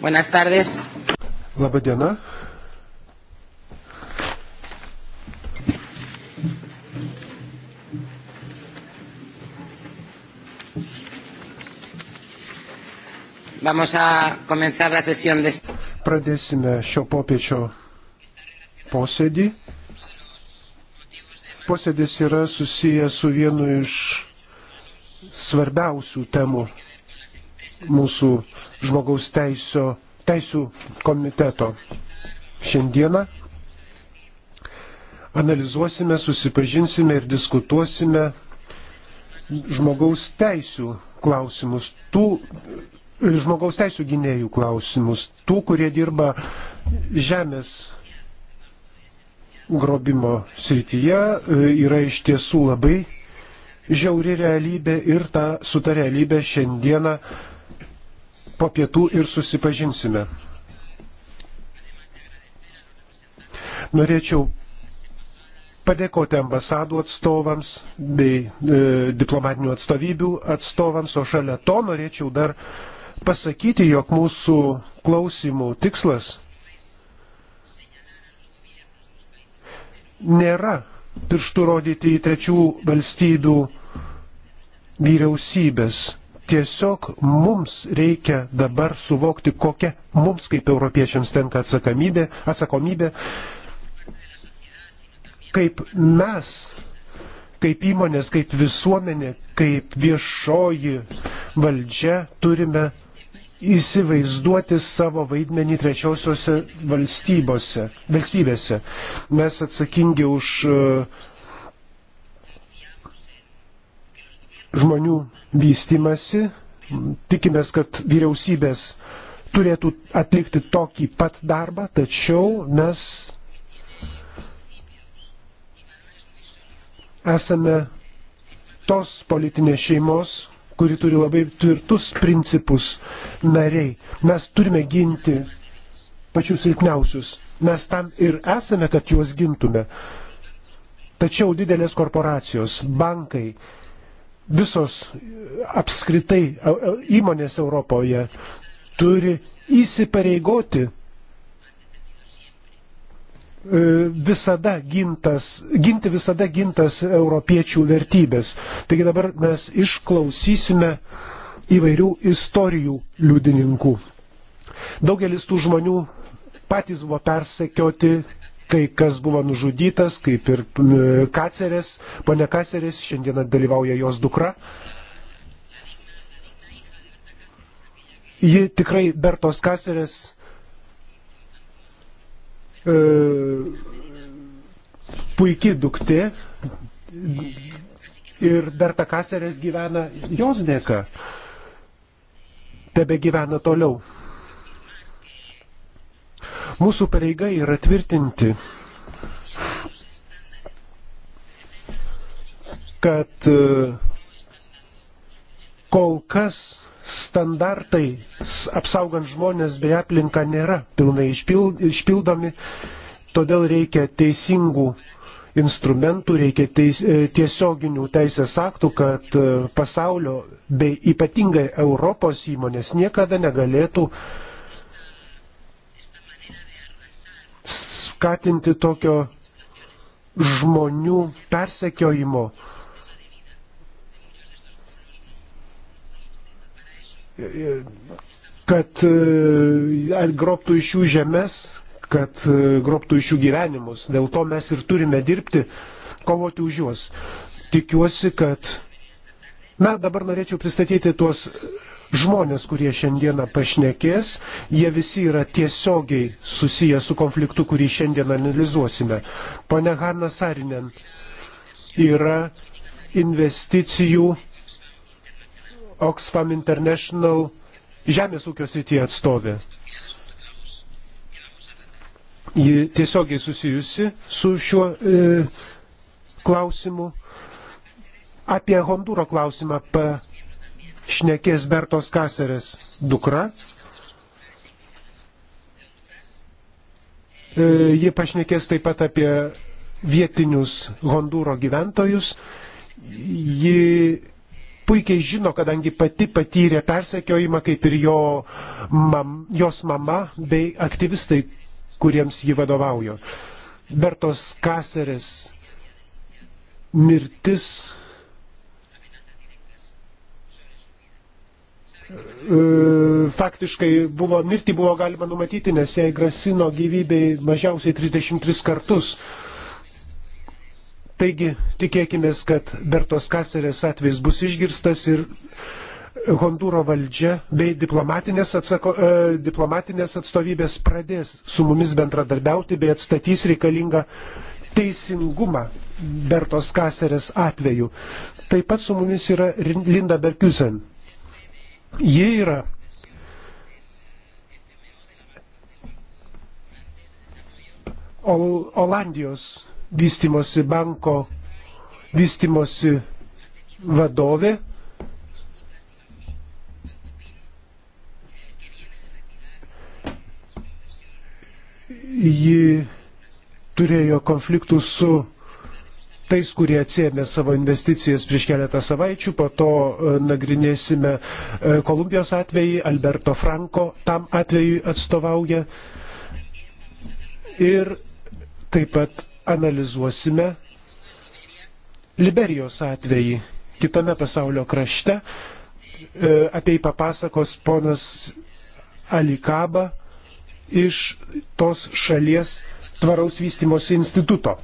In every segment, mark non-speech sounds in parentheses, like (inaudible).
Buenas tardes. Labai diena. Vamos a comenzar la sesión de... Pradėsime šio popiečio posėdį posėdis yra susijęs su vienu iš svarbiausių temų mūsų žmogaus teisio, teisų komiteto. Šiandieną analizuosime, susipažinsime ir diskutuosime žmogaus teisų klausimus, tų žmogaus teisų gynėjų klausimus, tų, kurie dirba žemės grobimo srityje e, yra iš tiesų labai žiauri realybė ir tą, su tą realybę šiandieną po pietų ir susipažinsime. Norėčiau padėkoti ambasadų atstovams bei e, diplomatinių atstovybių atstovams, o šalia to norėčiau dar pasakyti, jog mūsų klausimų tikslas nėra pirštų rodyti į trečių valstybių vyriausybės. Tiesiog mums reikia dabar suvokti, kokia mums kaip europiečiams tenka atsakomybė, atsakomybė kaip mes, kaip įmonės, kaip visuomenė, kaip viešoji valdžia turime įsivaizduoti savo vaidmenį trečiosiuose valstybėse. Mes atsakingi už e, žmonių vystimasi, tikimės, kad vyriausybės turėtų atlikti tokį pat darbą, tačiau mes esame tos politinės šeimos, kuri turi labai tvirtus principus nariai. Mes turime ginti pačius silpniausius. Mes tam ir esame, kad juos gintume. Tačiau didelės korporacijos, bankai, visos apskritai įmonės Europoje turi įsipareigoti E, visada gintas, ginti visada gintas europiečių vertybės. Taigi dabar mes išklausysime įvairių istorijų liudininkų. Daugelis tų žmonių patys buvo persekioti, kai kas buvo nužudytas, kaip ir Kaceres, ponia Kaceres, šiandieną dalyvauja jos dukra. Ji tikrai Bertos Kaceres E, puikiai duktė ir Berta Kaserės gyvena jos dėka. Tebe gyvena toliau. Mūsų pareiga yra tvirtinti, kad e, kol kas standartai apsaugant žmonės bei aplinką nėra pilnai išpildomi, todėl reikia teisingų instrumentų, reikia teis, e, tiesioginių teisės aktų, kad e, pasaulio bei ypatingai Europos įmonės niekada negalėtų skatinti tokio žmonių persekiojimo, kad e, grobtų iš jų žemės, kad e, grobtų iš jų gyvenimus. Dėl to mes ir turime dirbti, kovoti už juos. Tikiuosi, kad. Na, dabar norėčiau pristatyti tuos žmonės, kurie šiandieną pašnekės. Jie visi yra tiesiogiai susiję su konfliktu, kurį šiandien analizuosime. Pane Hanna Sarinen yra investicijų Oxfam International žemės ūkio srityje atstovė. Ji tiesiogiai susijusi su šiuo e, klausimu. Apie Hondūro klausimą pašnekės Bertos Kaserės dukra. E, ji pašnekės taip pat apie vietinius Hondūro gyventojus. Ji puikiai žino, kadangi pati patyrė persekiojimą, kaip ir jo, mam, jos mama bei aktyvistai, kuriems ji vadovaujo. Bertos Kaseris mirtis e, faktiškai buvo, mirtį buvo galima numatyti, nes jai grasino gyvybei mažiausiai 33 kartus. Taigi tikėkime, kad Bertos Kaserės atvejs bus išgirstas ir Hondūro valdžia bei diplomatinės, atsako, e, diplomatinės atstovybės pradės su mumis bendradarbiauti bei atstatys reikalingą teisingumą Bertos Kaserės atveju. Taip pat su mumis yra Linda Berkiusen. Ji yra Ol Olandijos vystimosi banko vystimosi vadovė. Ji turėjo konfliktų su tais, kurie atsėmė savo investicijas prieš keletą savaičių, po to e, nagrinėsime e, Kolumbijos atvejį, Alberto Franko tam atvejui atstovauja. Ir taip pat analizuosime Liberijos atvejį kitame pasaulio krašte. E, apie jį papasakos ponas Alikaba iš tos šalies tvaraus vystimosi instituto.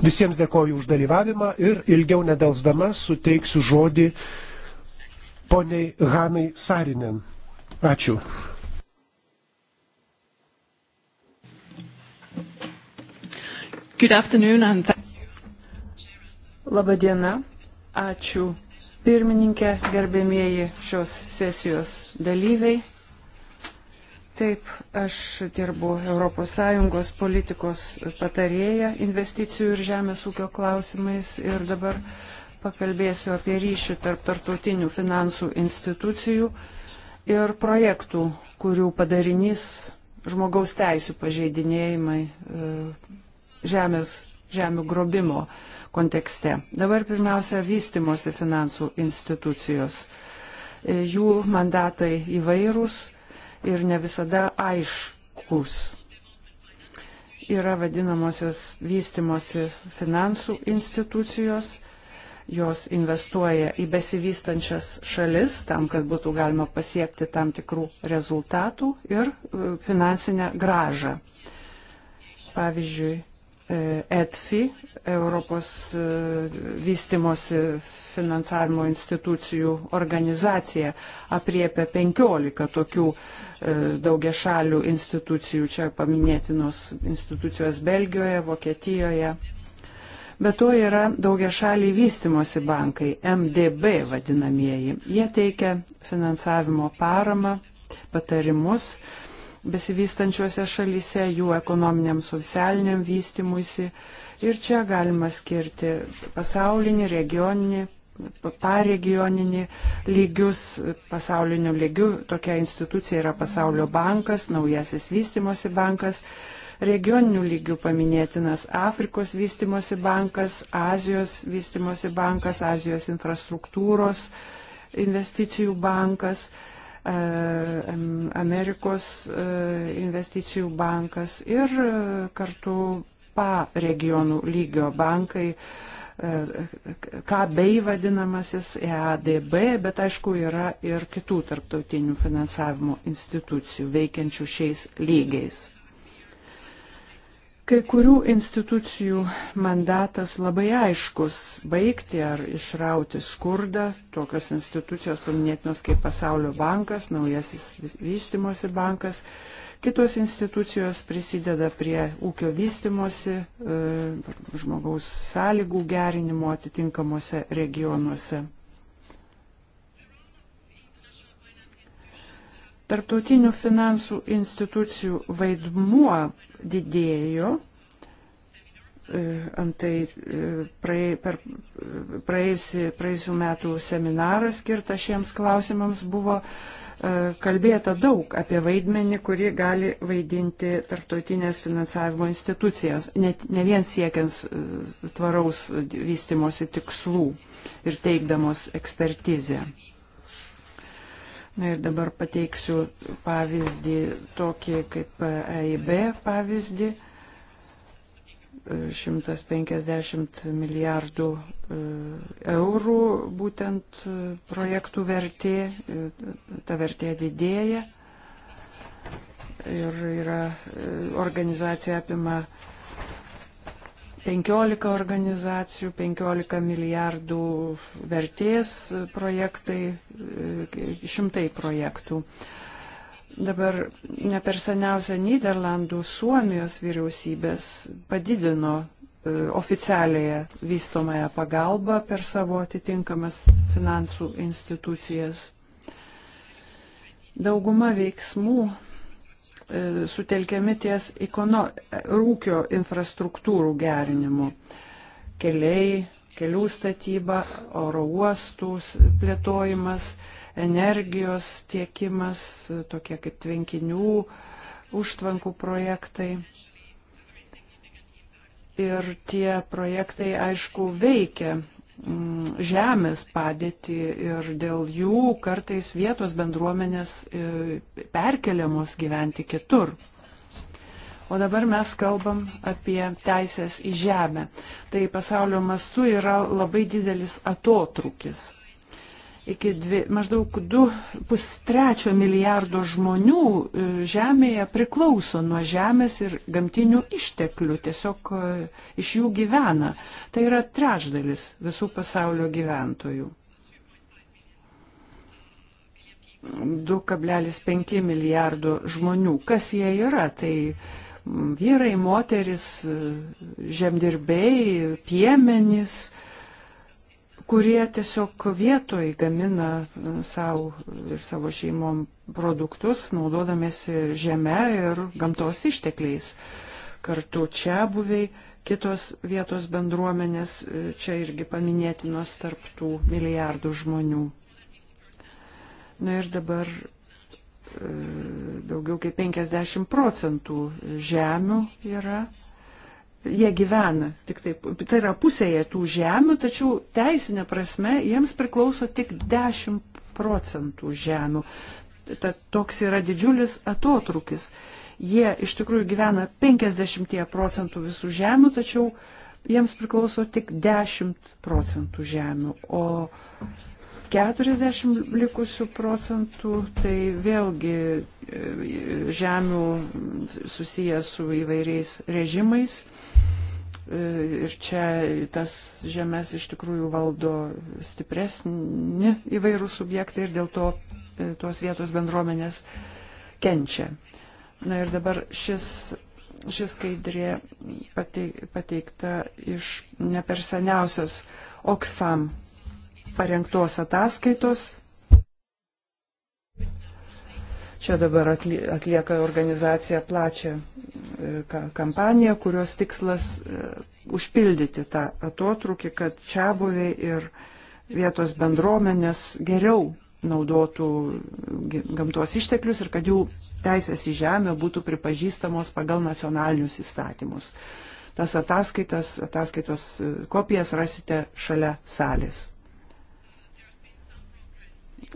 Visiems dėkoju už dalyvavimą ir ilgiau nedelsdama suteiksiu žodį poniai Hanai Sarinen. Ačiū. Good afternoon and Labadiena, ačiū pirmininkė, gerbėmieji šios sesijos dalyviai. Taip, aš dirbu ES politikos patarėja investicijų ir žemės ūkio klausimais ir dabar pakalbėsiu apie ryšį tarp tarptautinių finansų institucijų ir projektų, kurių padarinys žmogaus teisų pažeidinėjimai e, žemės, žemių grobimo kontekste. Dabar pirmiausia, vystimosi finansų institucijos. E, jų mandatai įvairūs ir ne visada aiškus. Yra vadinamosios vystimosi finansų institucijos jos investuoja į besivystančias šalis tam, kad būtų galima pasiekti tam tikrų rezultatų ir e, finansinę gražą. Pavyzdžiui, ETFI, e Europos e, vystimosi finansavimo institucijų organizacija, apriepia 15 tokių e, daugia šalių institucijų, čia paminėtinos institucijos Belgijoje, Vokietijoje. Be to yra daugia šaliai vystimosi bankai, MDB vadinamieji. Jie teikia finansavimo paramą, patarimus besivystančiuose šalyse, jų ekonominiam, socialiniam vystimuisi. Ir čia galima skirti pasaulinį, regioninį, paregioninį lygius, pasaulinių lygių. Tokia institucija yra Pasaulio bankas, naujasis vystimosi bankas. Regioninių lygių paminėtinas Afrikos vystimosi bankas, Azijos vystimosi bankas, Azijos infrastruktūros investicijų bankas. E, Amerikos e, investicijų bankas ir e, kartu PA regionų lygio bankai, KB vadinamasis, EADB, bet aišku yra ir kitų tarptautinių finansavimo institucijų veikiančių šiais lygiais. Kai kurių institucijų mandatas labai aiškus - baigti ar išrauti skurdą. Tokios institucijos paminėtinos kaip Pasaulio bankas, naujasis vystimosi bankas. Kitos institucijos prisideda prie ūkio vystimosi, e, žmogaus sąlygų gerinimo atitinkamuose regionuose. Tarptautinių finansų institucijų vaidmuo didėjo e, antai e, praė, per e, praėjusi, praėjusių metų seminarą skirtą šiems klausimams buvo kalbėta daug apie vaidmenį, kurį gali vaidinti tarptautinės finansavimo institucijas, ne, ne vien siekiant tvaraus vystimosi tikslų ir teikdamos ekspertizę. Na ir dabar pateiksiu pavyzdį tokį kaip AIB e pavyzdį. 150 milijardų e, eurų būtent e, projektų vertė, ta vertė didėja ir yra organizacija apima 15 organizacijų, 15 milijardų vertės projektai, e, šimtai projektų. Dabar ne per seniausia Niderlandų, Suomijos vyriausybės padidino e, oficialiąją vystomąją pagalbą per savo atitinkamas finansų institucijas. Dauguma veiksmų E, sutelkiami ties ikono, e, rūkio infrastruktūrų gerinimu. Keliai, kelių statyba, oro uostų plėtojimas, energijos tiekimas, tokie kaip tvenkinių, užtvankų projektai. Ir tie projektai, aišku, veikia Mm, žemės padėtį ir dėl jų kartais vietos bendruomenės e, perkeliamos gyventi kitur. O dabar mes kalbam apie teisės į žemę. Tai pasaulio mastu yra labai didelis atotrukis iki dvi, maždaug 2,5 milijardo žmonių e, Žemėje priklauso nuo Žemės ir gamtinių išteklių, tiesiog e, iš jų gyvena. Tai yra trečdalis visų pasaulio gyventojų. 2,5 milijardo žmonių. Kas jie yra? Tai vyrai, moteris, e, žemdirbėjai, piemenys, kurie tiesiog vietoj gamina e, savo ir savo šeimom produktus, naudodamėsi žeme ir gamtos ištekliais. Kartu čia buviai kitos vietos bendruomenės e, čia irgi paminėtinos tarp tų milijardų žmonių. Na ir dabar e, daugiau kaip 50 procentų žemių yra jie gyvena, tik taip, tai yra pusėje tų žemių, tačiau teisinė prasme jiems priklauso tik 10 procentų žemių. Tad toks yra didžiulis atotrukis. Jie iš tikrųjų gyvena 50 procentų visų žemių, tačiau jiems priklauso tik 10 procentų žemių. O 40 likusių procentų, tai vėlgi e, žemių susijęs su įvairiais režimais. E, ir čia tas žemės iš tikrųjų valdo stipresni įvairūs subjektai ir dėl to e, tos vietos bendruomenės kenčia. Na ir dabar šis ši skaidrė pateikta iš neperseniausios Oxfam parengtos ataskaitos. Čia dabar atlieka organizacija plačią e, kampaniją, kurios tikslas e, užpildyti tą atotrukį, kad čia buviai ir vietos bendruomenės geriau naudotų e, gamtos išteklius ir kad jų teisės į žemę būtų pripažįstamos pagal nacionalinius įstatymus. Tas ataskaitas, ataskaitos kopijas rasite šalia salės.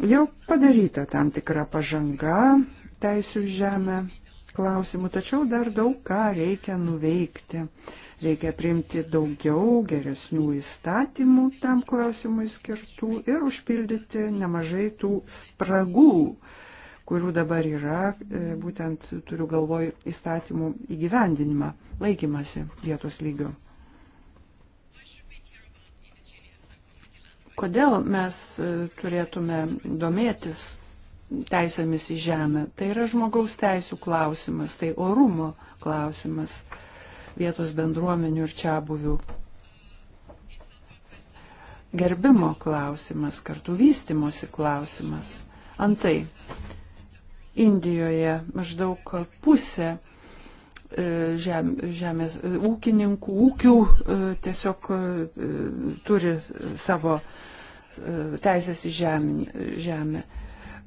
Jau padaryta tam tikra pažanga teisų žemę klausimų, tačiau dar daug ką reikia nuveikti. Reikia priimti daugiau geresnių įstatymų tam klausimui skirtų ir užpildyti nemažai tų spragų, kurių dabar yra, e, būtent turiu galvoj įstatymų įgyvendinimą, laikymasi vietos lygio. Kodėl mes e, turėtume domėtis teisėmis į žemę? Tai yra žmogaus teisų klausimas, tai orumo klausimas vietos bendruomenių ir čia buvių. Gerbimo klausimas, kartu vystimosi klausimas. Antai, Indijoje maždaug pusė E, žem, žemės e, ūkininkų, ūkių e, tiesiog turi savo teisės į žemę.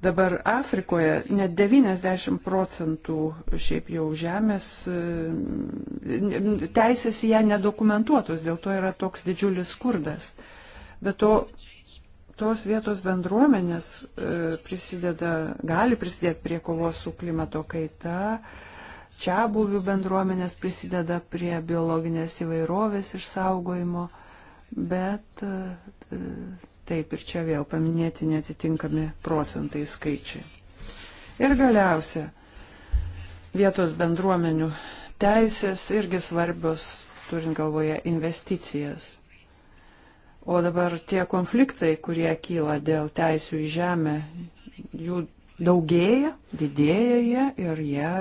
Dabar Afrikoje net 90 procentų šiaip jau žemės teisės į ją nedokumentuotos, dėl to yra toks didžiulis skurdas. Bet to tos vietos bendruomenės prisideda, gali prisidėti prie kovos su klimato kaita, čia buvių bendruomenės prisideda prie biologinės įvairovės išsaugojimo, bet e, taip ir čia vėl paminėti netitinkami procentai skaičiai. Ir galiausia, vietos bendruomenių teisės irgi svarbios, turint galvoje investicijas. O dabar tie konfliktai, kurie kyla dėl teisų į žemę, jų daugėja, didėja jie ir jie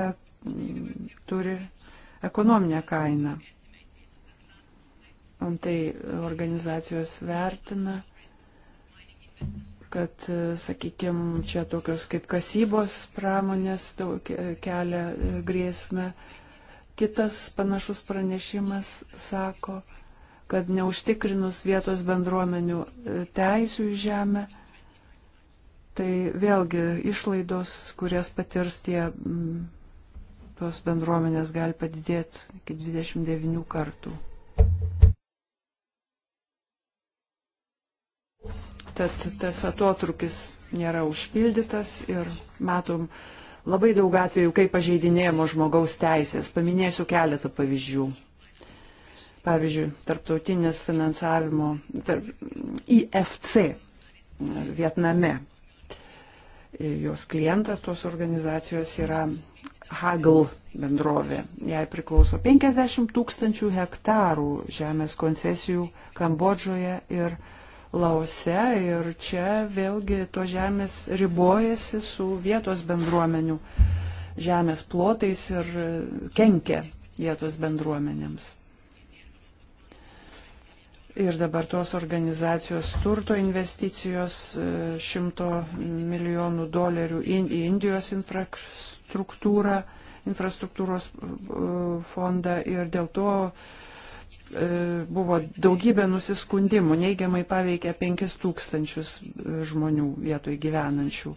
turi ekonominę kainą. On tai organizacijos vertina, kad, sakykime, čia tokios kaip kasybos pramonės kelia e, grėsmę. Kitas panašus pranešimas sako, kad neužtikrinus vietos bendruomenių e, teisų į žemę, tai vėlgi išlaidos, kurias patirs tie tos bendruomenės gali padidėti iki 29 kartų. Tad tas atotrukis nėra užpildytas ir matom labai daug atvejų, kaip pažeidinėjamo žmogaus teisės. Paminėsiu keletą pavyzdžių. Pavyzdžiui, tarptautinės finansavimo tarp, IFC Vietname. Jos klientas tos organizacijos yra Hagel bendrovė. Jai priklauso 50 tūkstančių hektarų žemės koncesijų Kambodžoje ir Laose. Ir čia vėlgi to žemės ribojasi su vietos bendruomenių žemės plotais ir kenkia vietos bendruomenėms. Ir dabar tos organizacijos turto investicijos 100 e, milijonų dolerių į Indijos infrastruktūrą infrastruktūrą, infrastruktūros e, fondą ir dėl to e, buvo daugybė nusiskundimų, neigiamai paveikė 5000 e, žmonių vietoj gyvenančių.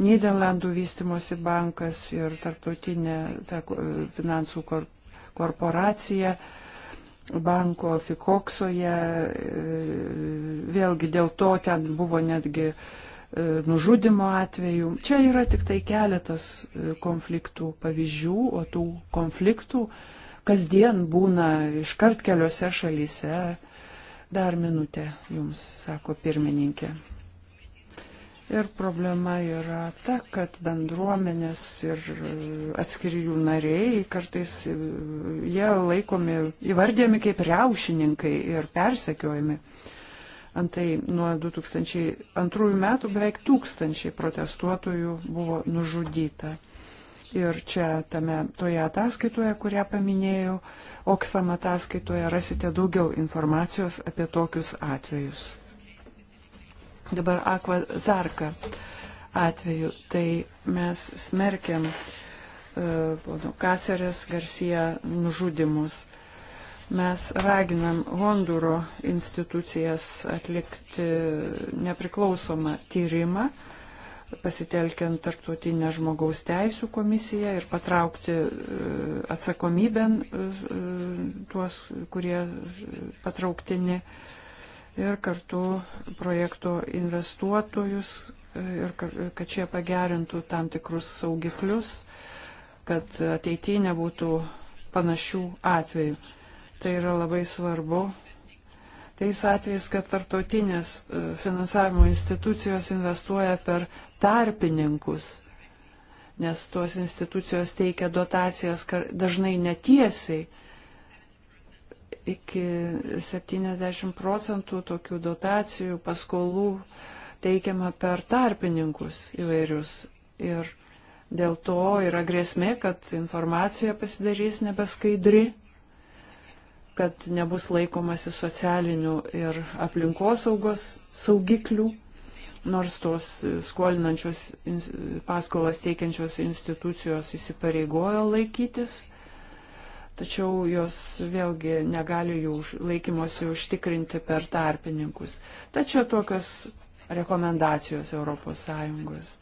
Niderlandų vystimosi bankas ir tarptautinė ta, finansų korporacija banko Fikoksoje, vėlgi dėl to ten buvo netgi uh, E, nužudimo atvejų. Čia yra tik tai keletas e, konfliktų pavyzdžių, o tų konfliktų kasdien būna iškart keliose šalyse. Dar minutė jums, sako pirmininkė. Ir problema yra ta, kad bendruomenės ir atskiri jų nariai kartais e, jie laikomi, įvardėmi kaip riaušininkai ir persekiojami. Antai nuo 2002 metų beveik tūkstančiai protestuotojų buvo nužudyta. Ir čia tame, toje ataskaitoje, kurią paminėjau, Oksfam ataskaitoje rasite daugiau informacijos apie tokius atvejus. Dabar Akva Zarka atveju. Tai mes smerkiam uh, e, Kacerės Garcia nužudimus. Mes raginam Honduro institucijas atlikti nepriklausomą tyrimą, pasitelkiant tarptautinę žmogaus teisų komisiją ir patraukti e, atsakomybėn e, e, tuos, kurie patrauktini ir kartu projekto investuotojus, ir kad šie pagerintų tam tikrus saugiklius, kad ateityje nebūtų panašių atvejų. Tai yra labai svarbu. Tais atvejais, kad tarptautinės e, finansavimo institucijos investuoja per tarpininkus, nes tuos institucijos teikia dotacijas dažnai netiesiai. Iki 70 procentų tokių dotacijų paskolų teikiama per tarpininkus įvairius. Ir dėl to yra grėsmė, kad informacija pasidarys nebeskaidri kad nebus laikomasi socialinių ir aplinkosaugos saugiklių, nors tos skolinančios paskolas teikiančios institucijos įsipareigojo laikytis, tačiau jos vėlgi negali jų laikymosi užtikrinti per tarpininkus. Tačiau tokios rekomendacijos ES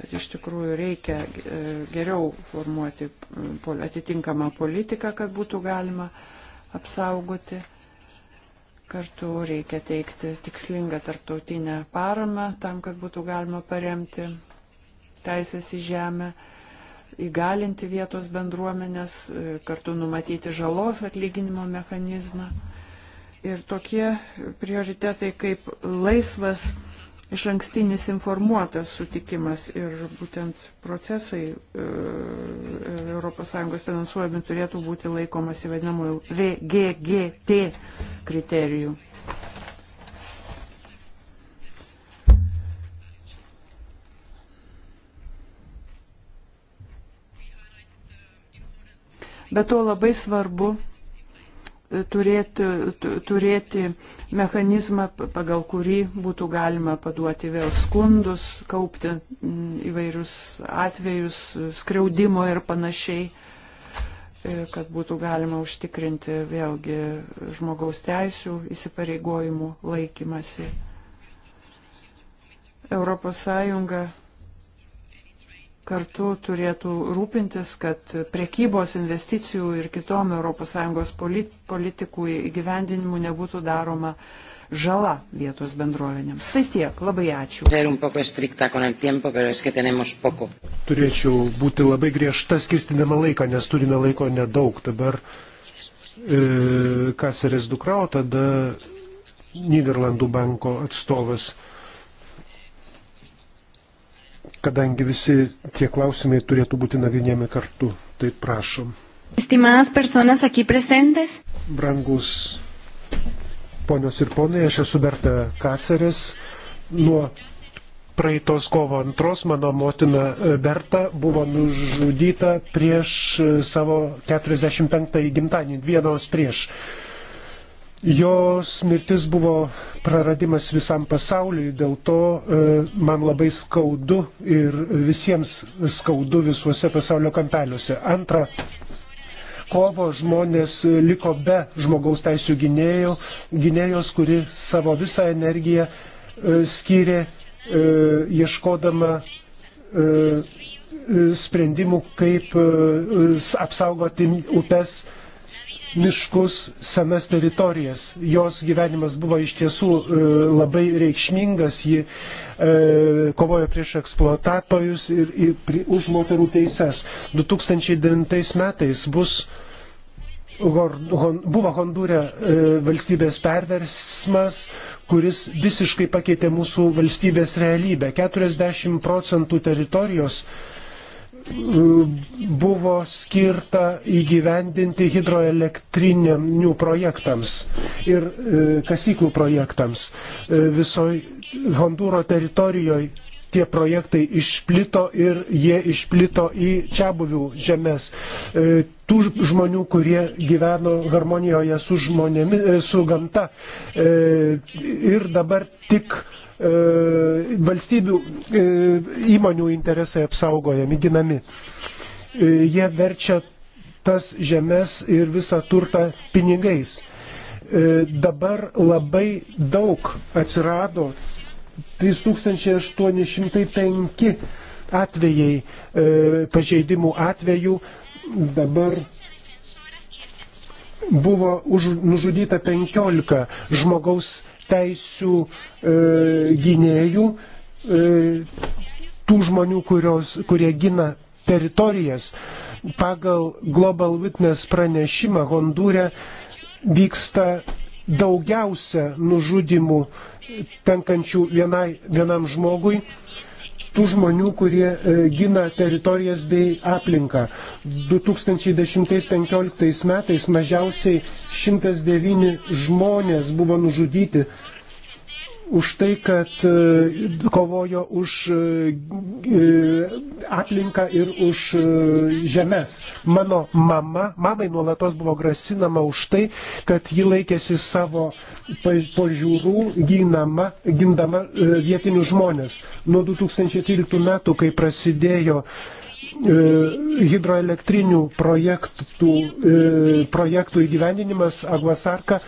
kad iš tikrųjų reikia e, geriau formuoti atitinkamą politiką, kad būtų galima uh, apsaugoti. Kartu reikia teikti tikslingą tarptautinę paramą tam, kad būtų galima paremti teisės į žemę, įgalinti vietos bendruomenės, kartu numatyti žalos atlyginimo mechanizmą. Ir tokie prioritetai kaip laisvas iš ankstinis informuotas sutikimas ir būtent procesai ES finansuojami turėtų būti laikomasi vadinamųjų VGGT kriterijų. Bet to labai svarbu turėti, turėti mechanizmą, pagal kurį būtų galima paduoti vėl skundus, kaupti įvairius atvejus, skriaudimo ir panašiai, e, kad būtų galima užtikrinti vėlgi žmogaus teisų įsipareigojimų laikymasi. Europos Sąjunga kartu turėtų rūpintis, kad priekybos investicijų ir kitom ES politikų įgyvendinimu nebūtų daroma žala vietos bendruomenėms. Tai tiek, labai ačiū. Turėčiau būti labai griežta skirstydama laiką, nes turime laiko nedaug. Dabar e, Kaseris Dukrau, tada Niderlandų banko atstovas kadangi visi tie klausimai turėtų būti nagrinėjami kartu. Tai prašom. Estimadas personas aquí presentes. Brangus ponios ir ponai, aš esu Berta Kaseris. Nuo praeitos kovo antros mano motina e, Berta buvo nužudyta prieš e, savo 45-ąjį gimtadienį, vienos prieš. Uh, Jos mirtis buvo praradimas visam pasauliui, dėl to e, man labai skaudu ir visiems skaudu visuose pasaulio kampeliuose. Antra, kovo žmonės liko be žmogaus teisų gynėjo, gynėjos, kuri savo visą energiją e, skyrė e, ieškodama sprendimų, kaip apsaugoti upes miškus, senas teritorijas. Jos gyvenimas buvo iš tiesų e, labai reikšmingas, ji e, kovojo prieš eksploatatorius ir, ir už moterų teises. 2009 metais bus buvo Hondūre e, valstybės perversmas, kuris visiškai pakeitė mūsų valstybės realybę. 40 procentų teritorijos buvo skirta įgyvendinti hidroelektrinių projektams ir e, kasyklų projektams. E, Visoje Hondūro teritorijoje tie projektai išplito ir jie išplito į čia buvių žemės. E, tų žmonių, kurie gyveno harmonijoje su, žmonėmi, su gamta. Ir dabar tik E, valstybių e, įmonių interesai apsaugojami, ginami. E, jie verčia tas žemės ir visą turtą pinigais. Dabar labai daug atsirado 3805 atvejai, pažeidimų atvejų. Dabar buvo už, nužudyta 15 žmogaus teisų e, gynėjų, e, tų žmonių, kurios, kurie gina teritorijas. Pagal Global Witness pranešimą Hondūre vyksta daugiausia nužudimų tenkančių vienai, vienam žmogui. E, tų žmonių, kurie e, gina teritorijas bei aplinką. 2010-2015 metais mažiausiai 109 žmonės buvo nužudyti už tai, kad e, kovojo už e, e, aplinką ir už žemės. Mano mama, mamai nuolatos buvo grasinama už tai, kad ji laikėsi savo požiūrų gynama, gindama vietinių žmonės. Nuo 2013 metų, kai prasidėjo hidroelektrinių projektų, projektų įgyvendinimas Aguasarka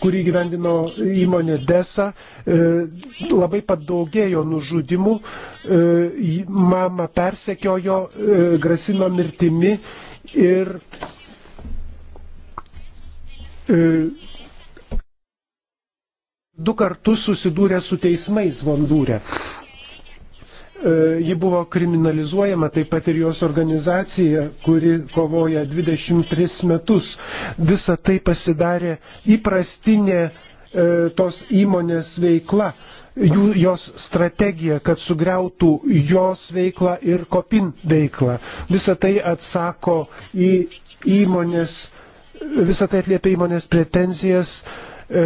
kurį gyvendino įmonė DESA, e, labai padaugėjo nužudimų, e, mama persekiojo, e, grasino mirtimi ir du kartus susidūrė su teismais Vondūre. E, ji buvo kriminalizuojama, taip pat ir jos organizacija, kuri kovoja 23 metus. Visa tai pasidarė įprastinė e, tos įmonės veikla, jų, jos strategija, kad sugriautų jos veiklą ir kopin veiklą. Visą tai atsako į įmonės, visą tai atliepia įmonės pretenzijas, uh, E,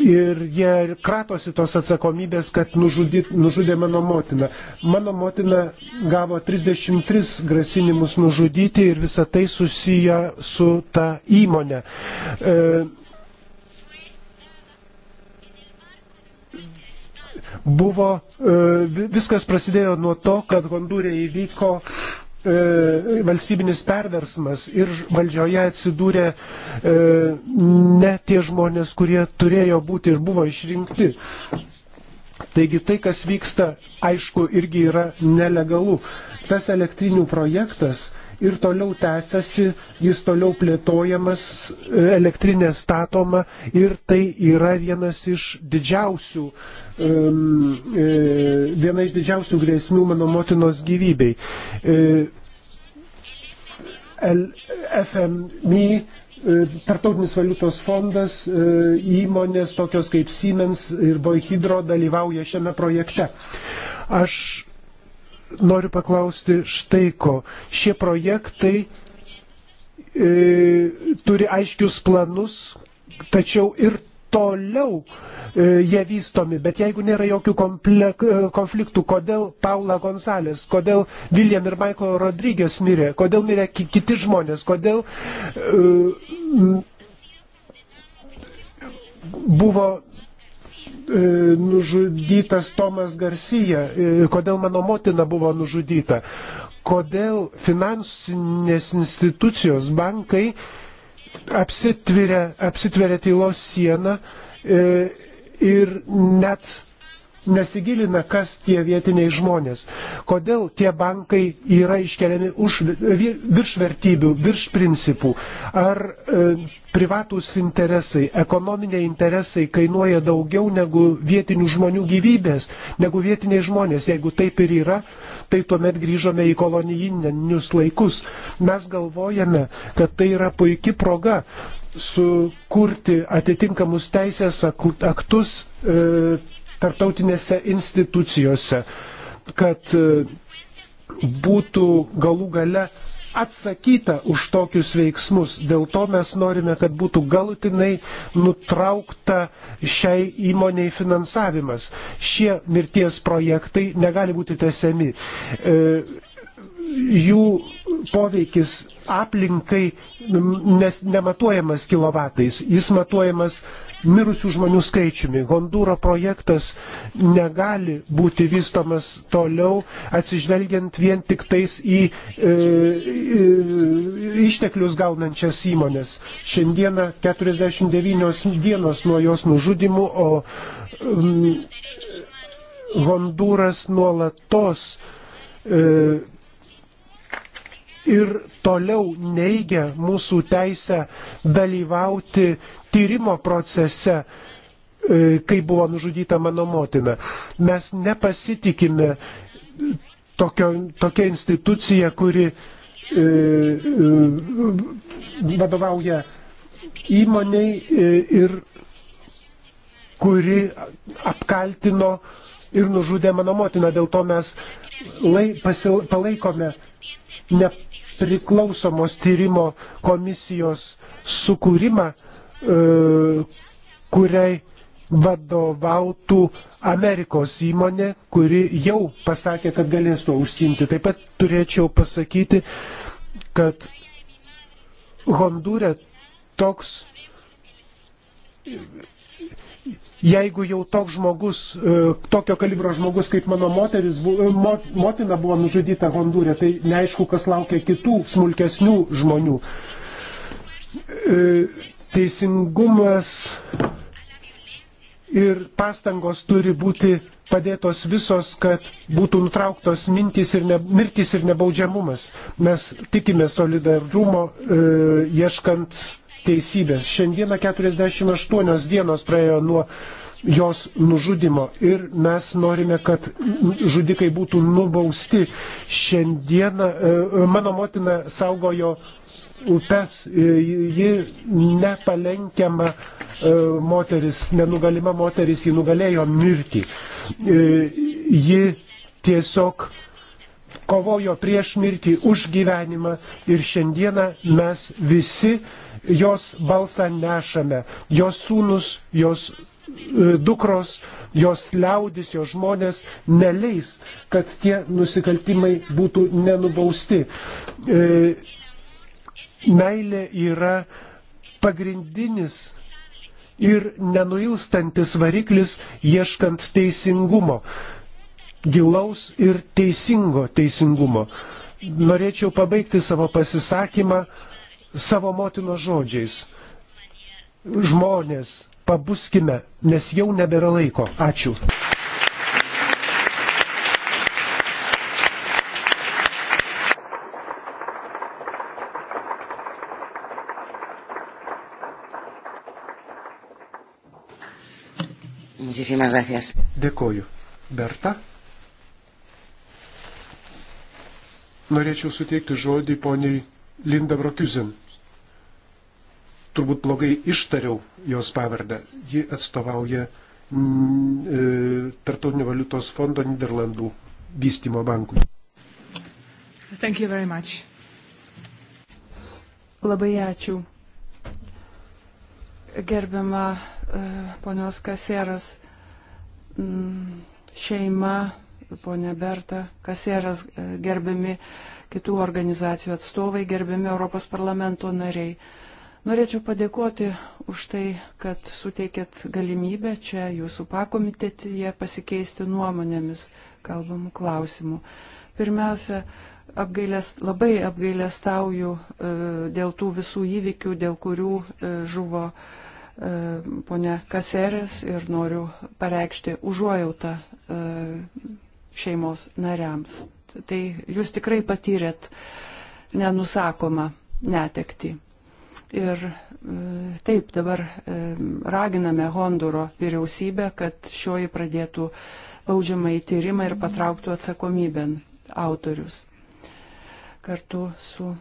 ir jie kratosi tos atsakomybės, kad nužudyt, nužudė mano motiną. Mano motina gavo 33 grasinimus nužudyti ir visa tai susiję su ta įmonė. E, Buvo, e, viskas prasidėjo nuo to, kad Hondūrė įvyko e, valstybinis perversmas ir valdžioje atsidūrė e, ne tie žmonės, kurie turėjo būti ir buvo išrinkti. Taigi tai, kas vyksta, aišku, irgi yra nelegalu. Tas elektrinių projektas ir toliau tęsiasi, jis toliau plėtojamas, elektrinė statoma ir tai yra vienas iš didžiausių, um, e, viena iš didžiausių grėsmių mano motinos gyvybei. E, FMI E, Tartautinis valiutos fondas, e, įmonės tokios kaip Siemens ir Boihydro dalyvauja šiame projekte. Aš noriu paklausti štai ko. Šie projektai e, turi aiškius planus, tačiau ir toliau e, jie vystomi, bet jeigu nėra jokių komplek, e, konfliktų, kodėl Paula Gonzalės, kodėl William ir Michael Rodrygės mirė, kodėl mirė kiti žmonės, kodėl e, buvo nužudytas Tomas Garcia, kodėl mano motina buvo nužudyta, kodėl finansinės institucijos, bankai apsitveria, apsitveria tylos siena e, ir net nesigilina, kas tie vietiniai žmonės, kodėl tie bankai yra iškeliami už, virš vertybių, virš principų, ar e, privatus interesai, ekonominiai interesai kainuoja daugiau negu vietinių žmonių gyvybės, negu vietiniai žmonės. Jeigu taip ir yra, tai tuomet grįžome į kolonijinius laikus. Mes galvojame, kad tai yra puikia proga sukurti atitinkamus teisės aktus. E, tarptautinėse institucijose, kad e, būtų galų gale atsakyta už tokius veiksmus. Dėl to mes norime, kad būtų galutinai nutraukta šiai įmoniai finansavimas. Šie mirties projektai negali būti tesiami. E, jų poveikis aplinkai nes, nematuojamas kilovatais, jis matuojamas mirusių žmonių skaičiumi. Hondūro projektas negali būti vystomas toliau, atsižvelgiant vien tik tais į e, e, išteklius gaunančias įmonės. Šiandieną 49 dienos nuo jos nužudimų, o mm, Hondūras nuolatos e, ir toliau neigia mūsų teisę dalyvauti tyrimo procese, e, kai buvo nužudyta mano motina. Mes nepasitikime tokio, tokia institucija, kuri e, e, vadovauja įmoniai ir kuri apkaltino ir nužudė mano motiną. Dėl to mes lai, pasil, palaikome nepriklausomos tyrimo komisijos sukūrimą, E, kuriai vadovautų Amerikos įmonė, kuri jau pasakė, kad galės tuo užsimti. Taip pat turėčiau pasakyti, kad Hondūre toks, jeigu jau toks žmogus, e, tokio kalibro žmogus kaip mano moteris, e, motina buvo nužudyta Hondūre, tai neaišku, kas laukia kitų smulkesnių žmonių teisingumas ir pastangos turi būti padėtos visos, kad būtų nutrauktos mintys ir ne, mirtis ir nebaudžiamumas. Mes tikime solidarumo e, ieškant teisybės. Šiandieną 48 dienos praėjo nuo jos nužudimo ir mes norime, kad žudikai būtų nubausti. Šiandieną e, mano motina saugojo upes, e, ji nepalenkiama e, moteris, nenugalima moteris, ji nugalėjo mirtį. E, ji tiesiog kovojo prieš mirtį, už gyvenimą ir šiandieną mes visi jos balsą nešame, jos sūnus, jos dukros, jos liaudis, jos žmonės neleis, kad tie nusikaltimai būtų nenubausti. Meilė yra pagrindinis ir nenuilstantis variklis ieškant teisingumo, gilaus ir teisingo teisingumo. Norėčiau pabaigti savo pasisakymą savo motino žodžiais. Žmonės, pabuskime, nes jau nebėra laiko. Ačiū. Muchísimas gracias. Dėkoju. Berta? Norėčiau suteikti žodį poniai Linda Brokiuzin. Turbūt blogai ištariau jos pavardę. Ji atstovauja mm, e, Tartautinio valiutos fondo Niderlandų vystimo bankui. Labai ačiū. Gerbiama uh, ponios Kaseras Mm, šeima, ponia Berta, Kaseras, e, gerbiami kitų organizacijų atstovai, gerbiami Europos parlamento nariai. Norėčiau padėkoti už tai, kad suteikėt galimybę čia jūsų pakomitetyje pasikeisti nuomonėmis kalbamų klausimų. Pirmiausia, apgailės, labai apgailestauju e, dėl tų visų įvykių, dėl kurių e, žuvo uh, E, ponia Kaseris ir noriu pareikšti užuojautą e, šeimos nariams. Tai jūs tikrai patyrėt nenusakomą netekti. Ir e, taip dabar raginame Honduro vyriausybę, kad šioji pradėtų baudžiamą įtyrimą ir patrauktų atsakomybėn autorius. Kartu su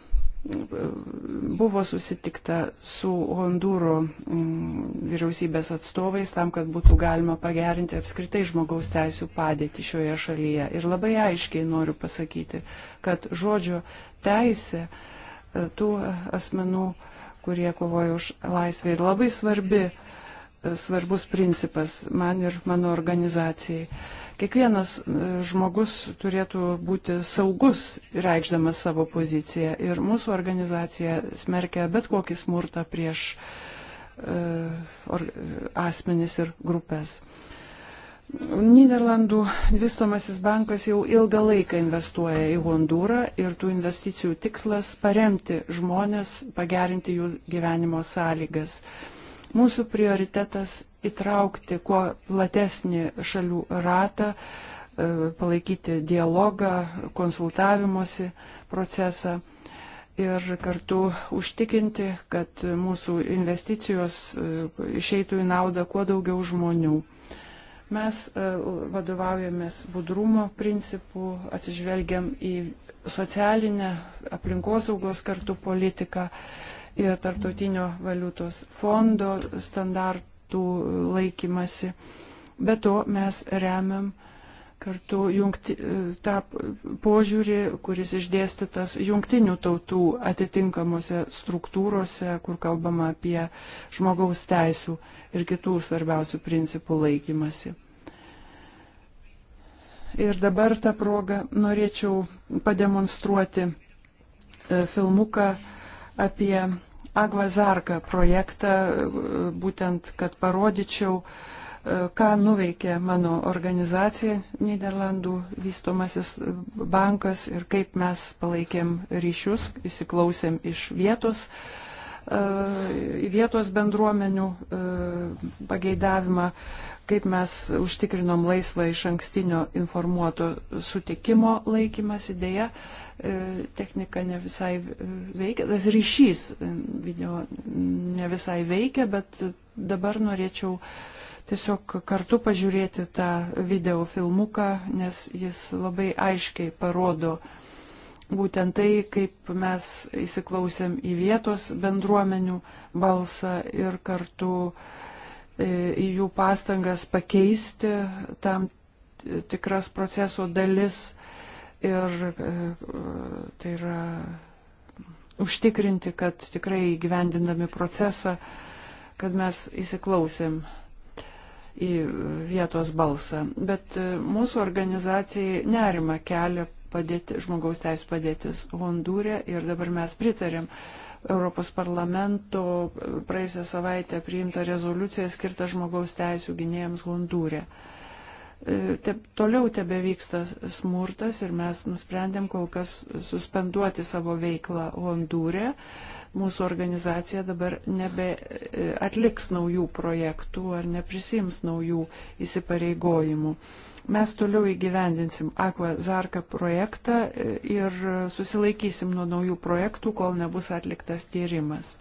buvo susitikta su Hondūro mm, vyriausybės atstovais tam, kad būtų galima pagerinti apskritai žmogaus teisų padėtį šioje šalyje. Ir labai aiškiai noriu pasakyti, kad žodžio teisė e, tų asmenų, kurie kovoja už laisvę, yra labai svarbi svarbus principas man ir mano organizacijai. Kiekvienas e, žmogus turėtų būti saugus reikšdamas savo poziciją ir mūsų organizacija smerkia bet kokį smurtą prieš uh, asmenis ir grupės. Niderlandų vystomasis bankas jau ilgą laiką investuoja į Hondūrą ir tų investicijų tikslas paremti žmonės, pagerinti jų gyvenimo sąlygas. Uh, Mūsų prioritetas įtraukti kuo platesnį šalių ratą, e, palaikyti dialogą, konsultavimosi procesą ir kartu užtikinti, kad mūsų investicijos e, išeitų į naudą kuo daugiau žmonių. Mes e, vadovaujamės budrumo principų, atsižvelgiam į socialinę aplinkosaugos kartu politiką ir tarptautinio valiutos fondo standartų laikymasi. Be to mes remiam kartu jungti, tą požiūrį, kuris išdėstytas jungtinių tautų atitinkamuose struktūrose, kur kalbama apie žmogaus teisų ir kitų svarbiausių principų laikymasi. Ir dabar tą progą norėčiau pademonstruoti e, filmuką apie Agvazarka projektą, būtent, kad parodyčiau, e, ką nuveikė mano organizacija Niderlandų vystomasis bankas ir kaip mes palaikėm ryšius, įsiklausėm iš vietos E, vietos bendruomenių e, pageidavimą, kaip mes užtikrinom laisvą iš ankstinio informuoto sutikimo laikymas idėja, e, technika ne visai veikia, tas ryšys video ne visai veikia, bet dabar norėčiau tiesiog kartu pažiūrėti tą video filmuką, nes jis labai aiškiai parodo, uh, būtent tai, kaip mes įsiklausėm į vietos bendruomenių balsą ir kartu e, į jų pastangas pakeisti tam tikras proceso dalis ir e, tai yra užtikrinti, kad tikrai gyvendindami procesą, kad mes įsiklausėm į vietos balsą. Bet e, mūsų organizacijai nerima kelia padėti, žmogaus teisų padėtis Hondūrė ir dabar mes pritarėm Europos parlamento praėjusią savaitę priimtą rezoliuciją skirtą žmogaus teisų gynėjams Hondūrė. E, te, toliau tebe vyksta smurtas ir mes nusprendėm kol kas suspenduoti savo veiklą Hondūrė. Mūsų organizacija dabar nebe e, atliks naujų projektų ar neprisims naujų įsipareigojimų. Uh, Mes toliau įgyvendinsim Aqua Zarka projektą e, ir susilaikysim nuo naujų projektų, kol nebus atliktas tyrimas.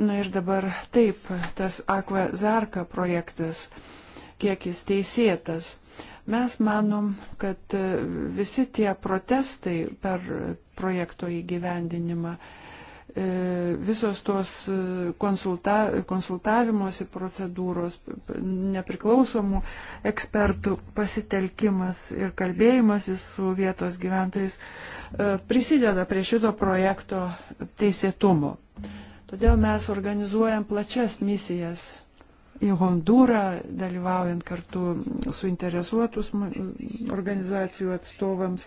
Na ir dabar taip, tas Aqua Zarka projektas, kiek jis teisėtas. Mes manom, kad e, visi tie protestai per projekto įgyvendinimą E, visos tos e, konsulta, konsultavimosi procedūros, nepriklausomų ekspertų pasitelkimas ir kalbėjimasis su vietos gyventojais e, prisideda prie šito projekto teisėtumo. Todėl mes organizuojam plačias misijas į Hondūrą, dalyvaujant kartu suinteresuotus organizacijų atstovams,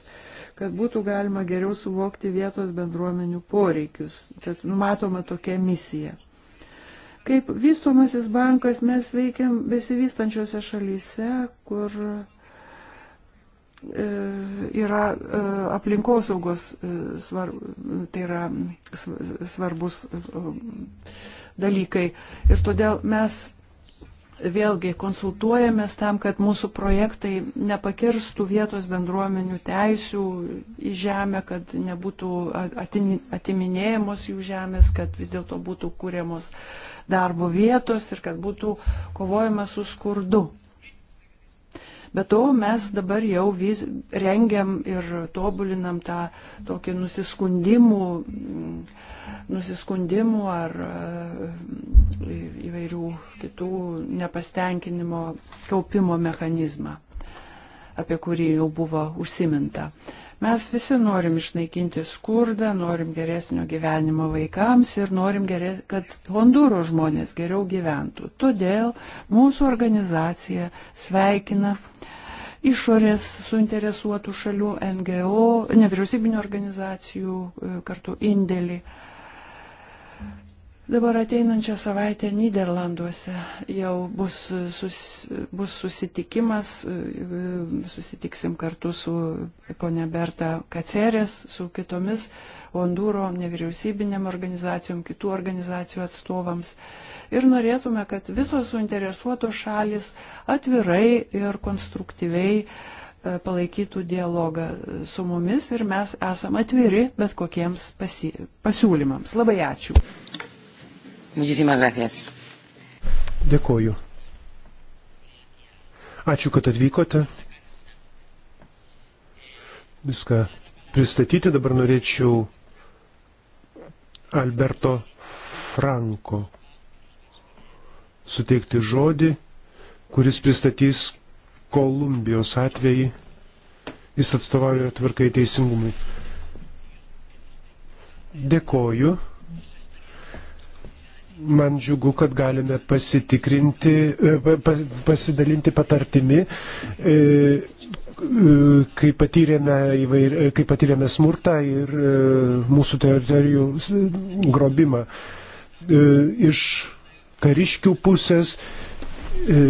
kad būtų galima geriau suvokti vietos bendruomenių poreikius. Tad numatoma tokia misija. Kaip vystomasis bankas mes veikiam besivystančiose šalyse, kur e, yra e, aplinkosaugos e, svarbu, tai yra svarbus dalykai. Ir todėl mes vėlgi konsultuojamės tam, kad mūsų projektai nepakirstų vietos bendruomenių teisių į žemę, kad nebūtų atiminėjamos jų žemės, kad vis dėlto būtų kūriamos darbo vietos ir kad būtų kovojama su skurdu. Bet to mes dabar jau vis, rengiam ir tobulinam tą tokį nusiskundimų, nusiskundimų ar e, įvairių kitų nepastenkinimo kaupimo mechanizmą, apie kurį jau buvo užsiminta. Mes visi norim išnaikinti skurdą, norim geresnio gyvenimo vaikams ir norim, geres, kad Hondūro žmonės geriau gyventų. Todėl mūsų organizacija sveikina išorės suinteresuotų šalių, NGO, nevyriausybinio organizacijų e, kartu indėlį. Dabar ateinančią savaitę Niderlanduose jau bus, e, sus, e, bus susitikimas, susitiksim kartu su ponia Berta Kacerės, su kitomis Hondūro nevyriausybinėm organizacijom, kitų organizacijų atstovams. Ir norėtume, kad visos suinteresuotos šalis atvirai ir konstruktyviai e, palaikytų dialogą su mumis ir mes esam atviri bet kokiems pasi pasiūlymams. Labai ačiū. Dėkoju. Ačiū, kad atvykote. Viską pristatyti dabar norėčiau Alberto Franko suteikti žodį, kuris pristatys Kolumbijos atvejį. Jis atstovauja tvarkai teisingumui. Dėkoju. Man džiugu, kad galime pasitikrinti, e, pasidalinti patartimi. E, kai patyrėme, įvair, kai patyrėme smurtą ir e, mūsų teritorijų grobimą. E, iš kariškių pusės, e,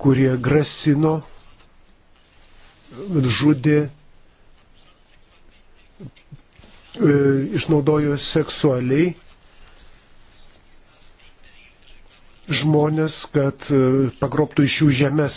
kurie grasino, žudė, išnaudojo seksualiai žmonės, kad pagrobtų iš jų žemės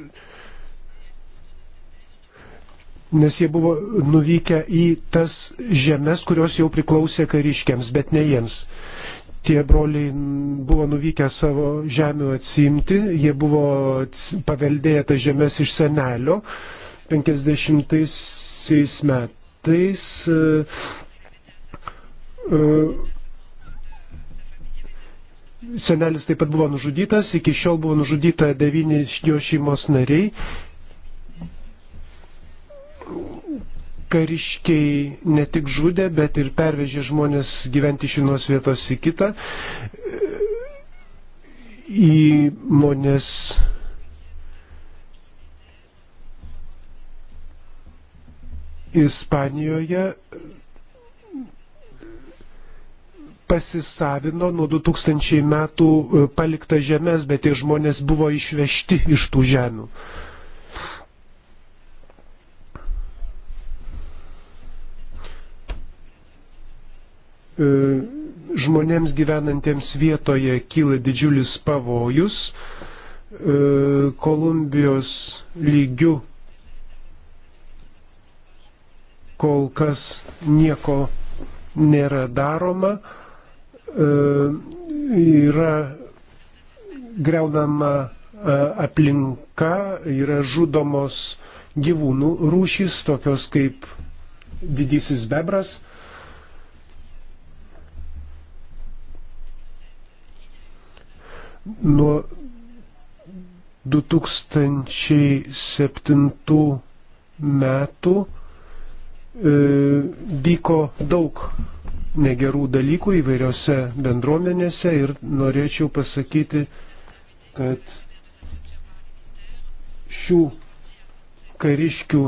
nes jie buvo nuvykę į tas žemės, kurios jau priklausė kariškiams, bet ne jiems. Tie broliai buvo nuvykę savo žemių atsimti, jie buvo paveldėję tas žemės iš senelio 50-aisiais metais. E, e, senelis taip pat buvo nužudytas, iki šiol buvo nužudyta devyni jo šeimos nariai kariškiai ne tik žudė, bet ir pervežė žmonės gyventi iš vienos vietos į kitą. Įmonės Ispanijoje pasisavino nuo 2000 metų paliktą žemės, bet tie žmonės buvo išvežti iš tų žemių. Uh, E, žmonėms gyvenantiems vietoje kyla didžiulis pavojus. E, Kolumbijos lygių kol kas nieko nėra daroma. E, yra greunama aplinka, yra žudomos gyvūnų rūšys, tokios kaip didysis bebras. Nuo 2007 metų e, vyko daug negerų dalykų įvairiose bendruomenėse ir norėčiau pasakyti, kad šių kariškių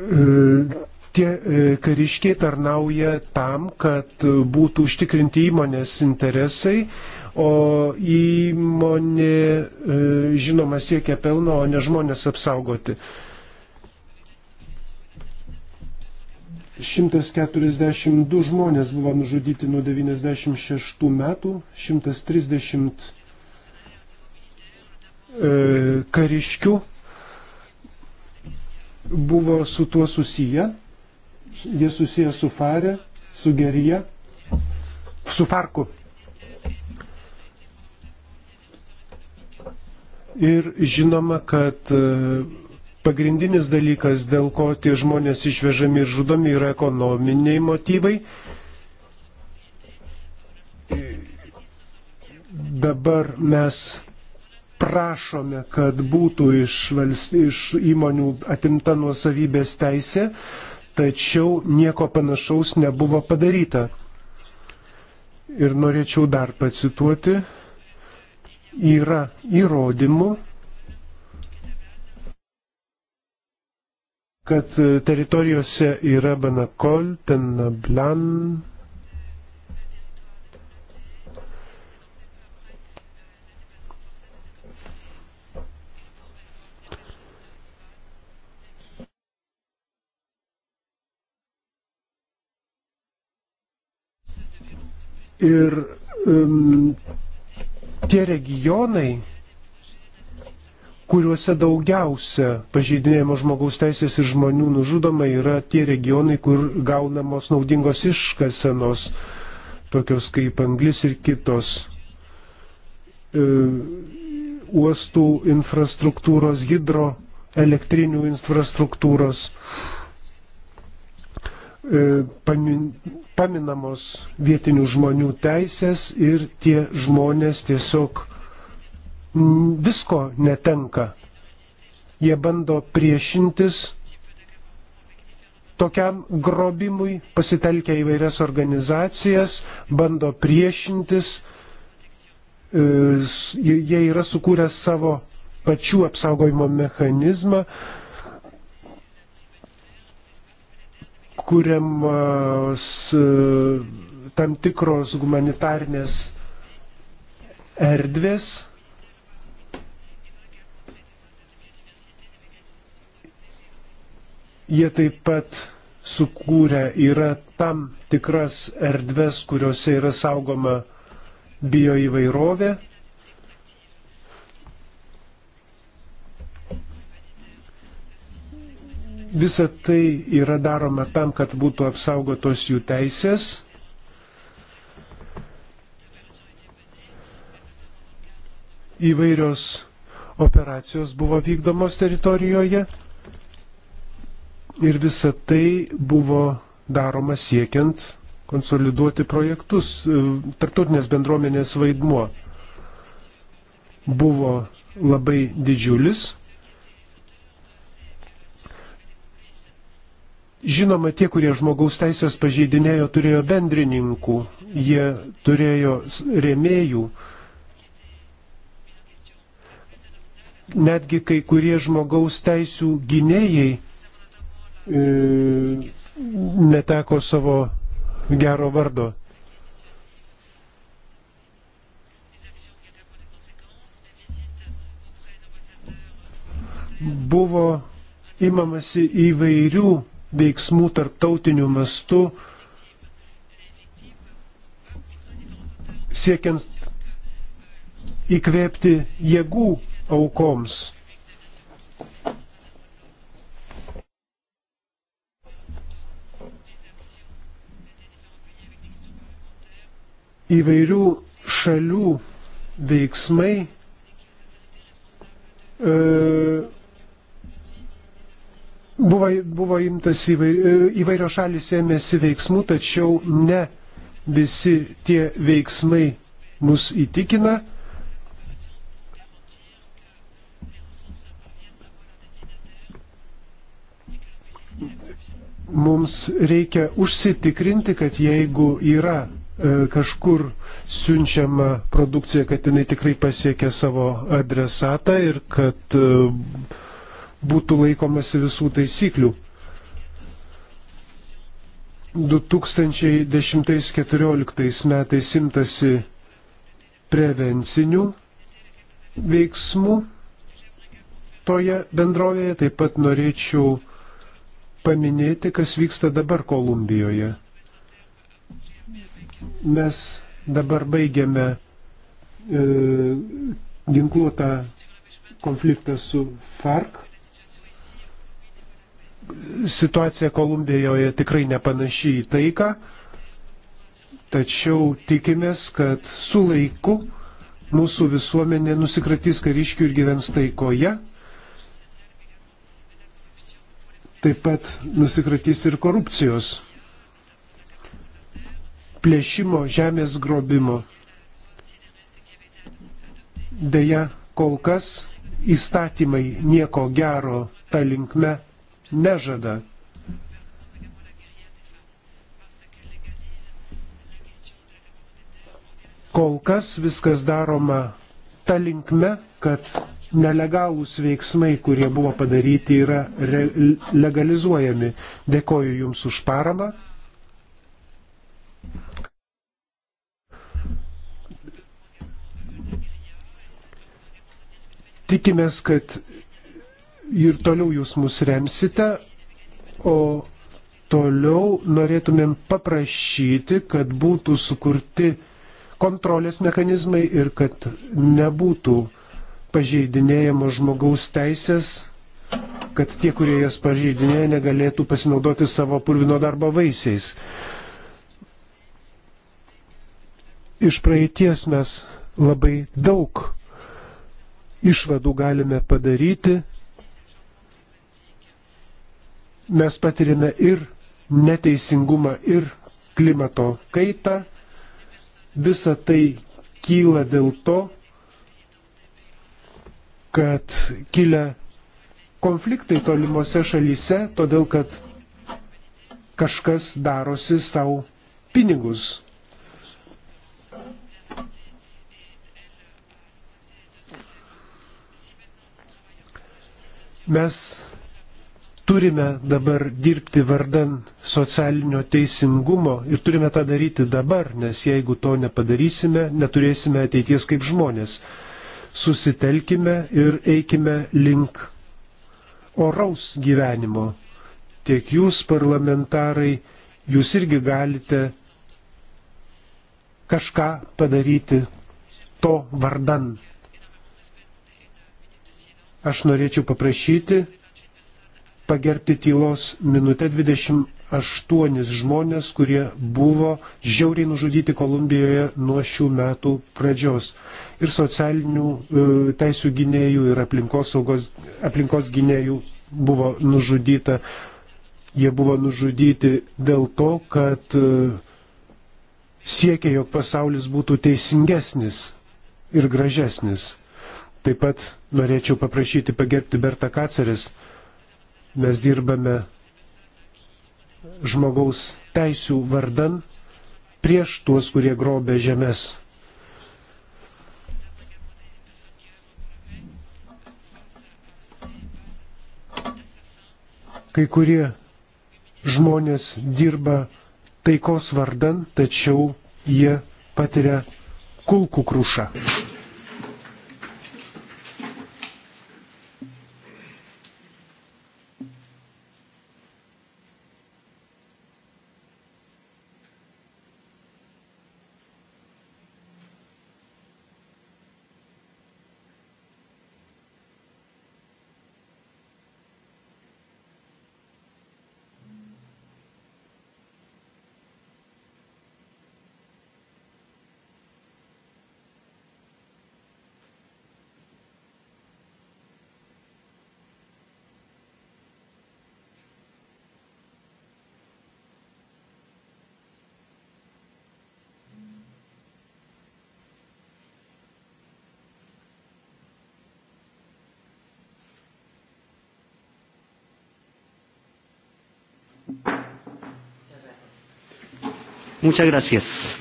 Mm, tie e, kariškiai tarnauja tam, kad būtų užtikrinti įmonės interesai, o įmonė e, žinoma siekia pelno, o ne žmonės apsaugoti. 142 žmonės buvo nužudyti nuo 96 metų, 130 e, kariškių buvo su tuo susiję. Jie susiję su Fare, su Gerija, su Farku. Ir žinoma, kad e, pagrindinis dalykas, dėl ko tie žmonės išvežami ir žudomi, yra ekonominiai motyvai. Dabar mes prašome, kad būtų iš, valst, iš įmonių atimta nuosavybės teisė, tačiau nieko panašaus nebuvo padaryta. Ir norėčiau dar pacituoti, yra įrodymų, kad teritorijose yra Banakol, Tenablan, Ir um, tie regionai, kuriuose daugiausia pažeidinėjimo žmogaus teisės ir žmonių nužudoma, yra tie regionai, kur gaunamos naudingos iškasenos, tokios kaip anglis ir kitos. E, uostų infrastruktūros, hidro elektrinių infrastruktūros. E, pamin, paminamos vietinių žmonių teisės ir tie žmonės tiesiog visko netenka. Jie bando priešintis tokiam grobimui, pasitelkia įvairias organizacijas, bando priešintis, e, jie yra sukūrę savo pačių apsaugojimo mechanizmą, kuriamos e, tam tikros humanitarnės erdvės. Jie taip pat sukūrę yra tam tikras erdves, kuriuose yra saugoma bioįvairovė. Visa tai yra daroma tam, kad būtų apsaugotos jų teisės. Įvairios operacijos buvo vykdomos teritorijoje ir visa tai buvo daroma siekiant konsoliduoti projektus. E, Tartutinės bendruomenės vaidmuo buvo labai didžiulis Žinoma, tie, kurie žmogaus teisės pažeidinėjo, turėjo bendrininkų, jie turėjo rėmėjų. Netgi kai kurie žmogaus teisų gynėjai e, neteko savo gero vardo. Buvo imamasi įvairių veiksmų tarptautiniu mastu, siekiant įkvėpti jėgų aukoms. Įvairių šalių veiksmai e, Buvo, buvo imtas e, įvairios šalis ėmėsi veiksmų, tačiau ne visi tie veiksmai mus įtikina. Mums reikia užsitikrinti, kad jeigu yra e, kažkur siunčiama produkcija, kad jinai tikrai pasiekia savo adresatą ir kad uh, būtų laikomasi visų taisyklių. 2010-2014 metais imtasi prevencinių veiksmų toje bendrovėje. Taip pat norėčiau paminėti, kas vyksta dabar Kolumbijoje. Mes dabar baigiame e, ginkluotą konfliktą su FARC situacija Kolumbijoje tikrai nepanaši į taiką, tačiau tikimės, kad su laiku mūsų visuomenė nusikratys kariškių ir gyvens taikoje. Taip pat nusikratys ir korupcijos, plėšimo, žemės grobimo. Deja, kol kas įstatymai nieko gero tą linkme nežada. Kol kas viskas daroma ta linkme, kad nelegalūs veiksmai, kurie buvo padaryti, yra legalizuojami. Dėkoju Jums už paramą. Tikimės, kad ir toliau jūs mus remsite, o toliau norėtumėm paprašyti, kad būtų sukurti kontrolės mechanizmai ir kad nebūtų pažeidinėjama žmogaus teisės, kad tie, kurie jas pažeidinėja, negalėtų pasinaudoti savo purvino darbo vaisiais. Iš praeities mes labai daug išvadų galime padaryti mes patirime ir neteisingumą, ir klimato kaitą. Visa tai kyla dėl to, kad kilia konfliktai tolimose šalyse, todėl kad kažkas darosi savo pinigus. Mes turime dabar dirbti vardan socialinio teisingumo ir turime tą daryti dabar, nes jeigu to nepadarysime, neturėsime ateities kaip žmonės. Susitelkime ir eikime link oraus gyvenimo. Tiek jūs, parlamentarai, jūs irgi galite kažką padaryti to vardan. Aš norėčiau paprašyti pagerbti tylos minutę 28 žmonės, kurie buvo žiauriai nužudyti Kolumbijoje nuo šių metų pradžios. Ir socialinių e, teisų gynėjų, ir aplinkos, saugos, aplinkos gynėjų buvo nužudyta. Jie buvo nužudyti dėl to, kad e, siekia, jog pasaulis būtų teisingesnis ir gražesnis. Taip pat norėčiau paprašyti pagerbti Bertą Kaceris, Mes dirbame žmogaus teisų vardan prieš tuos, kurie grobė žemės. Kai kurie žmonės dirba taikos vardan, tačiau jie patiria kulkų krušą. Muchas gracias.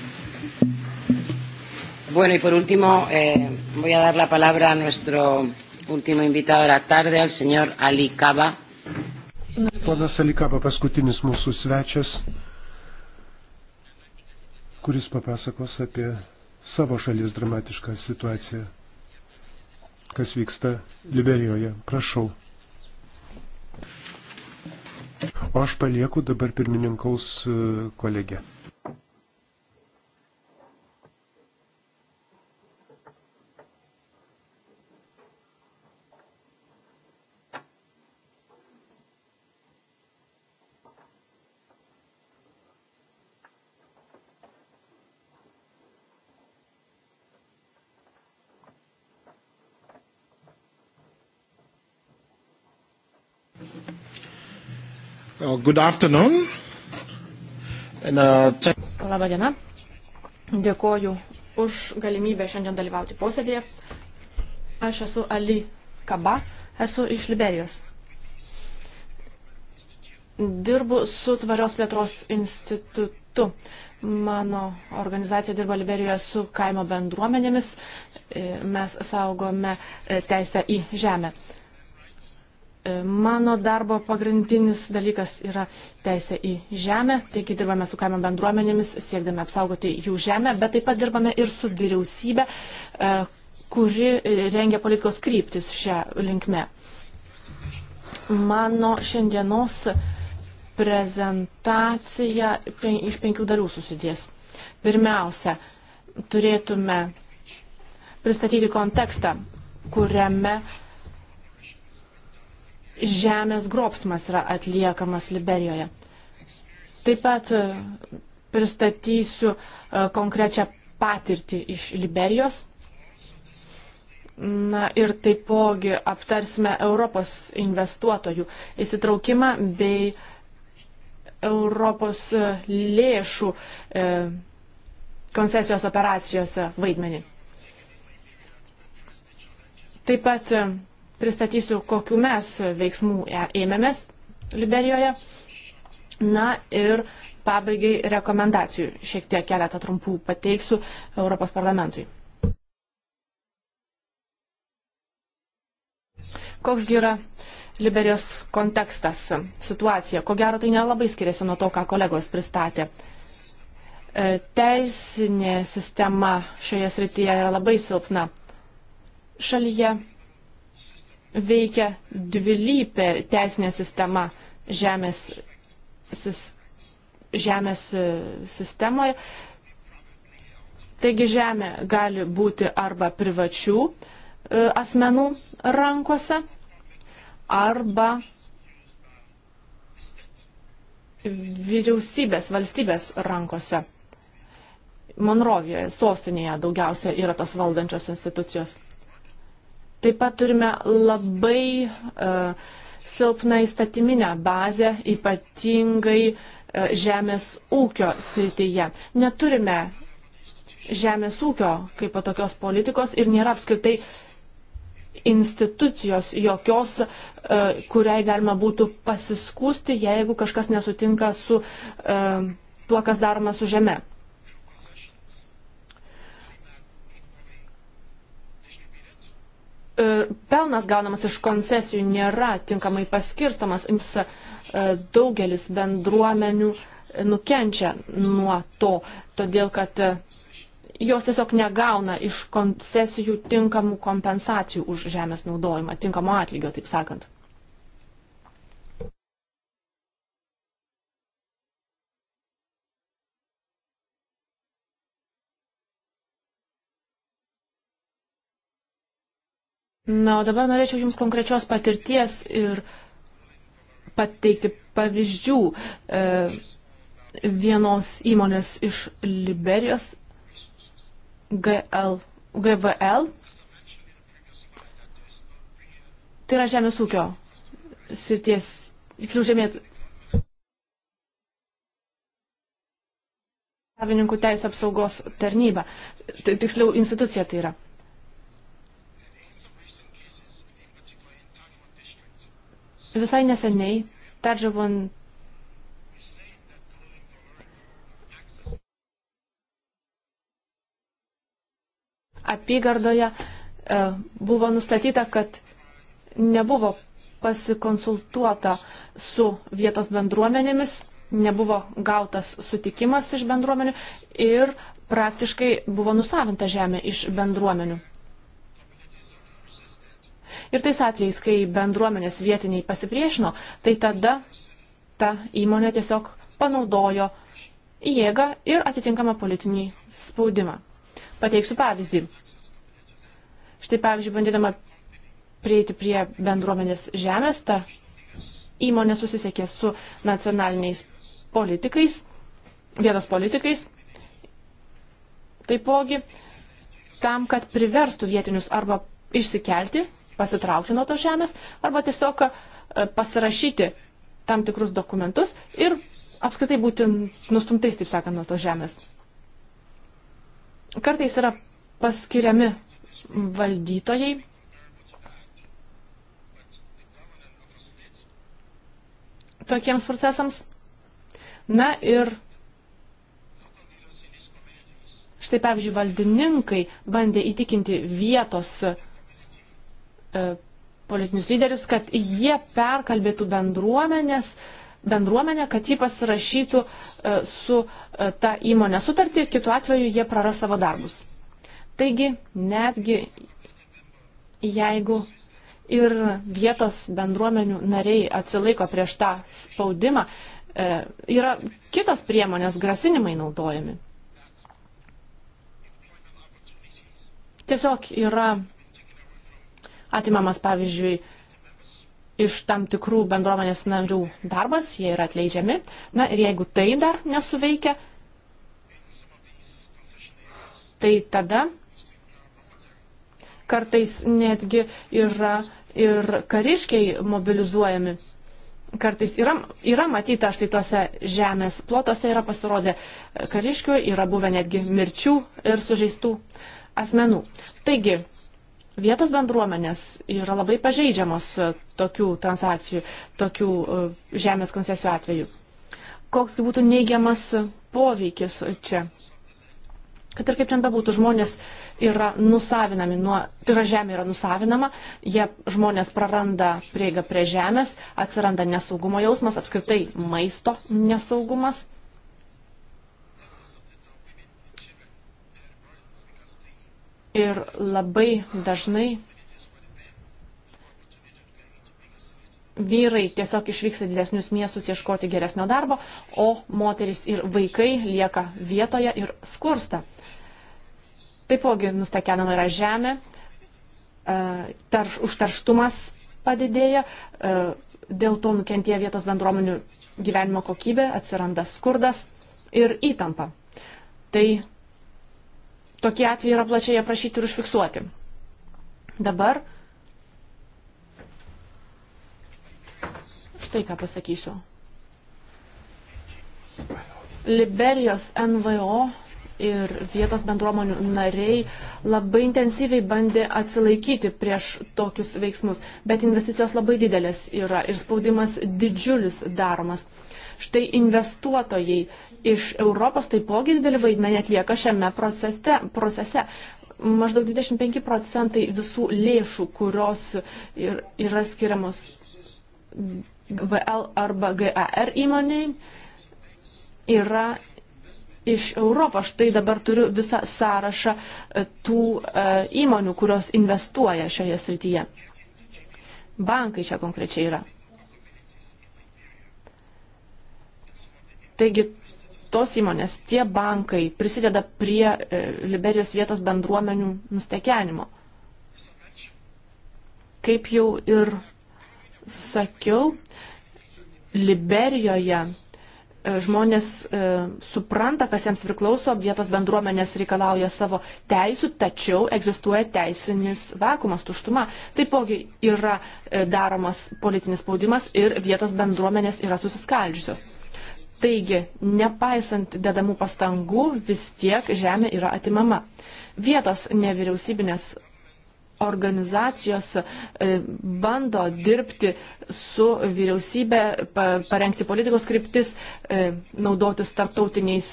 Bueno, y por último, eh, voy a dar la palabra a nuestro último invitado de la tarde, al señor Ali Kaba. Ponas Alikaba, paskutinis mūsų svečias, kuris papasakos apie savo šalies dramatišką situaciją, kas vyksta Liberijoje. Prašau. O aš palieku dabar pirmininkaus e, kolegę. Good afternoon. And, uh, Labą dieną. Dėkoju už galimybę šiandien dalyvauti posėdėje. Aš esu Ali Kaba, esu iš Liberijos. Dirbu su tvarios plėtros institutu. Mano organizacija dirba Liberijoje su kaimo bendruomenėmis. Mes saugome teisę į žemę. E, mano darbo pagrindinis dalykas yra teisė į žemę, taigi dirbame su kaimo bendruomenėmis, siekdami apsaugoti jų žemę, bet taip pat dirbame ir su vyriausybė, e, kuri rengia politikos kryptis šią linkmę. Mano šiandienos prezentacija iš penkių dalių susidės. Pirmiausia, turėtume pristatyti kontekstą, kuriame uh, žemės grobsmas yra atliekamas Liberijoje. Taip pat e, pristatysiu e, konkrečią patirtį iš Liberijos. Na ir taipogi aptarsime Europos investuotojų įsitraukimą bei Europos e, lėšų koncesijos operacijose vaidmenį. Taip pat pristatysiu, kokiu mes veiksmų e, ėmėmės Liberijoje. Na ir pabaigai rekomendacijų. Šiek tiek keletą trumpų pateiksiu Europos parlamentui. Koksgi yra Liberijos kontekstas, situacija? Ko gero tai nelabai skiriasi nuo to, ką kolegos pristatė. E, teisinė sistema šioje srityje yra labai silpna. Šalyje veikia dvilypė teisinė sistema žemės, sis, žemės e, sistemoje. Taigi žemė gali būti arba privačių e, asmenų rankose, arba vyriausybės, valstybės rankose. Monrovijoje, sostinėje daugiausia yra tos valdančios institucijos. Taip pat turime labai uh, silpną įstatyminę bazę, ypatingai uh, žemės ūkio srityje. Neturime žemės ūkio kaip tokios politikos ir nėra apskritai institucijos jokios, uh, kuriai galima būtų pasiskūsti, jeigu kažkas nesutinka su uh, tuo, kas daroma su žeme. E, pelnas gaunamas iš koncesijų nėra tinkamai paskirstamas, e, daugelis bendruomenių nukenčia nuo to, todėl kad e, jos tiesiog negauna iš koncesijų tinkamų kompensacijų už žemės naudojimą, tinkamo atlygio, taip sakant. Na, o dabar norėčiau Jums konkrečios patirties ir pateikti pavyzdžių e, vienos įmonės iš Liberijos GL, GVL. Tai yra žemės ūkio srities, tiksliau žemės savininkų teisų apsaugos tarnyba, tai tiksliau institucija tai yra. Visai neseniai, peržiūrėjant apygardoje, e, buvo nustatyta, kad nebuvo pasikonsultuota su vietos bendruomenėmis, nebuvo gautas sutikimas iš bendruomenių ir praktiškai buvo nusavinta žemė iš bendruomenių. Ir tais atvejais, kai bendruomenės vietiniai pasipriešino, tai tada ta įmonė tiesiog panaudojo jėgą ir atitinkamą politinį spaudimą. Pateiksiu pavyzdį. Štai pavyzdžiui, bandydama prieiti prie bendruomenės žemės, ta įmonė susisiekė su nacionaliniais politikais, vietos politikais, taipogi tam, kad priverstų vietinius arba išsikelti pasitraukti nuo to žemės arba tiesiog e, pasirašyti tam tikrus dokumentus ir apskritai būti nustumtais, taip sakant, nuo to žemės. Kartais yra paskiriami valdytojai. Tokiems procesams. Na ir štai, pavyzdžiui, valdininkai bandė įtikinti vietos uh, E, politinius lyderius, kad jie perkalbėtų bendruomenės, bendruomenę, kad jį pasirašytų e, su e, ta įmonė sutartį, kitu atveju jie praras savo darbus. Taigi, netgi jeigu ir vietos bendruomenių nariai atsilaiko prieš tą spaudimą, yra kitos priemonės grasinimai naudojami. Tiesiog yra atimamas, pavyzdžiui, iš tam tikrų bendruomenės narių darbas, jie yra atleidžiami. Na ir jeigu tai dar nesuveikia, tai tada kartais netgi yra ir kariškiai mobilizuojami. Kartais yra, yra matyta, štai tuose žemės plotose yra pasirodę kariškių, yra buvę netgi mirčių ir sužeistų asmenų. Taigi, Vietos bendruomenės yra labai pažeidžiamos e, tokių transakcijų, tokių e, žemės koncesijų atveju. Koks būtų neigiamas e, poveikis čia? Kad ir kaip ten bebūtų, žmonės yra nusavinami, nuo, tai yra žemė yra nusavinama, jie žmonės praranda prieigą prie žemės, atsiranda nesaugumo jausmas, apskritai maisto nesaugumas, Ir labai dažnai vyrai tiesiog išvyksta didesnius miestus ieškoti geresnio darbo, o moteris ir vaikai lieka vietoje ir skursta. Taipogi nustekenama yra žemė, e, tarš, užtarštumas padidėja, e, dėl to nukentie vietos bendruomenių gyvenimo kokybė, atsiranda skurdas ir įtampa. Tai tokie atvejai yra plačiai aprašyti ir užfiksuoti. Dabar štai ką pasakysiu. Liberijos NVO ir vietos bendruomonių nariai labai intensyviai bandė atsilaikyti prieš tokius veiksmus, bet investicijos labai didelės yra ir spaudimas didžiulis daromas. Štai investuotojai iš Europos taipogi didelį vaidmenį atlieka šiame procese. procese. Maždaug 25 procentai visų lėšų, kurios ir, yra skiriamos VL arba GAR įmoniai, yra iš Europos. Štai dabar turiu visą sąrašą e, tų e, įmonių, kurios investuoja šioje srityje. Bankai čia konkrečiai yra. Taigi tos įmonės, tie bankai prisideda prie e, Liberijos vietos bendruomenių nustekenimo. Kaip jau ir sakiau, Liberijoje e, žmonės e, supranta, kas jiems priklauso, vietos bendruomenės reikalauja savo teisų, tačiau egzistuoja teisinis vakumas, tuštuma. Taipogi yra e, daromas politinis spaudimas ir vietos bendruomenės yra susiskaldžiusios. Taigi, nepaisant dedamų pastangų, vis tiek žemė yra atimama. Vietos nevyriausybinės organizacijos e, bando dirbti su vyriausybė, parengti politikos kryptis, e, naudotis tarptautiniais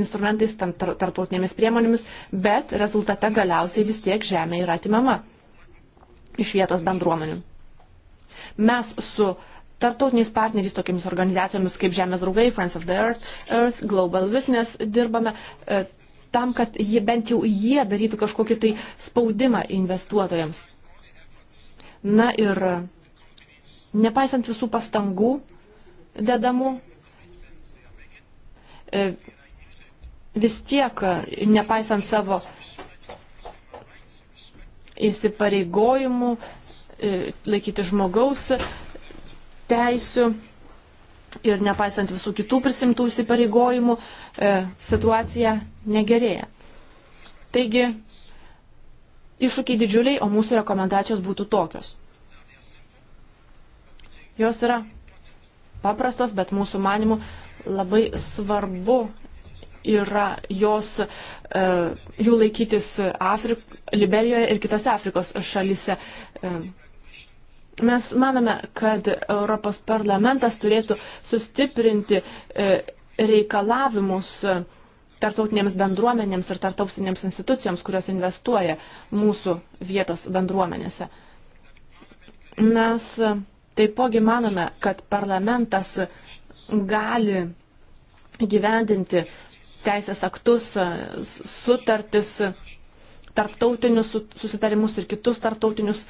instrumentais, tarptautinėmis priemonėmis, bet rezultate galiausiai vis tiek žemė yra atimama iš vietos bendruomenių. Mes su uh, tartautiniais partneriais, tokiamis organizacijomis kaip Žemės draugai, Friends of the Earth, Earth Global Business dirbame, e, tam, kad jie bent jau jie darytų kažkokį tai spaudimą investuotojams. Na ir e, nepaisant visų pastangų dedamų, e, vis tiek, nepaisant savo įsipareigojimų, laikyti žmogaus teisių ir nepaisant visų kitų prisimtų įsipareigojimų, e, situacija negerėja. Taigi, iššūkiai didžiuliai, o mūsų rekomendacijos būtų tokios. Jos yra paprastos, bet mūsų manimų labai svarbu yra jos, e, jų laikytis Afrik, Liberijoje ir kitose Afrikos šalise. E, Mes manome, kad Europos parlamentas turėtų sustiprinti e, reikalavimus e, tartautinėms bendruomenėms ir tartautinėms institucijoms, kurios investuoja mūsų vietos bendruomenėse. Mes e, taipogi manome, kad parlamentas gali gyvendinti teisės aktus, sutartis, tarptautinius susitarimus ir kitus tarptautinius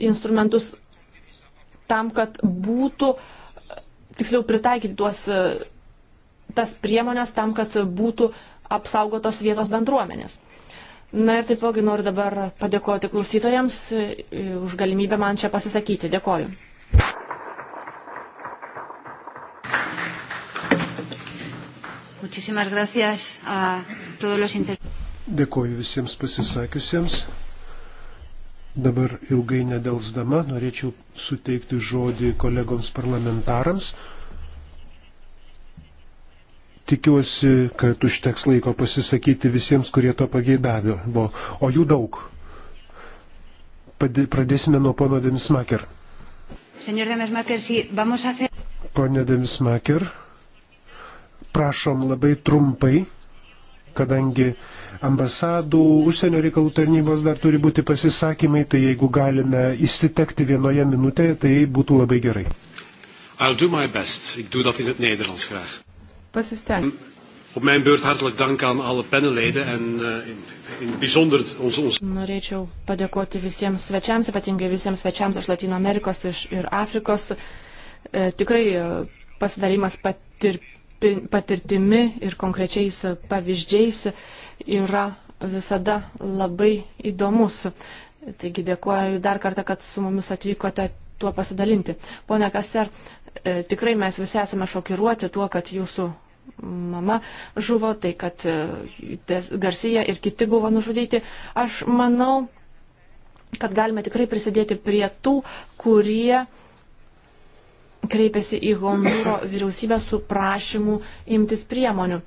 instrumentus tam, kad būtų, tiksliau pritaikyti tuos, tas priemonės tam, kad būtų apsaugotos vietos bendruomenės. Na ir taipogi noriu dabar padėkoti klausytojams e, už galimybę man čia pasisakyti. Dėkoju. Dėkoju visiems pasisakiusiems. Dabar ilgai nedelsdama norėčiau suteikti žodį kolegoms parlamentarams. Tikiuosi, kad užteks laiko pasisakyti visiems, kurie to pageidavo, o jų daug. Pradėsime nuo pono Demismaker. Pone Demismaker, prašom labai trumpai kadangi ambasadų, užsienio reikalų tarnybos dar turi būti pasisakymai, tai jeigu galime įsitekti vienoje minutėje, tai būtų labai gerai. Pasistengsiu. Op mijn beurt hartelijk dank aan alle panelleden en uh, in, in het bijzonder ons, ons. Norėčiau padėkoti visiems svečiams, ypatingai visiems svečiams iš Latino Amerikos iš, ir Afrikos. E, tikrai eh, pasidalimas patirti patirtimi ir konkrečiais pavyzdžiais yra visada labai įdomus. Taigi dėkuoju dar kartą, kad su mumis atvykote tuo pasidalinti. Pone Kaser, e, tikrai mes visi esame šokiruoti tuo, kad jūsų mama žuvo, tai kad e, Garcija ir kiti buvo nužudyti. Aš manau, kad galime tikrai prisidėti prie tų, kurie kreipėsi į Hondūro vyriausybę su prašymu imtis priemonių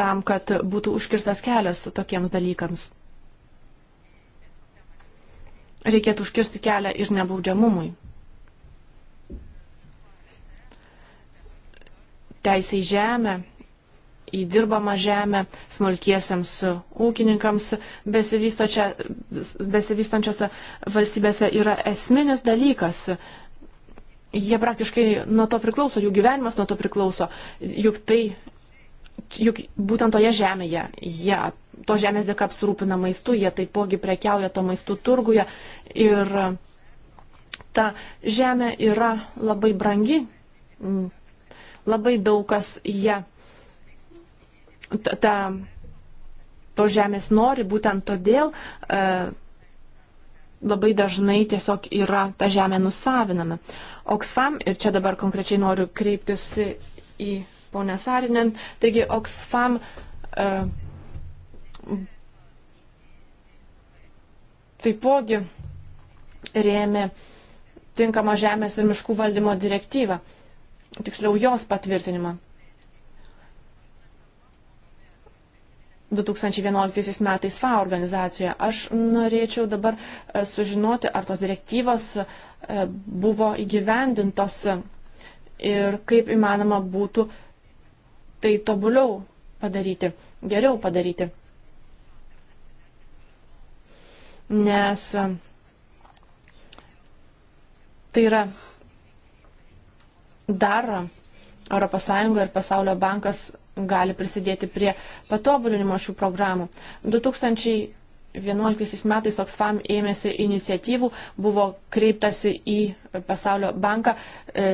tam, kad būtų užkirstas kelias tokiems dalykams. Reikėtų užkirsti kelią ir nebaudžiamumui. Teisė į žemę, į dirbamą žemę, smulkiesiams ūkininkams besivystančiose valstybėse yra esminis dalykas jie praktiškai nuo to priklauso, jų gyvenimas nuo to priklauso, juk tai, juk būtent toje žemėje, jie, to žemės dėka apsirūpina maistu, jie taipogi prekiauja to maistu turguje ir ta žemė yra labai brangi, labai daug kas jie, ta, ta, to žemės nori, būtent todėl e, labai dažnai tiesiog yra ta žemė nusavinama. Oxfam, ir čia dabar konkrečiai noriu kreiptis į ponę Sarinen, taigi Oxfam uh, taipogi rėmė tinkamą žemės ir miškų valdymo direktyvą, tiksliau jos patvirtinimą. 2011 metais FA organizacijoje. Aš norėčiau dabar e, sužinoti, ar tos direktyvos uh, E, buvo įgyvendintos ir kaip įmanoma būtų tai tobuliau padaryti, geriau padaryti. Nes e, tai yra dar ES ir Pasaulio bankas gali prisidėti prie patobulinimo šių programų. 2000 2011 metais Oxfam ėmėsi iniciatyvų, buvo kreiptasi į Pasaulio banką e,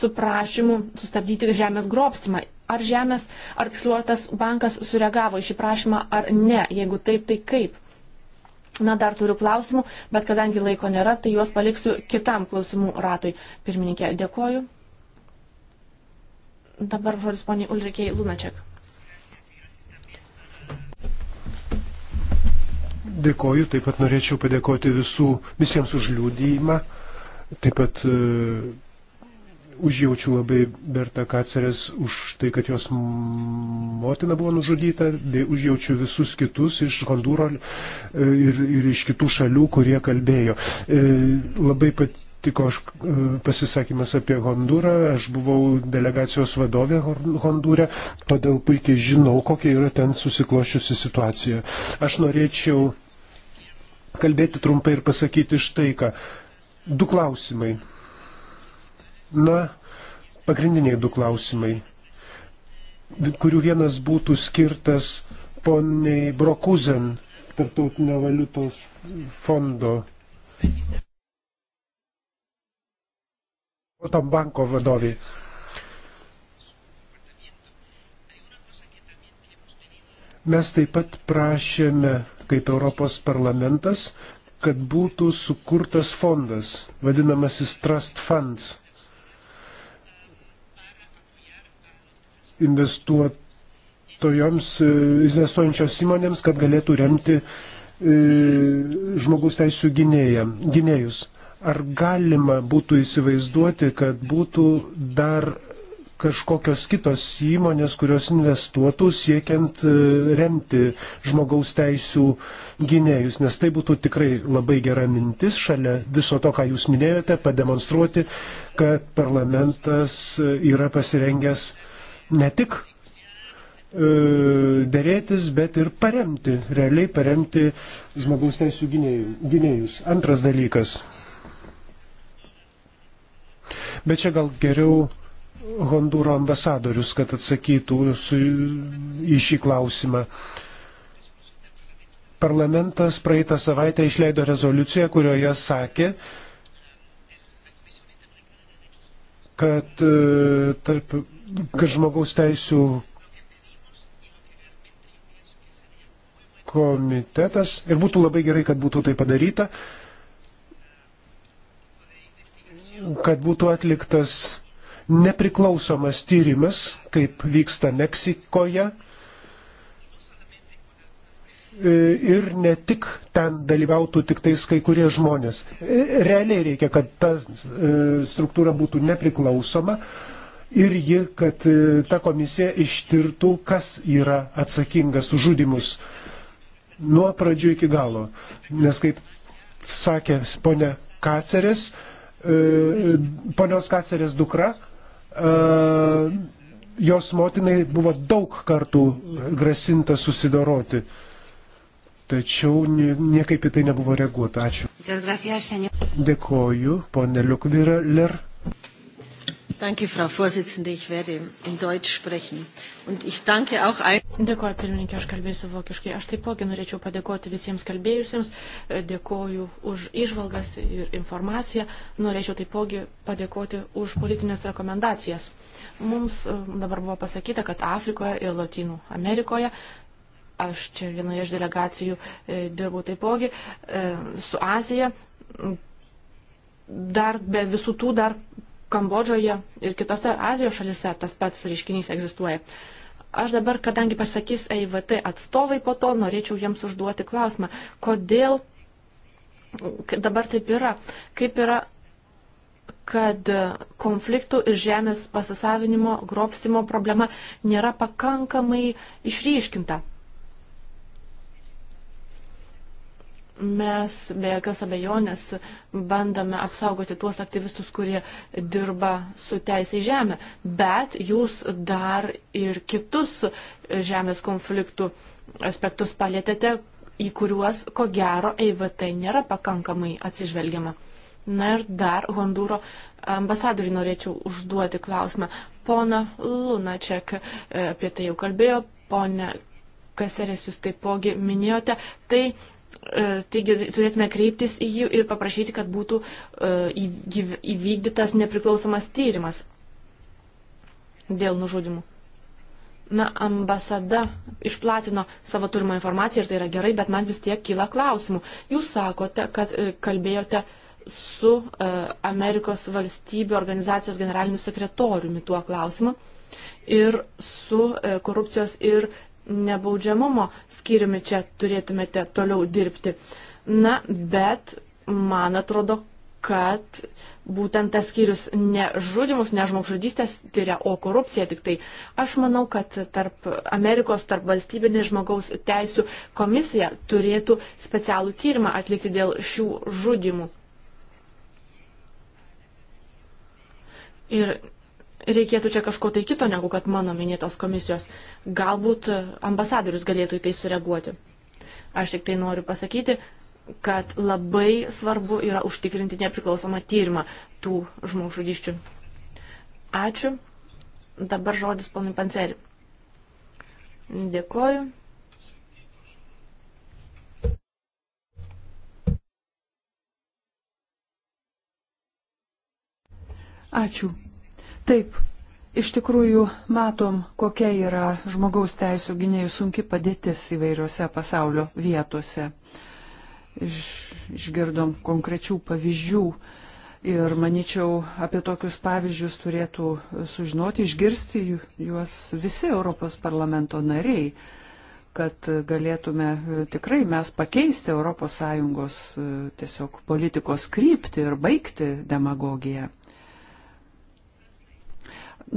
su prašymu sustabdyti žemės grobstimą. Ar žemės, ar tiksliau tas bankas sureagavo į šį prašymą ar ne? Jeigu taip, tai kaip? Na, dar turiu klausimų, bet kadangi laiko nėra, tai juos paliksiu kitam klausimų ratui. Pirmininkė, dėkoju. Dabar žodis poniai Ulrikėjai Lunačiak. Dėkoju, taip pat norėčiau padėkoti visų, visiems už liūdėjimą. Taip pat uh, užjaučiu labai Berta Kacerės už tai, kad jos motina buvo nužudyta, bei užjaučiu visus kitus iš Hondūro e, ir, ir iš kitų šalių, kurie kalbėjo. Uh, labai pat tiko pasisakymas apie Hondūrą, aš buvau delegacijos vadovė Hondūre, todėl puikiai žinau, kokia yra ten susikloščiusi situacija. Aš norėčiau kalbėti trumpai ir pasakyti štai ką. Du klausimai. Na, pagrindiniai du klausimai, kurių vienas būtų skirtas poniai Brokuzen, tarptautinio valiutos fondo. O tam banko vadovė. Mes taip pat prašėme kaip Europos parlamentas, kad būtų sukurtas fondas, vadinamasis Trust Funds, investuotojoms, e, investuojančios įmonėms, kad galėtų remti e, žmogus teisų gynėja, gynėjus. Ar galima būtų įsivaizduoti, kad būtų dar kažkokios kitos įmonės, kurios investuotų siekiant e, remti žmogaus teisų gynėjus, nes tai būtų tikrai labai gera mintis šalia viso to, ką jūs minėjote, pademonstruoti, kad parlamentas yra pasirengęs ne tik e, dėrėtis, bet ir paremti, realiai paremti žmogaus teisų gynėjus. Antras dalykas. Bet čia gal geriau Hondūro ambasadorius, kad atsakytų su, į šį klausimą. Parlamentas praeitą savaitę išleido rezoliuciją, kurioje sakė, kad, e, tarp, kad žmogaus teisų komitetas ir būtų labai gerai, kad būtų tai padaryta, kad būtų atliktas nepriklausomas tyrimas, kaip vyksta Meksikoje. E, ir ne tik ten dalyvautų tik tais kai kurie žmonės. E, realiai reikia, kad ta e, struktūra būtų nepriklausoma ir ji, kad ta komisija ištirtų, kas yra atsakingas už žudimus nuo pradžių iki galo. Nes kaip sakė ponia Kaceris, ponios Kaceris dukra jos motinai buvo daug kartų grasinta susidoroti. Tačiau niekaip į tai nebuvo reaguota. Ačiū. Dėkoju, ponė Liukviler. Danke, Frau Vorsitzende. Ich werde in Deutsch sprechen. Und ich danke auch allen. Dėkuoju, pirmininkė, aš kalbėsiu vokiškai. Aš taipogi norėčiau padėkoti visiems kalbėjusiems. E, Dėkuoju už išvalgas ir informaciją. Norėčiau taipogi padėkoti už politinės rekomendacijas. Mums e, dabar buvo pasakyta, kad Afrikoje ir Latinų Amerikoje aš čia vienoje iš delegacijų e, dirbau taipogi su Azija. Dar be visų tų dar Kambodžoje ir kitose Azijos šalise tas pats reiškinys egzistuoja. Aš dabar, kadangi pasakys EIVT atstovai po to, norėčiau jiems užduoti klausimą, kodėl dabar taip yra, kaip yra, kad konfliktų ir žemės pasisavinimo, grobstimo problema nėra pakankamai išryškinta. Mes be jokios abejonės bandome apsaugoti tuos aktyvistus, kurie dirba su teisė į žemę, bet jūs dar ir kitus žemės konfliktų aspektus palėtėte, į kuriuos, ko gero, EIVT nėra pakankamai atsižvelgiama. Na ir dar Hondūro ambasadoriui norėčiau užduoti klausimą. Pona Lunačiak e, apie tai jau kalbėjo, ponė Kaserės jūs taipogi minėjote. Tai E, taigi turėtume kreiptis į jį ir paprašyti, kad būtų e, įvykdytas nepriklausomas tyrimas dėl nužudimų. Na, ambasada išplatino savo turimą informaciją ir tai yra gerai, bet man vis tiek kyla klausimų. Jūs sakote, kad e, kalbėjote su Amerikos valstybių organizacijos generaliniu sekretoriumi tuo klausimu ir su korupcijos ir nebaudžiamumo skyriumi čia turėtumėte toliau dirbti. Na, bet man atrodo, kad būtent tas skyrius ne žudimus, ne žmogžudystės tyria, o korupciją tik tai. Aš manau, kad tarp Amerikos, tarp valstybinė žmogaus teisų komisija turėtų specialų tyrimą atlikti dėl šių žudimų. Ir reikėtų čia kažko tai kito negu kad mano minėtos komisijos. Galbūt ambasadorius galėtų į tai sureaguoti. Aš tik tai noriu pasakyti, kad labai svarbu yra užtikrinti nepriklausomą tyrimą tų žmogžudyščių. Ačiū. Dabar žodis ponui Panceri. Dėkoju. Ačiū. Taip, iš tikrųjų matom, kokia yra žmogaus teisų gynėjų sunki padėtis įvairiose pasaulio vietose. Iš, išgirdom konkrečių pavyzdžių ir manyčiau, apie tokius pavyzdžius turėtų sužinoti, išgirsti juos visi Europos parlamento nariai kad galėtume tikrai mes pakeisti ES e, tiesiog politikos kryptį ir baigti demagogiją.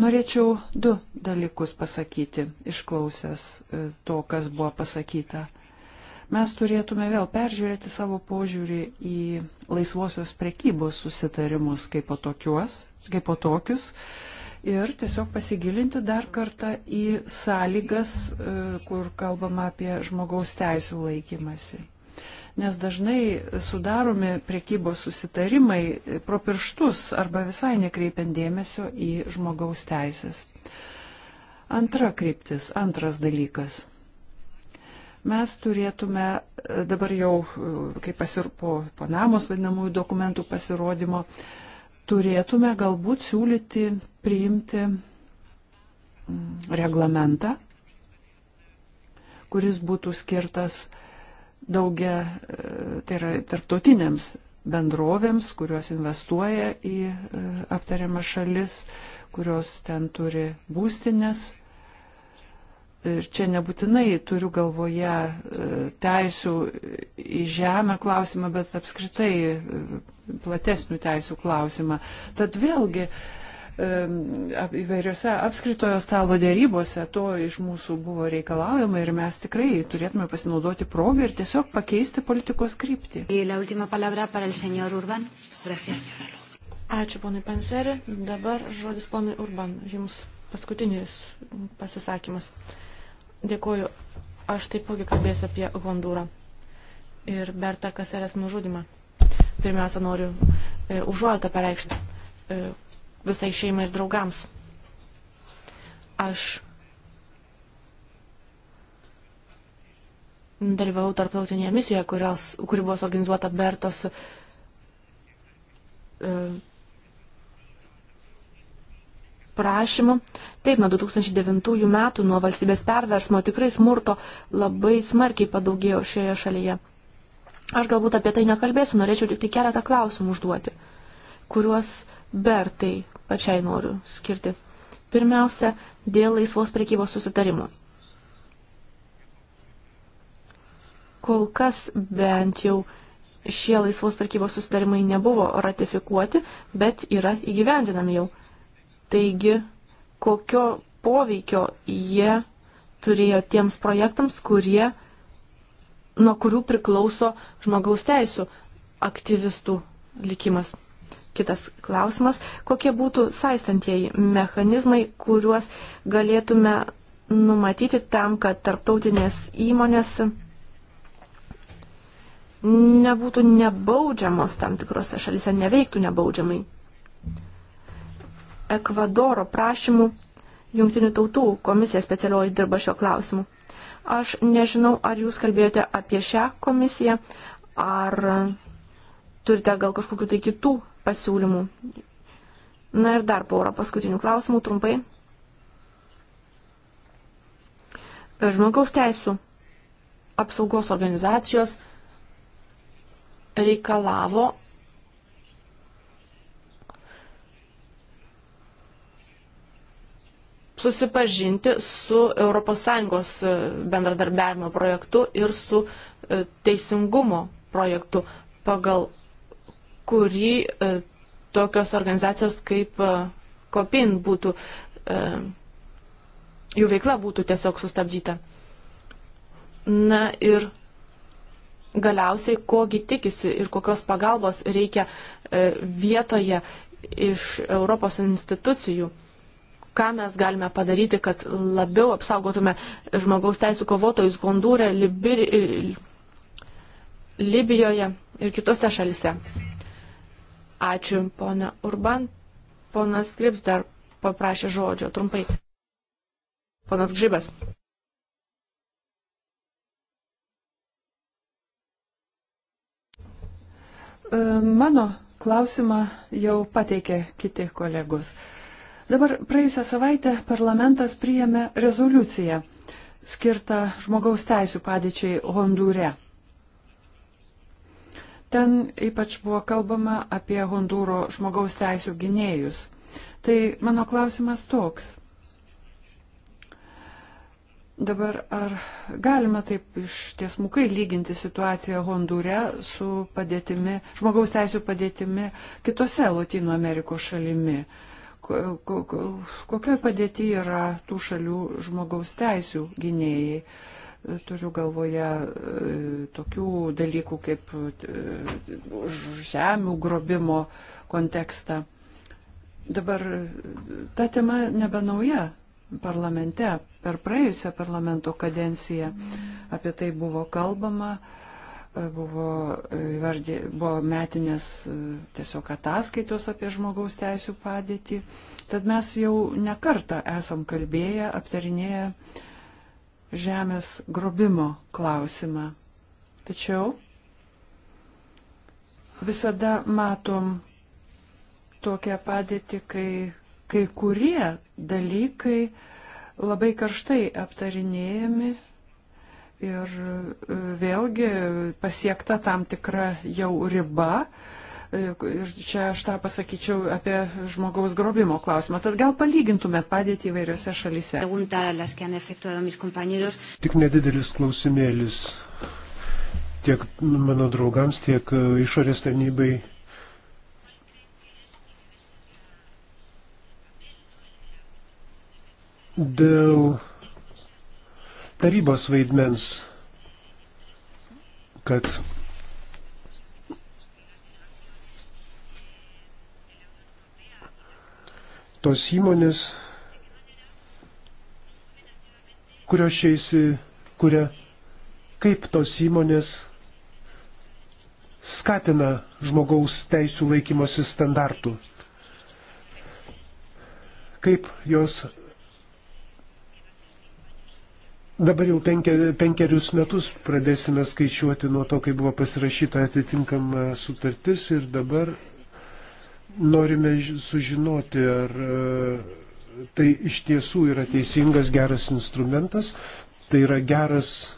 Norėčiau du dalykus pasakyti, išklausęs e, to, kas buvo pasakyta. Mes turėtume vėl peržiūrėti savo požiūrį į laisvosios prekybos susitarimus kaip po, tokiuos, kaip po tokius ir tiesiog pasigilinti dar kartą į sąlygas, e, kur kalbama apie žmogaus teisų laikymasi nes dažnai sudaromi priekybos susitarimai pro pirštus arba visai nekreipiant dėmesio į žmogaus teisės. Antra kryptis, antras dalykas. Mes turėtume dabar jau, kaip pasir, po Panamos vadinamųjų dokumentų pasirodymo, turėtume galbūt siūlyti priimti mm, reglamentą, kuris būtų skirtas uh, daugia, tai yra tarptautinėms bendrovėms, kurios investuoja į e, aptariamą šalis, kurios ten turi būstinės. Ir čia nebūtinai turiu galvoje e, teisų į žemę klausimą, bet apskritai e, platesnių teisų klausimą. Tad vėlgi, uh, įvairiose apskritojo stalo dėrybose to iš mūsų buvo reikalaujama ir mes tikrai turėtume pasinaudoti progą ir tiesiog pakeisti politikos kryptį. Ačiū, ponai Panseri. Dabar žodis ponai Urban. Jums paskutinis pasisakymas. Dėkuoju. Aš taipogi kalbėsiu apie Hondūrą ir Berta Kaserės nužudimą. Pirmiausia, noriu e, užuotą pareikšti e, visai šeimai ir draugams. Aš dalyvau tarptautinėje misijoje, kurios, kuri buvo suorganizuota Bertos e, prašymu. Taip, nuo 2009 metų, nuo valstybės perversmo, tikrai smurto labai smarkiai padaugėjo šioje šalyje. Aš galbūt apie tai nekalbėsiu, norėčiau tik tai keletą klausimų užduoti, kuriuos Bertai pačiai noriu skirti. Pirmiausia, dėl laisvos prekybos susitarimų. Kol kas bent jau šie laisvos prekybos susitarimai nebuvo ratifikuoti, bet yra įgyvendinami jau. Taigi, kokio poveikio jie turėjo tiems projektams, kurie, nuo kurių priklauso žmogaus teisų aktyvistų likimas. Kitas klausimas, kokie būtų saistantieji mechanizmai, kuriuos galėtume numatyti tam, kad tarptautinės įmonės nebūtų nebaudžiamos tam tikrose šalise, neveiktų nebaudžiamai. Ekvadoro prašymų Jungtinių tautų komisija specialioji dirba šio klausimu. Aš nežinau, ar jūs kalbėjote apie šią komisiją, ar turite gal kažkokiu tai kitų pasiūlymų. Na ir dar porą paskutinių klausimų trumpai. Žmogaus teisų apsaugos organizacijos reikalavo susipažinti su ES e, bendradarbiavimo projektu ir su e, teisingumo projektu pagal kurį e, tokios organizacijos kaip e, Kopin būtų, e, jų veikla būtų tiesiog sustabdyta. Na ir galiausiai, kogi tikisi ir kokios pagalbos reikia vietoje iš Europos institucijų ką mes galime padaryti, kad labiau apsaugotume žmogaus teisų kovotojus Hondūre, Libir, Libijoje ir kitose šalise. Ačiū, pona Urban. Ponas Grips dar paprašė žodžio trumpai. Ponas Gžibas. E, mano klausimą jau pateikė kiti kolegos. Dabar praėjusią savaitę parlamentas priėmė rezoliuciją skirtą žmogaus teisų padėčiai Hondūre. Ten ypač buvo kalbama apie Hondūro žmogaus teisų gynėjus. Tai mano klausimas toks. Dabar ar galima taip iš tiesmukai lyginti situaciją Hondūre su padėtimi, žmogaus teisų padėtimi kitose Latino Amerikos šalimi? Kokioje padėti yra tų šalių žmogaus teisų gynėjai? Turiu galvoje e, tokių dalykų kaip e, žemių grobimo kontekstą. Dabar ta tema nebenauja parlamente. Per praėjusią parlamento kadenciją apie tai buvo kalbama, e, buvo, vardė, buvo metinės tiesiog ataskaitos apie žmogaus teisų padėtį. Tad mes jau nekartą esam kalbėję, aptarinėję žemės grobimo klausimą. Tačiau visada matom tokią padėtį, kai kai kurie dalykai labai karštai aptarinėjami ir e, vėlgi pasiekta tam tikra jau riba, E, ir čia aš tą pasakyčiau apie žmogaus grobimo klausimą. Tad gal palygintumėt padėti įvairiose šalise. Tik nedidelis klausimėlis tiek mano draugams, tiek e, išorės tarnybai. Dėl tarybos vaidmens, kad tos įmonės, kurios čia įsikuria, kaip tos įmonės skatina žmogaus teisų laikymosi standartų, kaip jos Dabar jau penkerius metus pradėsime skaičiuoti nuo to, kai buvo pasirašyta atitinkama sutartis ir dabar Norime sužinoti, ar e, tai iš tiesų yra teisingas, geras instrumentas, tai yra geras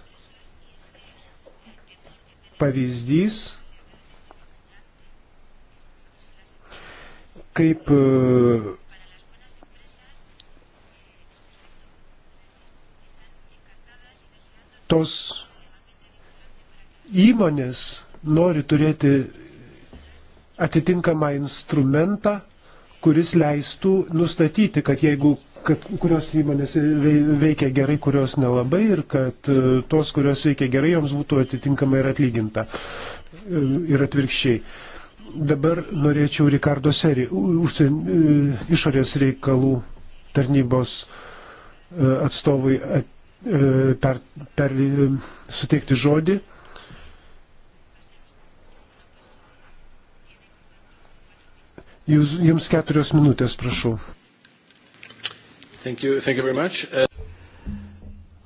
pavyzdys, kaip e, tos įmonės nori turėti atitinkamą instrumentą, kuris leistų nustatyti, kad jeigu kad kurios įmonės veikia gerai, kurios nelabai ir kad e, tos, kurios veikia gerai, joms būtų atitinkamai ir atlyginta. E, ir atvirkščiai. Dabar norėčiau Rikardo Seri, užsien, išorės reikalų tarnybos e, atstovui per, per, suteikti žodį. Jūs, jums keturios minutės, prašau. Thank you, thank you uh...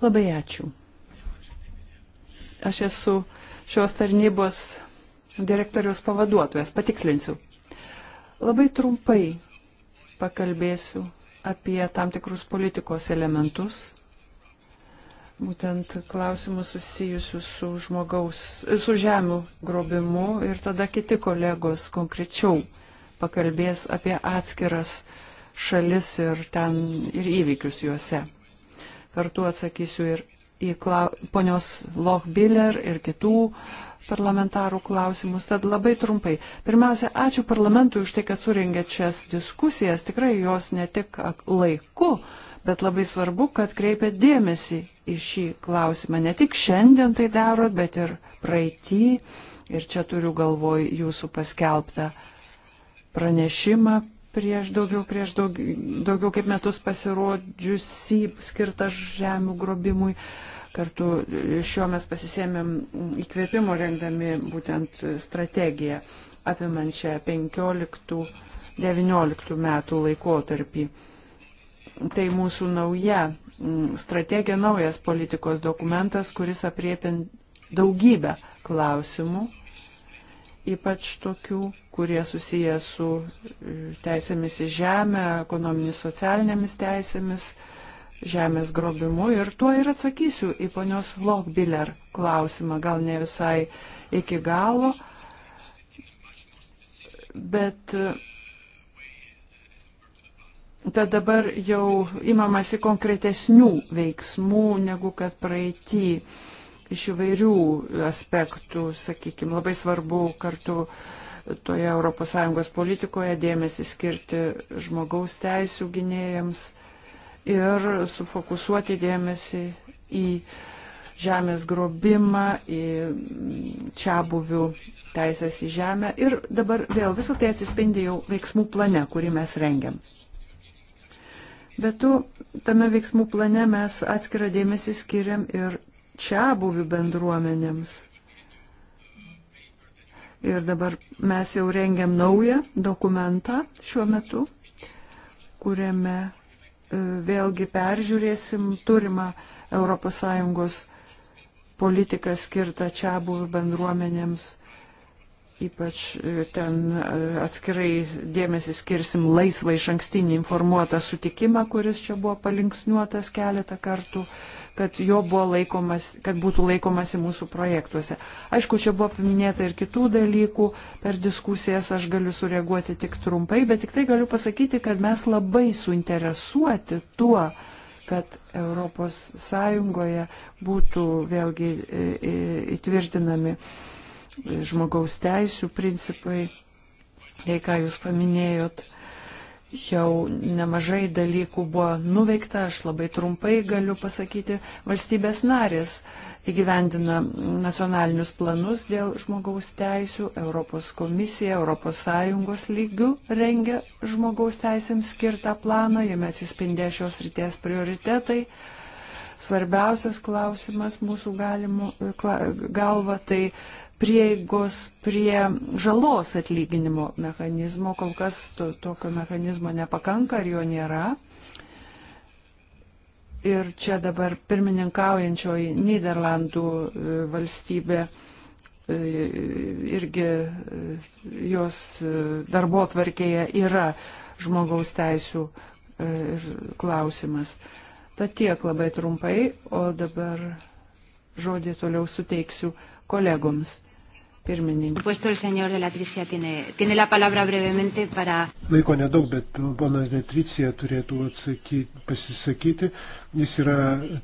Labai ačiū. Aš esu šios tarnybos direktorius pavaduotojas, patikslinsiu. Labai trumpai pakalbėsiu apie tam tikrus politikos elementus, būtent klausimus susijusius su žmogaus, su žemių grobimu ir tada kiti kolegos konkrečiau pakalbės apie atskiras šalis ir, ten, ir įvykius juose. Kartu atsakysiu ir į klau... ponios Lochbiller ir kitų parlamentarų klausimus. Tad labai trumpai. Pirmiausia, ačiū parlamentui už tai, kad suringė šias diskusijas. Tikrai jos ne tik laiku, bet labai svarbu, kad kreipia dėmesį į šį klausimą. Ne tik šiandien tai darot, bet ir praeitį. Ir čia turiu galvoj jūsų paskelbtą pranešimą prieš daugiau, prieš daugiau, daugiau kaip metus pasirodžiusi skirtą žemių grobimui. Kartu šiuo mes pasisėmėm įkvėpimo rengdami būtent strategiją apimančią 15-19 metų laikotarpį. Tai mūsų nauja strategija, naujas politikos dokumentas, kuris apriepin daugybę klausimų, ypač tokių kurie susiję su e, teisėmis į žemę, ekonominis socialinėmis teisėmis, žemės grobimu. Ir tuo ir atsakysiu į ponios Lochbiller klausimą, gal ne visai iki galo, bet e, tad dabar jau imamasi konkretesnių veiksmų negu kad praeitį iš įvairių aspektų, sakykime, labai svarbu kartu toje ES politikoje dėmesį skirti žmogaus teisų gynėjams ir sufokusuoti dėmesį į žemės grobimą, į čia buvių teisės į žemę. Ir dabar vėl visą tai atsispindi jau veiksmų plane, kurį mes rengiam. Bet tu tame veiksmų plane mes atskirą dėmesį skiriam ir čia buvių bendruomenėms Ir dabar mes jau rengiam naują dokumentą šiuo metu, kuriame e, vėlgi peržiūrėsim turimą ES politiką skirtą čia buvų bendruomenėms. Ypač e, ten e, atskirai dėmesį skirsim laisvą iš ankstinį informuotą sutikimą, kuris čia buvo palinksniuotas keletą kartų. Uh, kad jo buvo laikomas, kad būtų laikomasi mūsų projektuose. Aišku, čia buvo paminėta ir kitų dalykų, per diskusijas aš galiu sureaguoti tik trumpai, bet tik tai galiu pasakyti, kad mes labai suinteresuoti tuo, kad ES būtų vėlgi e, e, įtvirtinami e, žmogaus teisų principai, tai ką jūs paminėjot jau nemažai dalykų buvo nuveikta, aš labai trumpai galiu pasakyti, valstybės narės įgyvendina nacionalinius planus dėl žmogaus teisų, Europos komisija, ES lygių rengia žmogaus teisėms skirtą planą, jame atsispindė šios ryties prioritetai. Svarbiausias klausimas mūsų galimų, galva tai prieigos prie žalos atlyginimo mechanizmo. Kol kas to, tokio mechanizmo nepakanka ar jo nėra. Ir čia dabar pirmininkaujančioji Niderlandų e, valstybė e, irgi e, jos darbo tvarkėje yra žmogaus teisų ir klausimas. Tad tiek labai trumpai, o dabar žodį toliau suteiksiu kolegoms pirmininkė. Laiko nedaug, bet ponas Detricija turėtų atsakyti, pasisakyti. Jis yra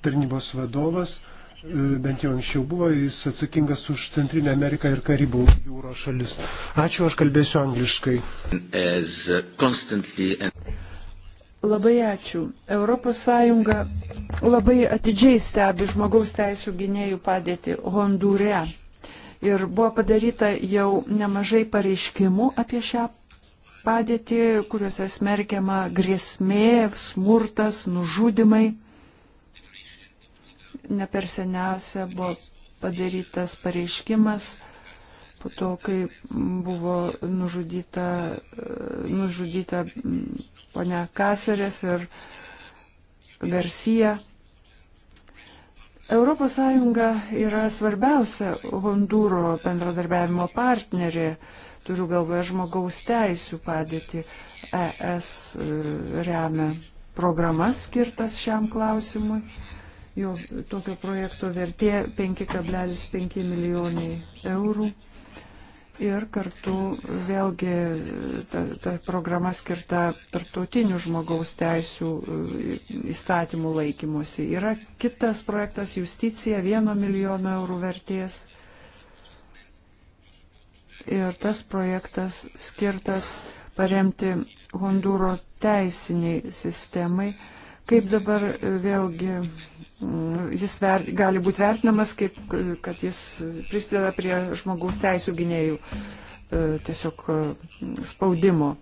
tarnybos vadovas, e, bent jau anksčiau buvo, jis atsakingas už Centrinę Ameriką ir Karibų jūros šalis. Ačiū, aš kalbėsiu angliškai. Labai ačiū. ES labai atidžiai stebi žmogaus teisų gynėjų padėti Hondūre. Ir buvo padaryta jau nemažai pareiškimų apie šią padėtį, kuriuose smerkiama grėsmė, smurtas, nužudimai. Ne per seniausia buvo padarytas pareiškimas po to, kai buvo nužudyta, nužudyta ponia Kaserės ir Garcija. ES yra svarbiausia Hondūro bendradarbiavimo partnerė, turiu galvoje žmogaus teisų padėti. ES e, remia programas skirtas šiam klausimui. Jo tokio projekto vertė 5,5 milijonai eurų. Ir kartu vėlgi ta, ta programa skirta tarptautinių žmogaus teisų e, įstatymų laikymusi. Yra kitas projektas Justicija vieno milijono eurų vertės. Ir tas projektas skirtas paremti Hondūro teisiniai sistemai. Kaip dabar vėlgi jis ver, gali būti vertinamas kaip, kad jis prisideda prie žmogaus teisų gynėjų e, tiesiog e, spaudimo.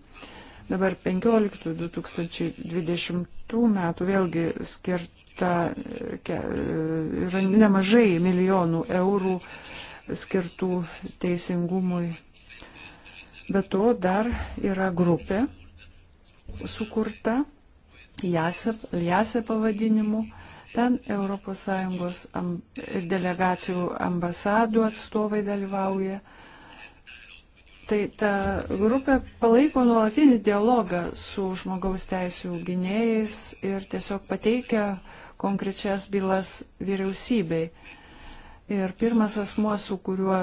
Dabar 15-2020 metų vėlgi skirta e, yra nemažai milijonų eurų skirtų teisingumui. Be to dar yra grupė sukurta, JASE pavadinimu Ten ES ir delegacijų ambasadų atstovai dalyvauja. Tai ta grupė palaiko nuolatinį dialogą su žmogaus teisų gynėjais ir tiesiog pateikia konkrečias bylas vyriausybei. Ir pirmas asmuo, su kuriuo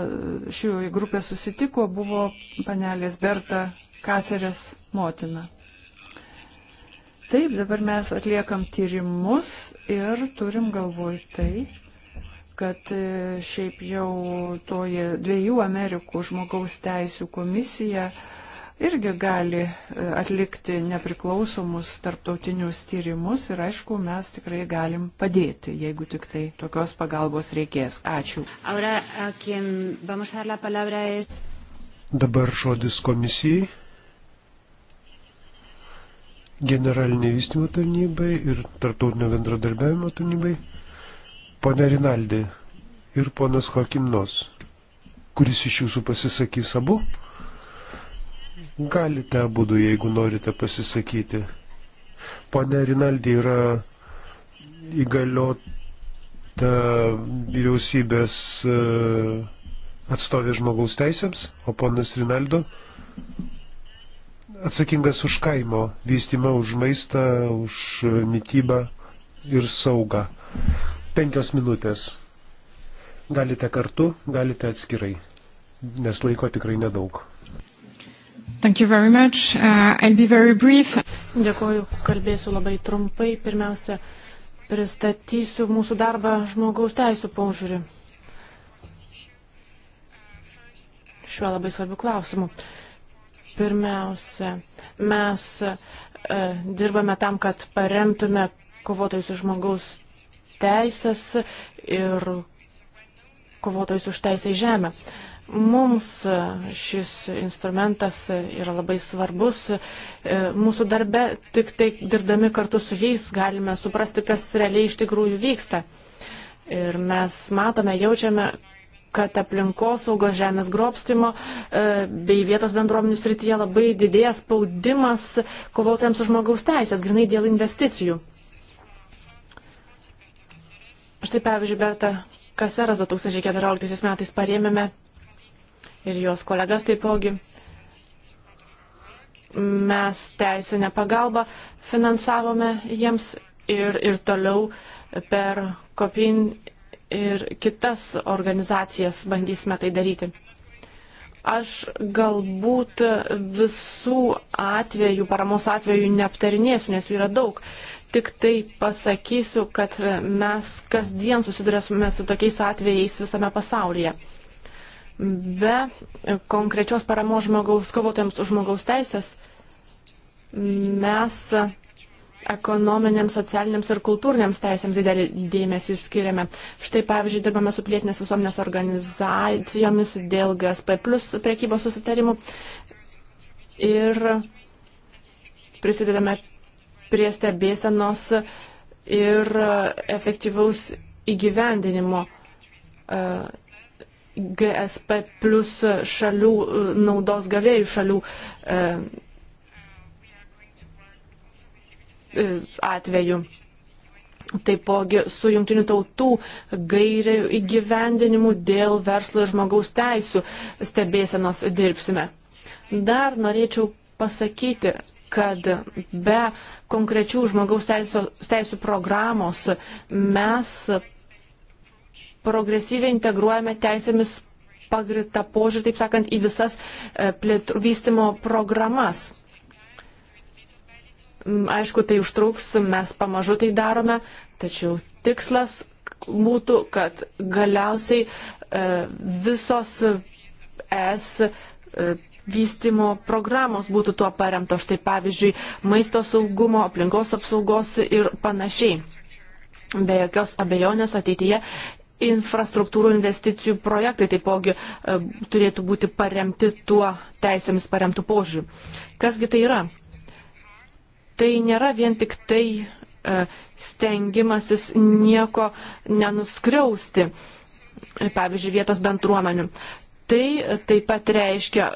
ši grupė susitiko, buvo panelės Berta Kacerės motina. Taip, dabar mes atliekam tyrimus ir turim galvoj tai, kad e, šiaip jau toji dviejų Amerikų žmogaus teisų komisija irgi gali e, atlikti nepriklausomus tarptautinius tyrimus ir aišku, mes tikrai galim padėti, jeigu tik tai tokios pagalbos reikės. Ačiū. Ahora, Dabar žodis komisijai generaliniai vystimo tarnybai ir tartautinio bendradarbiavimo tarnybai, pone Rinaldi ir ponas Hokimnos. Kuris iš jūsų pasisakys abu? Galite abu, jeigu norite pasisakyti. Pone Rinaldi yra įgaliota vyriausybės e, atstovė žmogaus teisėms, o ponas Rinaldo atsakingas už kaimo vystimą, už maistą, už mytybą ir saugą. Penkios minutės. Galite kartu, galite atskirai, nes laiko tikrai nedaug. Thank you very much. Uh, I'll be very brief. Dėkuoju, kalbėsiu labai trumpai. Pirmiausia, pristatysiu mūsų darbą žmogaus teisų paužiūrį. Šiuo labai svarbiu klausimu. Uh, Pirmiausia, mes e, dirbame tam, kad paremtume kovotojus už žmogaus teisės ir kovotojus už teisę į žemę. Mums šis instrumentas yra labai svarbus. E, mūsų darbe, tik tai dirbdami kartu su jais, galime suprasti, kas realiai iš tikrųjų vyksta. Ir mes matome, jaučiame, kad aplinkosaugos žemės grobstimo e, bei vietos bendruomenių srityje labai didėjęs spaudimas kovotojams už žmogaus teisės, grinai dėl investicijų. Štai pavyzdžiui, Berta Kaseras 2014 metais parėmėme ir jos kolegas taipogi. Mes teisinę pagalbą finansavome jiems ir, ir toliau per COPIN ir kitas organizacijas bandysime tai daryti. Aš galbūt visų atvejų, paramos atvejų neaptarinėsiu, nes jų yra daug. Tik tai pasakysiu, kad mes kasdien susidurėsime su tokiais atvejais visame pasaulyje. Be konkrečios paramos žmogaus, kovotojams už žmogaus teisės, mes ekonominiams, socialiniams ir kultūriniams teisėms didelį dėmesį skiriame. Štai, pavyzdžiui, dirbame su plėtinės visuomenės organizacijomis dėl GSP plus priekybos susitarimų ir prisidedame prie stebėsenos ir efektyvaus įgyvendinimo e, GSP plus šalių, e, naudos gavėjų šalių e, E, atveju. Taipogi su jungtinių tautų gairių įgyvendinimu dėl verslo ir žmogaus teisų stebėsenos dirbsime. Dar norėčiau pasakyti, kad be konkrečių žmogaus teisų, teisų programos mes progresyviai integruojame teisėmis pagritą požiūrį, taip sakant, į visas e, plėtr, vystimo programas. Mm, aišku, tai užtruks, mes pamažu tai darome, tačiau tikslas būtų, kad galiausiai e, visos es e, vystimo programos būtų tuo paremto, štai pavyzdžiui, maisto saugumo, aplinkos apsaugos ir panašiai. Be jokios abejonės ateityje infrastruktūrų investicijų projektai taipogi e, turėtų būti paremti tuo teisėmis paremtų požiūriu. Kasgi tai yra? tai nėra vien tik tai e, stengimasis nieko nenuskriausti, pavyzdžiui, vietos bendruomenių. Tai taip pat reiškia,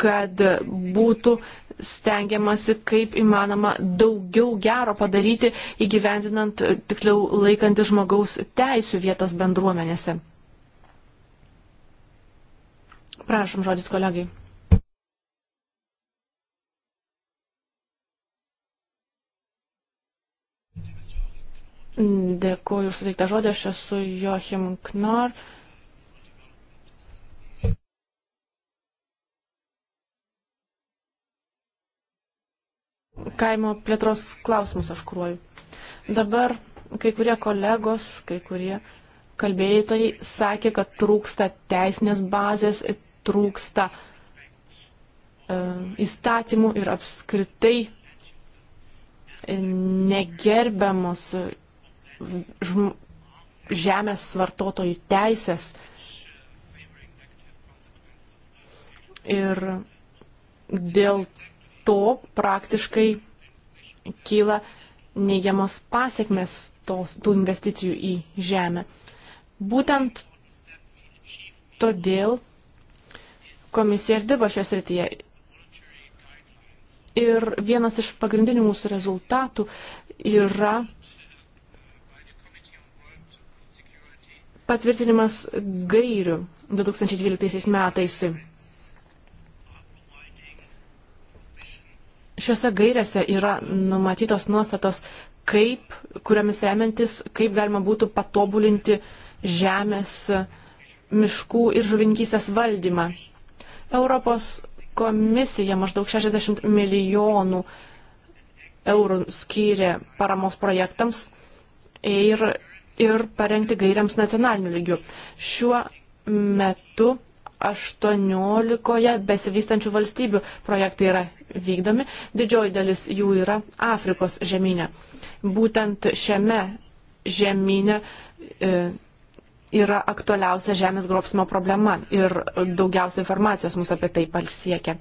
kad būtų stengiamasi kaip įmanoma daugiau gero padaryti, įgyvendinant, tiksliau laikantį žmogaus teisų vietos bendruomenėse. Prašom žodis kolegai. Dėkuoju už suteiktą žodį, aš esu Joachim Knar. Kaimo plėtros klausimus aš kruoju. Dabar kai kurie kolegos, kai kurie kalbėtojai sakė, kad trūksta teisinės bazės, trūksta e, įstatymų ir apskritai negerbiamos žm, žemės vartotojų teisės. Ir dėl to praktiškai kyla neigiamos pasiekmes tos, tų investicijų į žemę. Būtent todėl komisija ir dirba šios rytyje. Ir vienas iš pagrindinių mūsų rezultatų yra patvirtinimas gairių 2012 metais. Šiuose gairėse yra numatytos nuostatos, kaip, kuriamis remiantis, kaip galima būtų patobulinti žemės, miškų ir žuvinkystės valdymą. Europos komisija maždaug 60 milijonų eurų skyrė paramos projektams ir ir parengti gairiams nacionaliniu lygiu. Šiuo metu 18 besivystančių valstybių projektai yra vykdomi, didžioji dalis jų yra Afrikos žemynė. Būtent šiame žemynė e, yra aktualiausia žemės grobsimo problema ir daugiausia informacijos mus apie tai pasiekia.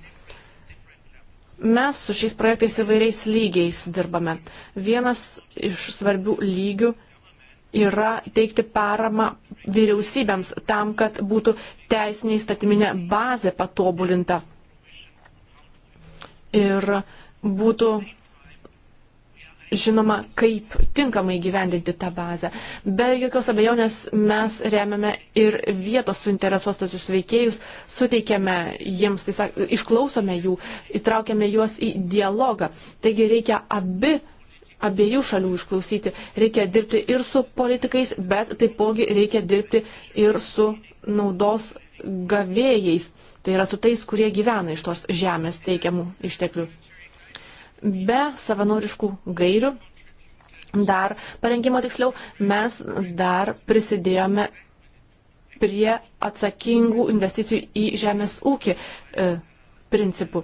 Mes su šiais projektais įvairiais lygiais dirbame. Vienas iš svarbių lygių yra teikti paramą vyriausybėms tam, kad būtų teisinė įstatyminė bazė patobulinta ir būtų žinoma, kaip tinkamai gyvendinti tą bazę. Be jokios abejonės mes remiame ir vietos suinteresuotus veikėjus, suteikėme jiems, tai sak, išklausome jų, įtraukėme juos į dialogą. Taigi reikia abi abiejų šalių išklausyti. Reikia dirbti ir su politikais, bet taipogi reikia dirbti ir su naudos gavėjais, tai yra su tais, kurie gyvena iš tos žemės teikiamų išteklių. Be savanoriškų gairių, dar parengimo tiksliau, mes dar prisidėjome prie atsakingų investicijų į žemės ūkį e, principų.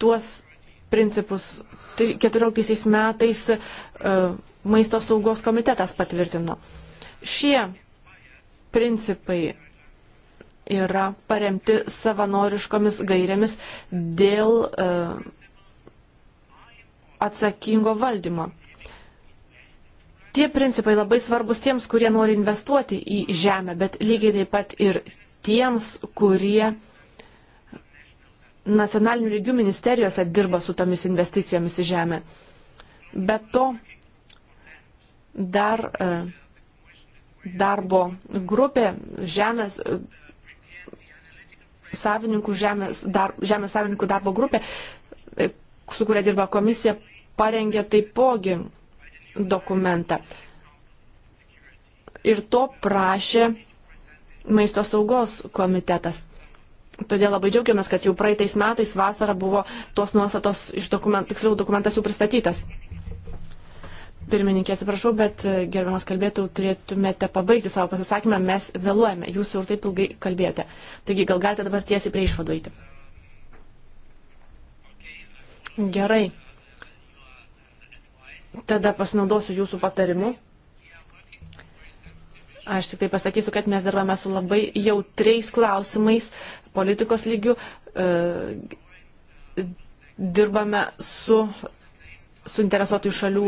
Tuos principus 14 tai metais e, maisto saugos komitetas patvirtino. Šie principai yra paremti savanoriškomis gairėmis dėl e, atsakingo valdymo. Tie principai labai svarbus tiems, kurie nori investuoti į žemę, bet lygiai taip pat ir tiems, kurie uh, nacionalinių lygių ministerijose dirba su tomis investicijomis į žemę. Be to, dar e, darbo grupė žemės e, savininkų, žemės, dar, žemės savininkų darbo grupė, e, su kuria dirba komisija, parengė taipogi dokumentą. Ir to prašė maisto saugos komitetas. Todėl labai džiaugiamės, kad jau praeitais metais vasara buvo tos nuostatos iš dokumentų, tiksliau dokumentas jau pristatytas. Pirmininkė, atsiprašau, bet e, gerbiamas kalbėtų, turėtumėte pabaigti savo pasisakymą, mes vėluojame, jūs jau ir taip ilgai kalbėjote. Taigi gal galite dabar tiesiai prie išvadų eiti. Gerai. Tada pasinaudosiu jūsų patarimu. Aš tik tai pasakysiu, kad mes dirbame su labai jautriais klausimais politikos lygių. E, dirbame su suinteresuotųjų šalių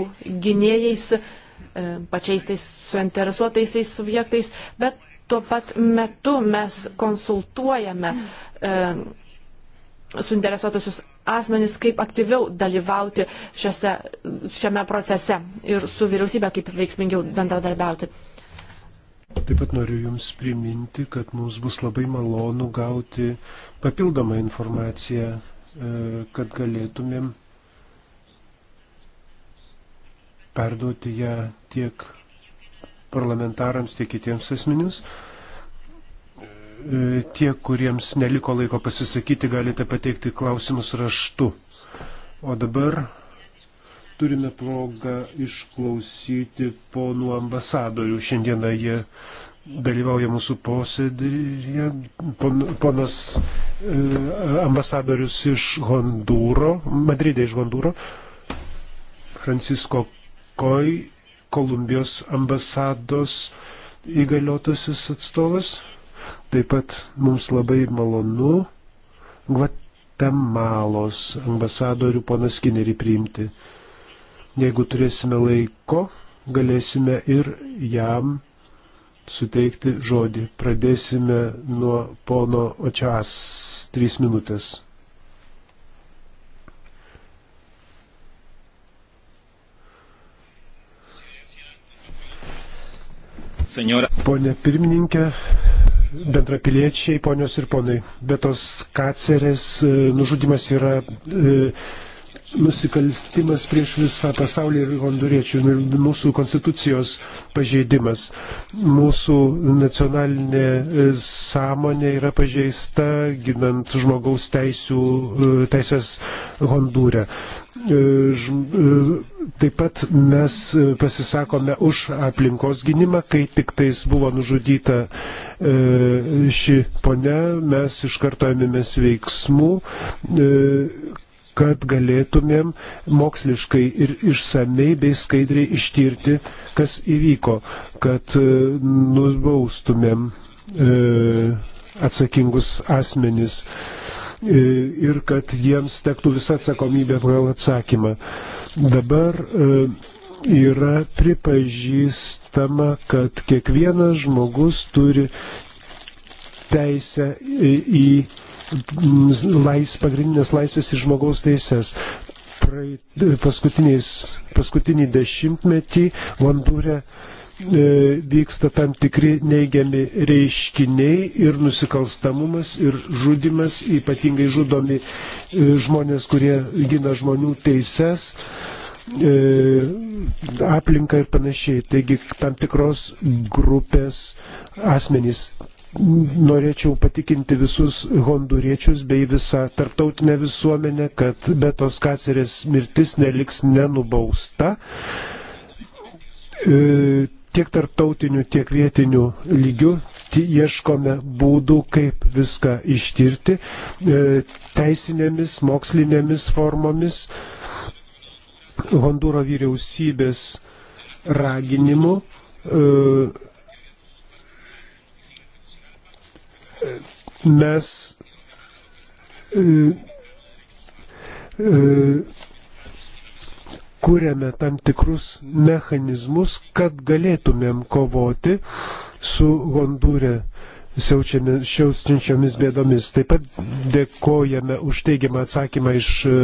gynėjais, e, pačiais tais suinteresuotaisiais subjektais, bet tuo pat metu mes konsultuojame e, suinteresuotusius asmenys, kaip aktyviau dalyvauti šiose, šiame procese ir su vyriausybė kaip veiksmingiau bendradarbiauti. Uh, Taip pat noriu Jums priminti, kad mums bus labai malonu gauti papildomą informaciją, e, kad galėtumėm perduoti ją tiek parlamentarams, tiek kitiems asmenims e, tie, kuriems neliko laiko pasisakyti, galite pateikti klausimus raštu. O dabar turime progą išklausyti ponų ambasadorių. Šiandieną jie dalyvauja mūsų posėdėje. Pon, ponas e, ambasadorius iš Hondūro, Madridė iš Hondūro, Francisco Koj, Kolumbijos ambasados įgaliotasis atstovas. Taip pat mums labai malonu Gvatemalos ambasadorių ponas Kinerį priimti. Jeigu turėsime laiko, galėsime ir jam suteikti žodį. Pradėsime nuo pono Očias. Trys minutės. Senora. Pone pirmininkė, bendrapiliečiai, ponios ir ponai, Betos Kacerės e, nužudimas yra e, nusikaltimas prieš visą pasaulį ir honduriečių, ir mūsų konstitucijos pažeidimas. Mūsų nacionalinė sąmonė yra pažeista, ginant žmogaus teisų, e, teisės hondūrę. E, e, taip pat mes pasisakome už aplinkos gynimą, kai tik tais buvo nužudyta ši ponia, mes iš karto ėmėmės veiksmų, kad galėtumėm moksliškai ir išsamei bei skaidriai ištirti, kas įvyko, kad e, nubaustumėm e, atsakingus asmenis e, ir kad jiems tektų visa atsakomybė pagal atsakymą. Dabar yra pripažįstama, kad kiekvienas žmogus turi teisę į, į lais, pagrindinės laisvės ir žmogaus teises. Paskutinį dešimtmetį Vandūrė e, vyksta tam tikri neigiami reiškiniai ir nusikalstamumas ir žudimas, ypatingai žudomi e, žmonės, kurie gina žmonių teises, e, aplinką ir panašiai. Taigi tam tikros grupės asmenys norėčiau patikinti visus honduriečius bei visą tarptautinę visuomenę, kad Betos Kacerės mirtis neliks nenubausta e, tiek tarptautiniu, tiek vietiniu lygiu ieškome būdų, kaip viską ištirti e, teisinėmis, mokslinėmis formomis, Hondūro vyriausybės raginimu e, mes e, e, kūrėme tam tikrus mechanizmus, kad galėtumėm kovoti su Hondūre siaučiančiomis bėdomis. Taip pat dėkojame už teigiamą atsakymą iš e,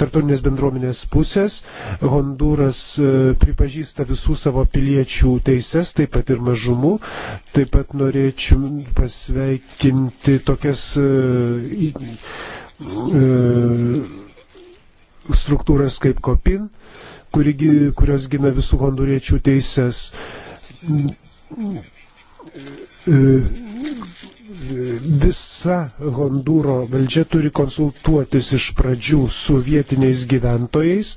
tartuninės bendruomenės pusės. Honduras e, pripažįsta visų savo piliečių teises, taip pat ir mažumų. Taip pat norėčiau pasveikinti tokias e, struktūras kaip Kopin, kurios gina visų honduriečių teises E, visa Hondūro valdžia turi konsultuotis iš pradžių su vietiniais gyventojais,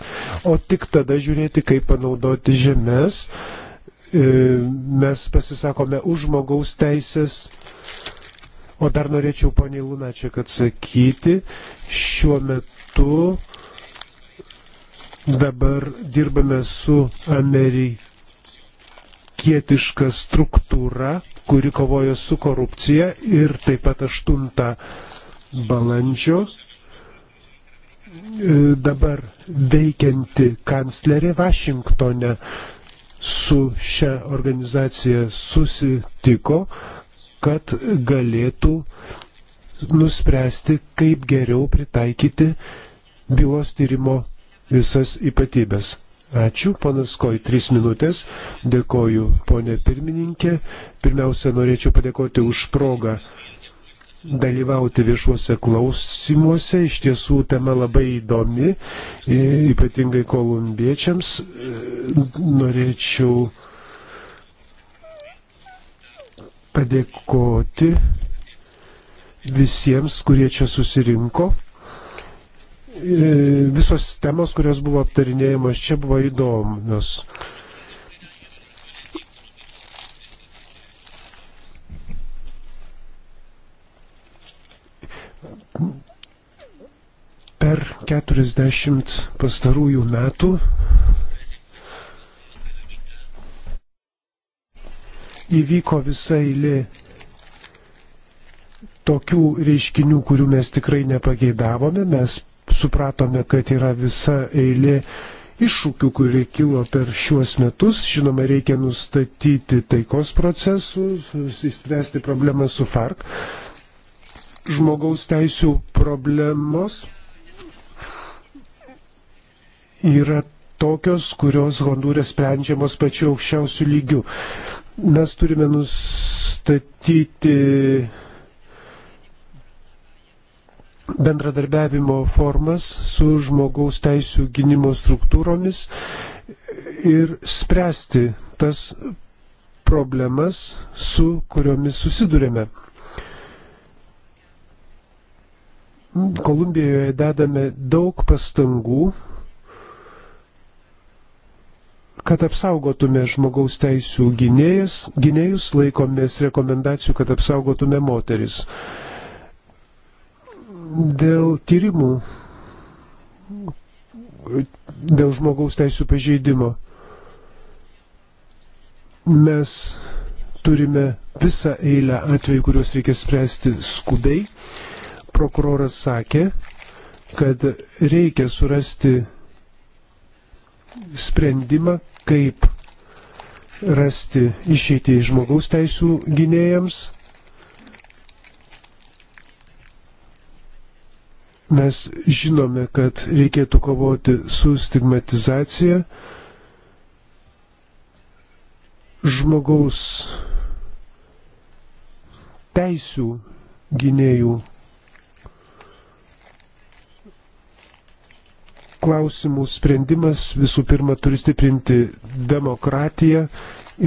o tik tada žiūrėti, kaip panaudoti žemės. E, mes pasisakome už žmogaus teisės. O dar norėčiau poniai Lunačiak atsakyti, šiuo metu dabar dirbame su Amerika marokietiška struktūra, kuri kovojo su korupcija ir taip pat 8 balandžio e, dabar veikianti kanclerė Vašingtone su šia organizacija susitiko, kad galėtų nuspręsti, kaip geriau pritaikyti bylos tyrimo visas ypatybės. Ačiū, ponas Koj, trys minutės. Dėkoju, ponė pirmininkė. Pirmiausia, norėčiau padėkoti už progą dalyvauti viešuose klausimuose. Iš tiesų, tema labai įdomi, ypatingai kolumbiečiams. Norėčiau padėkoti visiems, kurie čia susirinko. E, visos temos, kurios buvo aptarinėjamos, čia buvo įdomios. Per 40 pastarųjų metų įvyko visa eilė tokių reiškinių, kurių mes tikrai nepageidavome. Mes supratome, kad yra visa eilė iššūkių, kurie kilo per šiuos metus. Žinoma, reikia nustatyti taikos procesus, įspręsti problemą su FARC, žmogaus teisų problemos yra tokios, kurios Hondūrė sprendžiamos pačiu aukščiausiu lygiu. Mes turime nustatyti bendradarbiavimo formas su žmogaus teisų gynimo struktūromis ir spręsti tas problemas, su kuriomis susidurėme. Kolumbijoje dedame daug pastangų, kad apsaugotume žmogaus teisų gynėjas, gynėjus, laikomės rekomendacijų, kad apsaugotume moteris dėl tyrimų, dėl žmogaus teisų pažeidimo. Mes turime visą eilę atvejų, kuriuos reikia spręsti skubiai. Prokuroras sakė, kad reikia surasti sprendimą, kaip rasti išeitį žmogaus teisų gynėjams Mes žinome, kad reikėtų kovoti su stigmatizacija žmogaus teisių gynėjų klausimų sprendimas visų pirma turi stiprinti demokratiją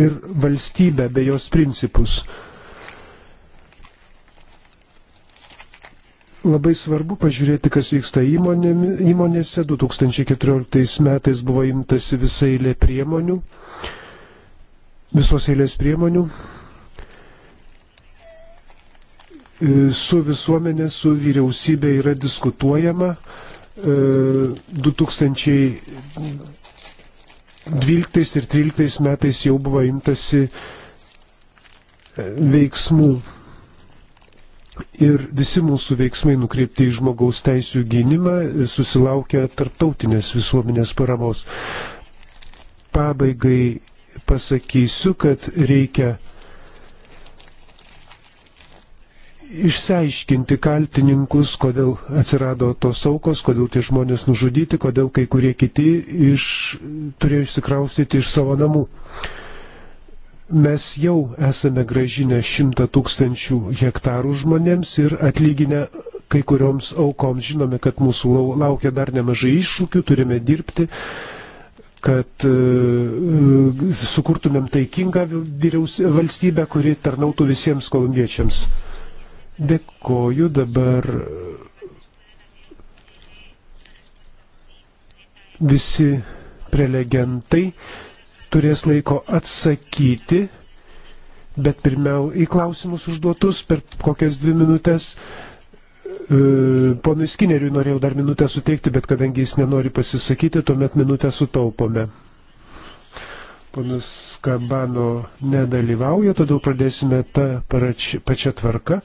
ir valstybę bei jos principus. Labai svarbu pažiūrėti, kas vyksta įmonė, įmonėse. 2014 metais buvo imtasi visai eilė priemonių, visos eilės priemonių e, su visuomenė, su vyriausybė yra diskutuojama. 2012 e, ir 2013 metais jau buvo imtasi e, veiksmų ir visi mūsų veiksmai nukreipti į žmogaus teisų gynimą susilaukia tarptautinės visuomenės paramos. Pabaigai pasakysiu, kad reikia išsiaiškinti kaltininkus, kodėl atsirado tos aukos, kodėl tie žmonės nužudyti, kodėl kai kurie kiti iš, turėjo išsikraustyti iš savo namų mes jau esame gražinę 100 tūkstančių hektarų žmonėms ir atlyginę kai kurioms aukoms. Žinome, kad mūsų laukia dar nemažai iššūkių, turime dirbti kad e, e, sukurtumėm taikingą valstybę, kuri tarnautų visiems kolumbiečiams. Dėkoju dabar e, visi prelegentai turės laiko atsakyti, bet pirmiau į klausimus užduotus per kokias dvi minutės. E, ponui Skineriui norėjau dar minutę suteikti, bet kadangi jis nenori pasisakyti, tuomet minutę sutaupome. Ponas Kabano nedalyvauja, todėl pradėsime tą parači, pačią tvarką.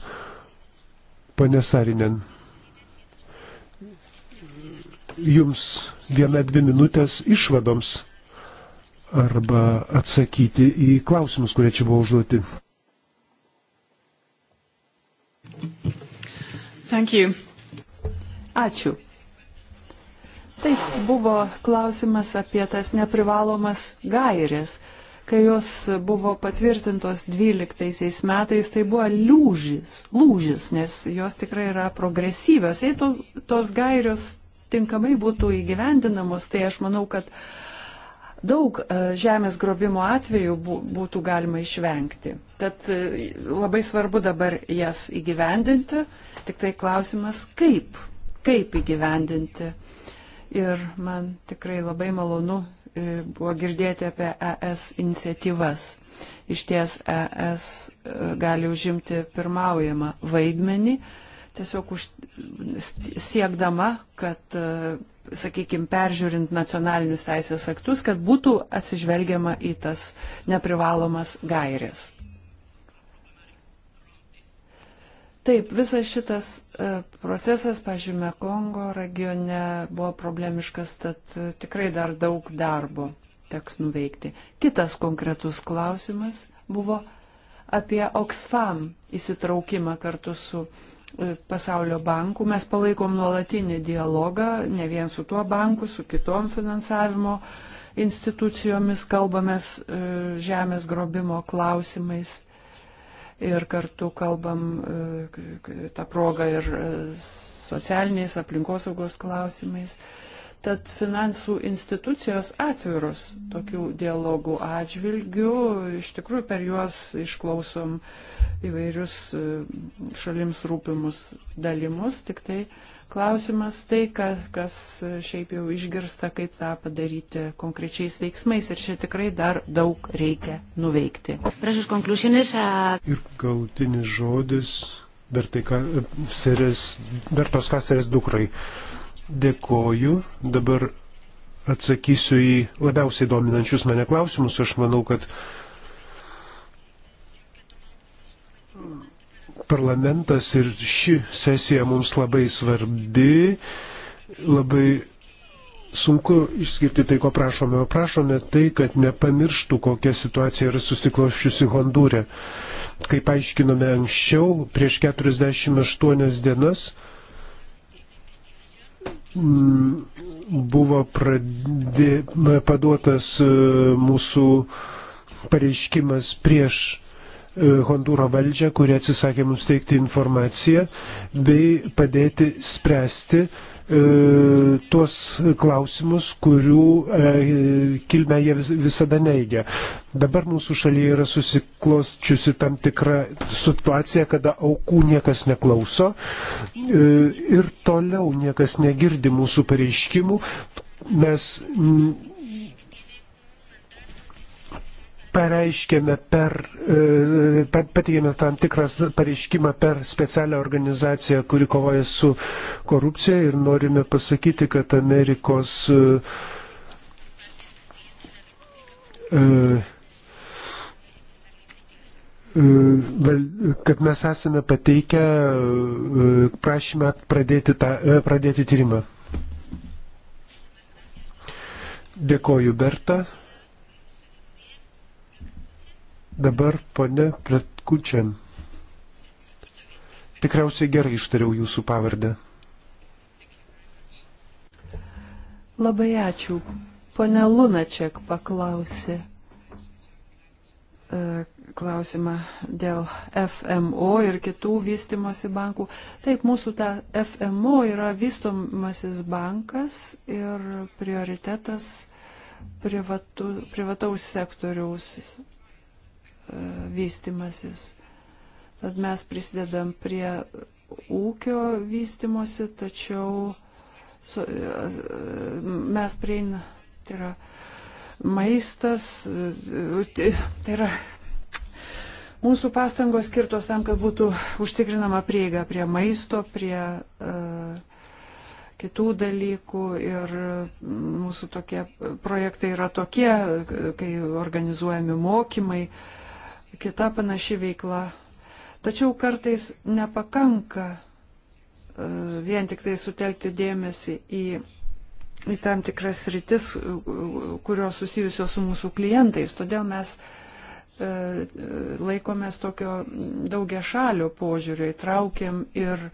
Pane Sarinen, jums viena dvi minutės išvadoms arba atsakyti į klausimus, kurie čia buvo užduoti. Ačiū. Taip, buvo klausimas apie tas neprivalomas gairės. Kai jos buvo patvirtintos 12 metais, tai buvo lūžis, lūžis, nes jos tikrai yra progresyvios. Jei to, tos gairios tinkamai būtų įgyvendinamos, tai aš manau, kad uh, daug e, žemės grobimo atvejų būtų galima išvengti. Tad e, labai svarbu dabar jas įgyvendinti, tik tai klausimas, kaip, kaip įgyvendinti. Ir man tikrai labai malonu e, buvo girdėti apie ES iniciatyvas. Iš ties ES gali užimti pirmaujamą vaidmenį, tiesiog už, siekdama, kad sakykime, peržiūrint nacionalinius teisės aktus, kad būtų atsižvelgiama į tas neprivalomas gairės. Taip, visas šitas e, procesas, pažiūrėjome, Kongo regione buvo problemiškas, tad e, tikrai dar daug darbo teks nuveikti. Kitas konkretus klausimas buvo apie Oxfam įsitraukimą kartu su pasaulio bankų. Mes palaikom nuolatinį dialogą, ne vien su tuo banku, su kitom finansavimo institucijomis kalbamės e, žemės grobimo klausimais ir kartu kalbam e, tą progą ir e, socialiniais aplinkosaugos klausimais. Tad finansų institucijos atvirus tokių dialogų atžvilgių, iš tikrųjų per juos išklausom įvairius e, šalims rūpimus dalimus, tik tai klausimas tai, ka, kas šiaip jau išgirsta, kaip tą padaryti konkrečiais veiksmais ir čia tikrai dar daug reikia nuveikti. Ir galutinis žodis Bertai, Seres, Bertos Kaseres dukrai. Dėkoju. Dabar atsakysiu į labiausiai dominančius mane klausimus. Aš manau, kad parlamentas ir ši sesija mums labai svarbi. Labai sunku išskirti tai, ko prašome. O prašome tai, kad nepamirštų, kokia situacija yra susikloščiusi Hondūre. Kaip aiškinome anksčiau, prieš 48 dienas Mm, buvo pradė, paduotas e, mūsų pareiškimas prieš e, Hondūro valdžią, kurie atsisakė mums teikti informaciją bei padėti spręsti E, tuos klausimus, kurių e, kilmę jie visada neigia. Dabar mūsų šalyje yra susiklostčiusi tam tikra situacija, kada aukų niekas neklauso e, ir toliau niekas negirdi mūsų pareiškimų. Mes pareiškėme per, e, pateikėme tam tikras pareiškimą per specialią organizaciją, kuri kovoja su korupcija ir norime pasakyti, kad Amerikos e, e, kad mes esame pateikę prašymą pradėti, tą, pradėti tyrimą. Dėkoju, Berta. Dabar pone Pletkučen. Tikriausiai gerai ištariau jūsų pavardę. Labai ačiū. Pone Lunačiak paklausė e, klausimą dėl FMO ir kitų vystimosi bankų. Taip, mūsų ta FMO yra vystomasis bankas ir prioritetas privatu, privataus sektoriaus vystimasis. Tad mes prisidedam prie ūkio vystimosi, tačiau su, mes prieina, tai yra maistas, tai, tai yra mūsų pastangos skirtos tam, kad būtų užtikrinama prieiga prie maisto, prie uh, kitų dalykų ir mūsų tokie projektai yra tokie, kai organizuojami mokymai, uh, kita panaši veikla. Tačiau kartais nepakanka e, vien tik tai sutelkti dėmesį į, į tam tikras rytis, e, kurios susijusios su mūsų klientais. Todėl mes e, laikomės tokio daugia šalio požiūrio, įtraukiam ir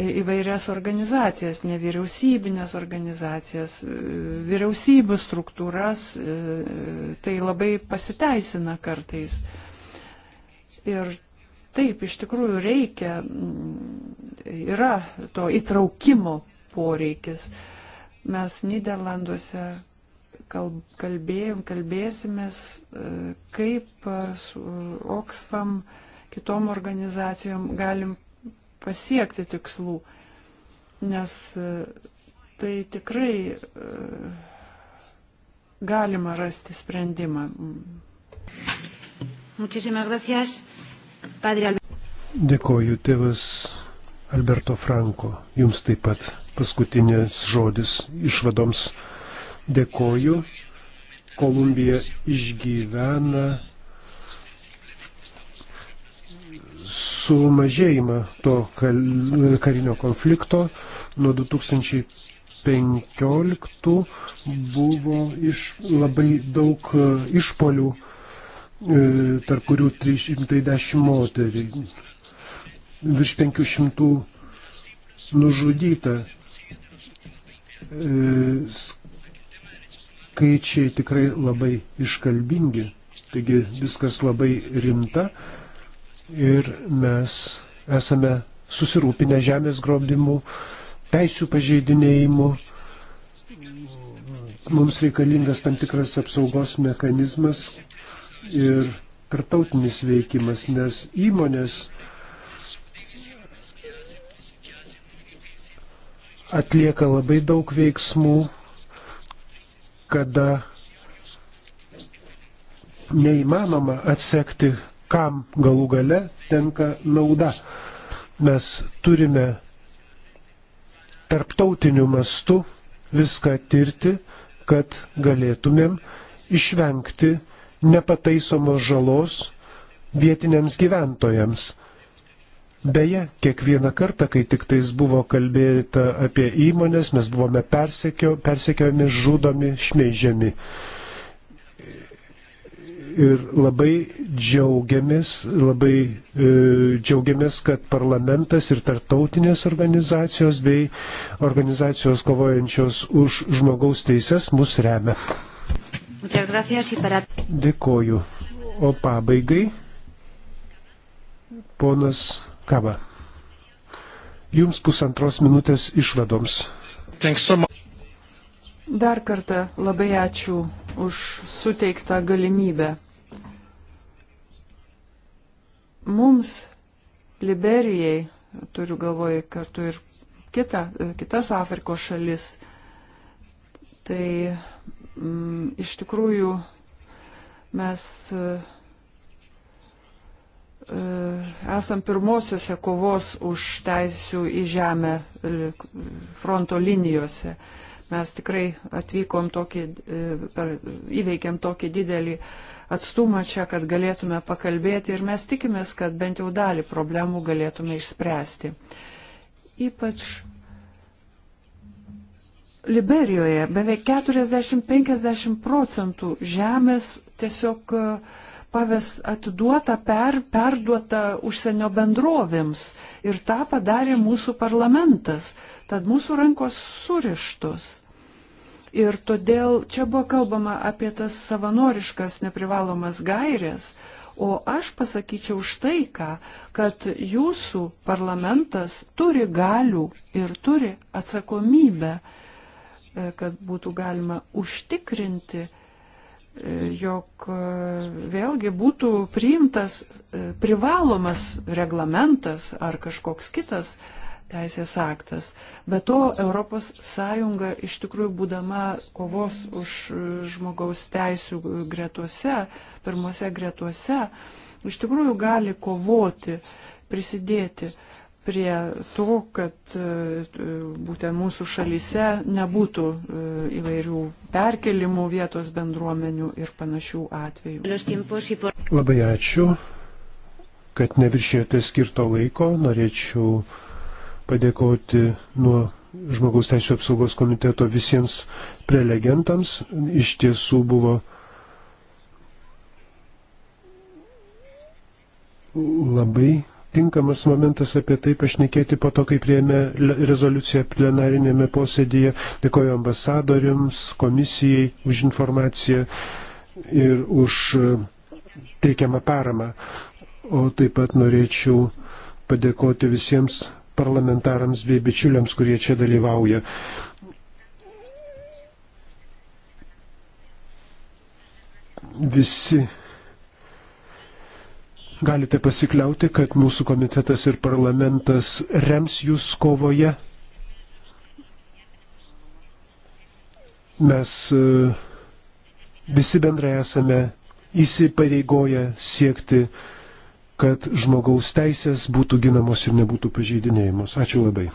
įvairias organizacijas, nevyriausybinės organizacijas, vyriausybių struktūras, tai labai pasiteisina kartais. Ir taip, iš tikrųjų reikia, mm, yra to įtraukimo poreikis. Mes Niderlanduose kalbėjom, kalbėsimės, e, kaip e, su Oxfam, kitom organizacijom galim pasiekti tikslų. Nes e, tai tikrai galima rasti sprendimą. Mm. Muchísimas gracias, padre Alberto. Dėkoju, tėvas Alberto Franko. Jums taip pat paskutinis žodis išvadoms. Dėkoju. Kolumbija išgyvena sumažėjimą to karinio konflikto nuo 2000. 15 buvo iš labai daug e, išpolių E, tarp kurių 310 moterį. Virš 500 nužudyta. E, skaičiai tikrai labai iškalbingi, taigi viskas labai rimta ir mes esame susirūpinę žemės grobdimu, teisų pažeidinėjimu. Mums reikalingas tam tikras apsaugos mechanizmas, ir tartautinis veikimas, nes įmonės atlieka labai daug veiksmų, kada neįmanoma atsekti, kam galų gale tenka nauda. Mes turime tarptautiniu mastu viską tirti, kad galėtumėm išvengti nepataisomos žalos vietiniams gyventojams. Beje, kiekvieną kartą, kai tik tais buvo kalbėta apie įmonės, mes buvome persekio, persekiojami, žudomi, šmeižiami. Ir labai džiaugiamės, labai e, džiaugiamės, kad parlamentas ir tartautinės organizacijos bei organizacijos kovojančios už žmogaus teises mus remia. Dėkoju. O pabaigai ponas Kaba. Jums pusantros minutės išvadoms. Dar kartą labai ačiū už suteiktą galimybę. Mums, Liberijai, turiu galvoje kartu ir kita, kitas Afrikos šalis, tai m, mm, iš tikrųjų mes e, esam pirmosiose kovos už teisų į žemę e, fronto linijose. Mes tikrai atvykom tokį, e, per, įveikėm tokį didelį atstumą čia, kad galėtume pakalbėti ir mes tikimės, kad bent jau dalį problemų galėtume išspręsti. Ypač Liberijoje beveik 40-50 procentų žemės tiesiog e, paves atiduota, per, perduota užsienio bendrovėms ir tą padarė mūsų parlamentas. Tad mūsų rankos surištos. Ir todėl čia buvo kalbama apie tas savanoriškas neprivalomas gairės, o aš pasakyčiau štai ką, kad jūsų parlamentas turi galių ir turi atsakomybę E, kad būtų galima užtikrinti, e, jog e, vėlgi būtų priimtas privalomas reglamentas ar kažkoks kitas teisės aktas. Be to, ES iš tikrųjų būdama kovos už žmogaus teisų gretuose, pirmose gretuose, iš tikrųjų gali kovoti, prisidėti prie to, kad e, būtent mūsų šalyse nebūtų e, įvairių perkelimų vietos bendruomenių ir panašių atvejų. Labai ačiū, kad neviršėjote skirto laiko. Norėčiau padėkoti nuo Žmogaus Teisų apsaugos komiteto visiems prelegentams. Iš tiesų buvo labai tinkamas momentas apie tai pašnekėti po to, kai prieėmė rezoliuciją plenarinėme posėdėje. Dėkoju ambasadoriams, komisijai už informaciją ir už e, teikiamą paramą. O taip pat norėčiau padėkoti visiems parlamentarams bei bičiuliams, kurie čia dalyvauja. Visi Galite pasikliauti, kad mūsų komitetas ir parlamentas rems jūs kovoje. Mes e, visi bendrai esame įsipareigoję siekti, kad žmogaus teisės būtų ginamos ir nebūtų pažeidinėjimos. Ačiū labai.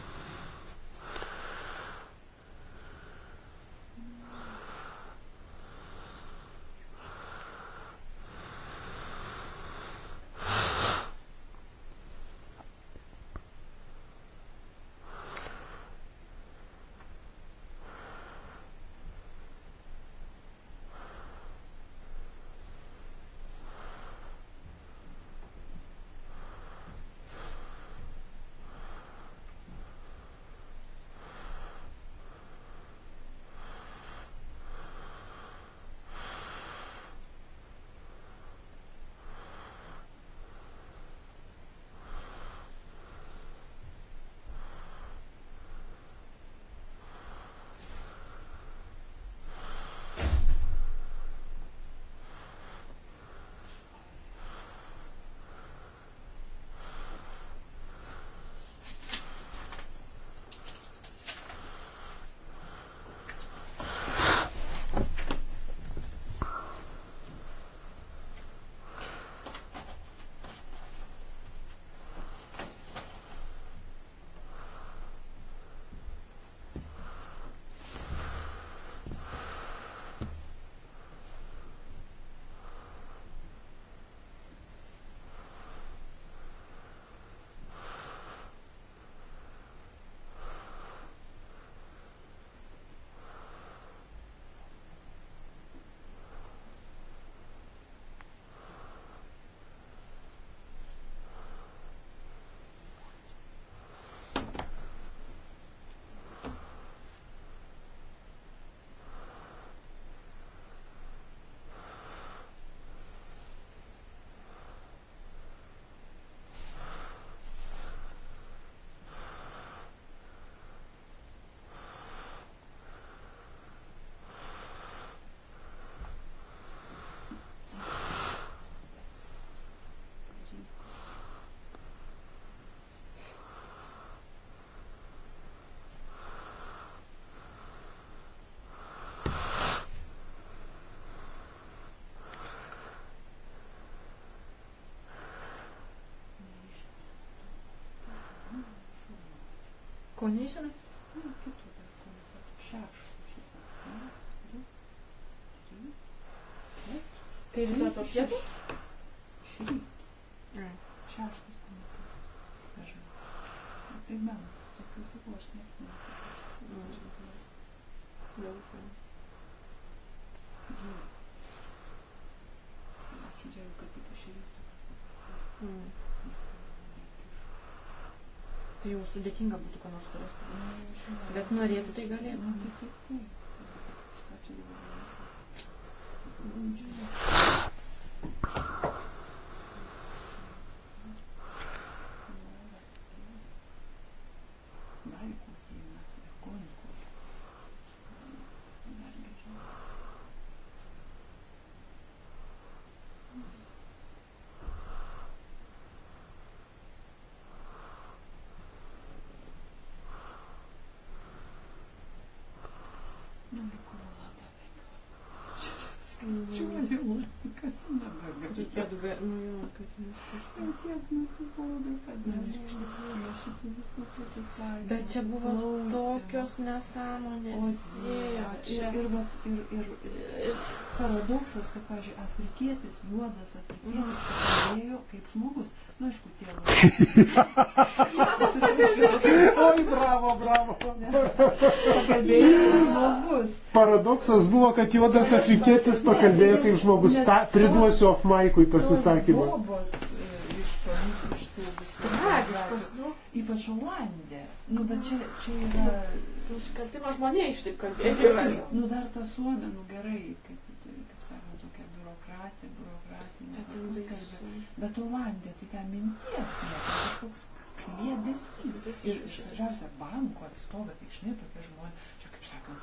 Konditioner? Nu, kitų dar šešto šitą. Du, trys, Tai yra to šešto? Šį. Šeštas punktas. Nežinau. Tai menas. Tokių sakau, aš neatsimenu. Daug. Ačiū Dievui, kad tik išėjau. Mm kad tai jau sudėtinga būtų ką nors surasti. Bet norėtų, tai galėtų. Tai kad nebegali. Reikėtų, bet, nu jo, kad nesutikau. Tiek nusibaudė, kad nežinau, šitų visų pasisakymų. Bet čia buvo Klausė. tokios nesąmonės. O sėjo. Čia... Ir, ir, ir, ir, ir, ir paradoksas, kad, pažiūrėjau, afrikietis, juodas afrikietis, mhm. kalbėjo kaip žmogus. Nu, aišku, tėvas. (laughs) Oi, bravo, bravo. Pakalbėjo žmogus. Paradoksas buvo, kad juodas afrikietis pakalbėjo kaip žmogus. Ta, priduosiu Afmaikui pasisakymą. Bobos, e, iš to, iš tų visų. Ypač Olandė. Nu, bet čia, čia yra nusikaltimas žmonė iš taip kalbėti. Nu, dar ta suomė, nu gerai, kaip, kaip sakoma, tokia biurokratė, biurokratinė. Tai bet, bet Olandė, tai ten minties, ne, tai kažkoks kliedesys. Ir, ir svarbiausia, banko atstovai, tai žinai, tokie žmonės kaip sakant.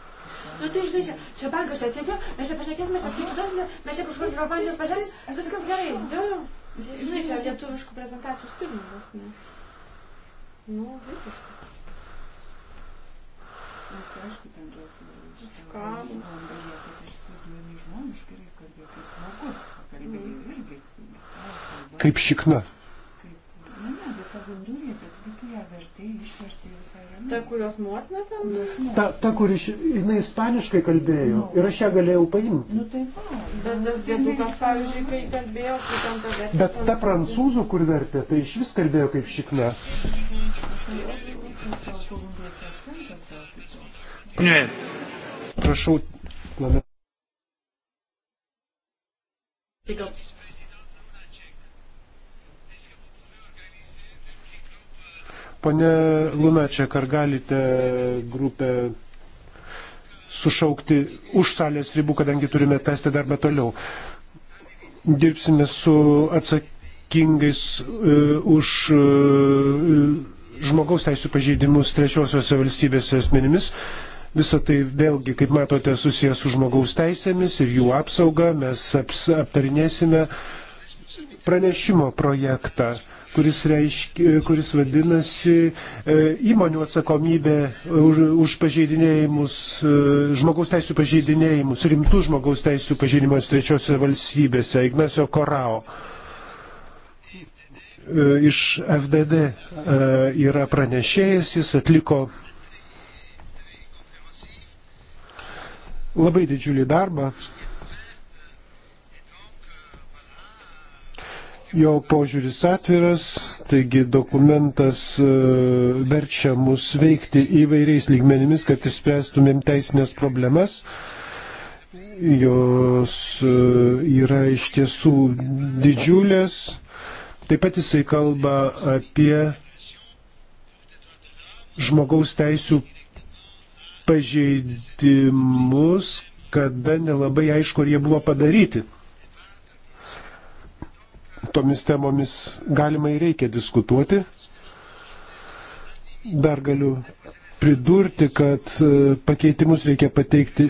Nu tai žinai, čia, čia bankas čia atsėdė, mes čia pašnekėsime, čia skaičių duosime, mes čia kažkur informacijos pažiūrės, viskas gerai. Jo, jo. Žinai, čia lietuviškų prezentacijų stilių bus, ne? Nu, visiškas. Na, nu, tai aišku, ten tuos škamus. Vandalė, kad aš įsivaizduoju, žmoniškai reikalbė, kaip žmogus, pakalbėjai mhm. irgi. Kaip šikna. Kaip, ne, nu, ne, bet pagal durį, kad kaip ją vertė išvertė. Ta, kurios motina ten? Ta, ta kuri jinai ispaniškai kalbėjo nu. ir aš ją galėjau paimti. Nu, taip, bet tas dėdukas, pavyzdžiui, kai kalbėjo, tai ten tada... Bet ta prancūzų, kur vertė, tai iš vis kalbėjo kaip šikna. Ne. Prašau. Tai gal Pane Lunačiak, ar galite grupę sušaukti už salės ribų, kadangi turime tęsti darbą toliau. Dirbsime su atsakingais uh, už uh, žmogaus teisų pažeidimus trečiosiuose valstybėse asmenimis. Visą tai vėlgi, kaip matote, susijęs su žmogaus teisėmis ir jų apsauga. Mes aps, aptarinėsime pranešimo projektą. Uh, kuris, reiškia, kuris vadinasi e, įmonių atsakomybė už, už pažeidinėjimus, e, žmogaus teisų pažeidinėjimus, rimtų žmogaus teisų pažeidinėjimus trečiose valstybėse, Ignacio Korao e, iš FDD yra pranešėjas, jis atliko labai didžiulį darbą jo požiūris atviras, taigi dokumentas e, verčia mus veikti įvairiais lygmenimis, kad išspręstumėm teisinės problemas. Jos e, yra iš tiesų didžiulės. Taip pat jisai kalba apie žmogaus teisų pažeidimus, kada nelabai aišku, ar jie buvo padaryti tomis temomis galima ir reikia diskutuoti. Dar galiu pridurti, kad e, pakeitimus reikia pateikti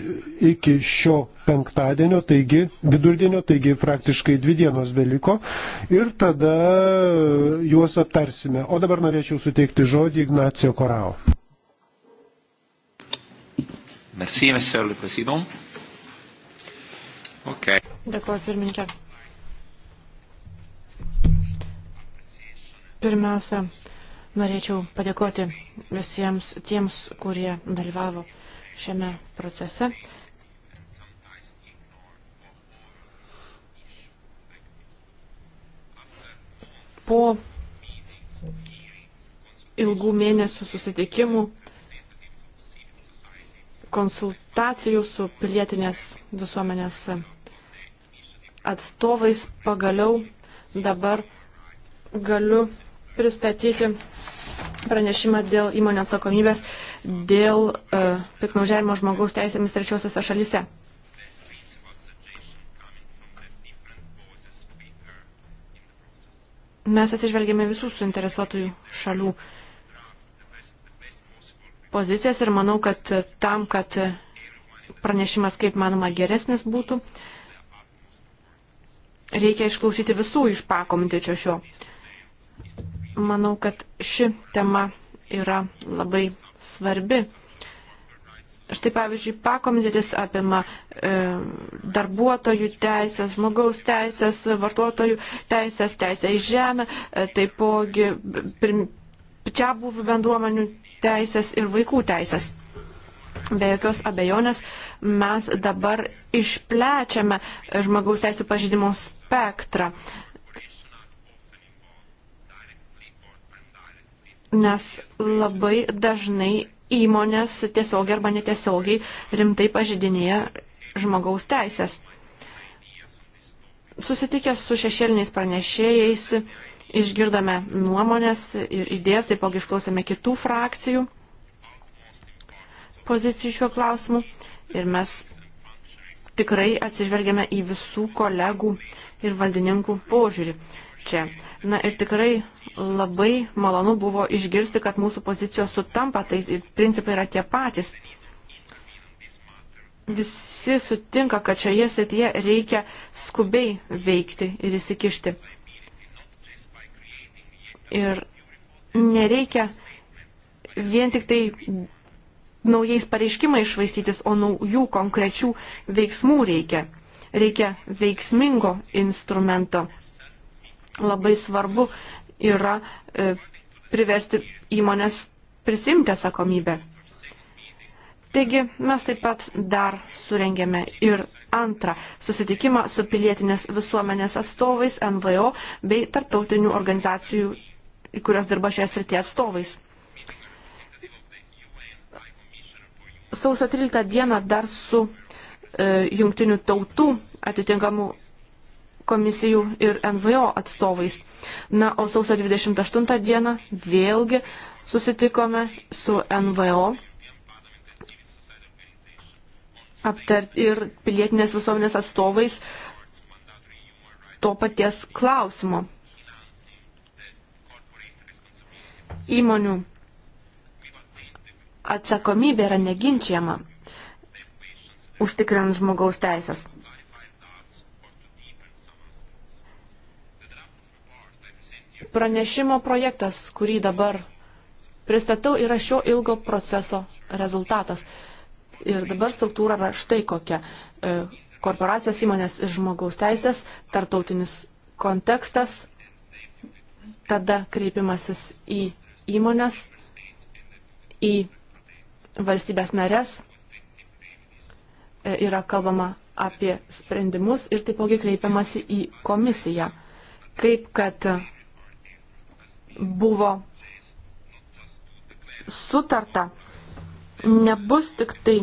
iki šio penktadienio, taigi vidurdienio, taigi praktiškai dvi dienos beliko ir tada juos aptarsime. O dabar norėčiau suteikti žodį Ignacio Korao. Merci, monsieur le président. Okay. Dėkuoju, pirmininkė. Pirmiausia, norėčiau padėkoti visiems tiems, kurie dalyvavo šiame procese. Po ilgų mėnesių susitikimų, konsultacijų su pilietinės visuomenės atstovais pagaliau dabar galiu pristatyti pranešimą dėl įmonės atsakomybės dėl uh, e, piknaužiavimo žmogaus teisėmis trečiosiuose šalyse. Mes atsižvelgėme visų suinteresuotųjų šalių pozicijas ir manau, kad tam, kad pranešimas kaip manoma geresnis būtų, reikia išklausyti visų iš pakomitečio šio. Uh, Manau, kad ši tema yra labai svarbi. Štai pavyzdžiui, pakomitetis apima e, darbuotojų teisės, žmogaus teisės, vartotojų teisės, teisę į žemę, e, taipogi prim, čia buvų bendruomenių teisės ir vaikų teisės. Be jokios abejonės mes dabar išplečiame žmogaus teisų pažydimo spektrą. E, nes labai dažnai įmonės tiesiogiai arba netiesiogiai rimtai pažydinėja žmogaus teisės. Susitikęs su šešėliniais pranešėjais, išgirdome nuomonės ir idėjas, taipogi išklausėme kitų frakcijų pozicijų šiuo klausimu ir mes tikrai atsižvelgiame į visų kolegų ir valdininkų požiūrį čia. Na ir tikrai labai malonu buvo išgirsti, kad mūsų pozicijos sutampa, tai principai yra tie patys. Visi sutinka, kad šioje srityje reikia skubiai veikti ir įsikišti. Ir nereikia vien tik tai naujais pareiškimais švaistytis, o naujų konkrečių veiksmų reikia. Reikia veiksmingo instrumento labai svarbu yra e, priversti įmonės prisimti atsakomybę. Taigi mes taip pat dar surengėme ir antrą susitikimą su pilietinės visuomenės atstovais, NVO bei tarptautinių organizacijų, kurios dirba šioje srityje atstovais. Sausio 13 dieną dar su e, jungtinių tautų atitinkamų komisijų ir NVO atstovais. Na, o sausio 28 dieną vėlgi susitikome su NVO aptart ir pilietinės visuomenės atstovais to paties klausimo. Įmonių atsakomybė yra neginčiama užtikrinant žmogaus teisės. Pranešimo projektas, kurį dabar pristatau, yra šio ilgo proceso rezultatas. Ir dabar struktūra yra štai kokia. E, korporacijos įmonės ir žmogaus teisės, tartautinis kontekstas, tada kreipimasis į įmonės, į valstybės narės, e, yra kalbama apie sprendimus ir taipogi kreipiamasi į komisiją, kaip kad buvo sutarta, nebus tik tai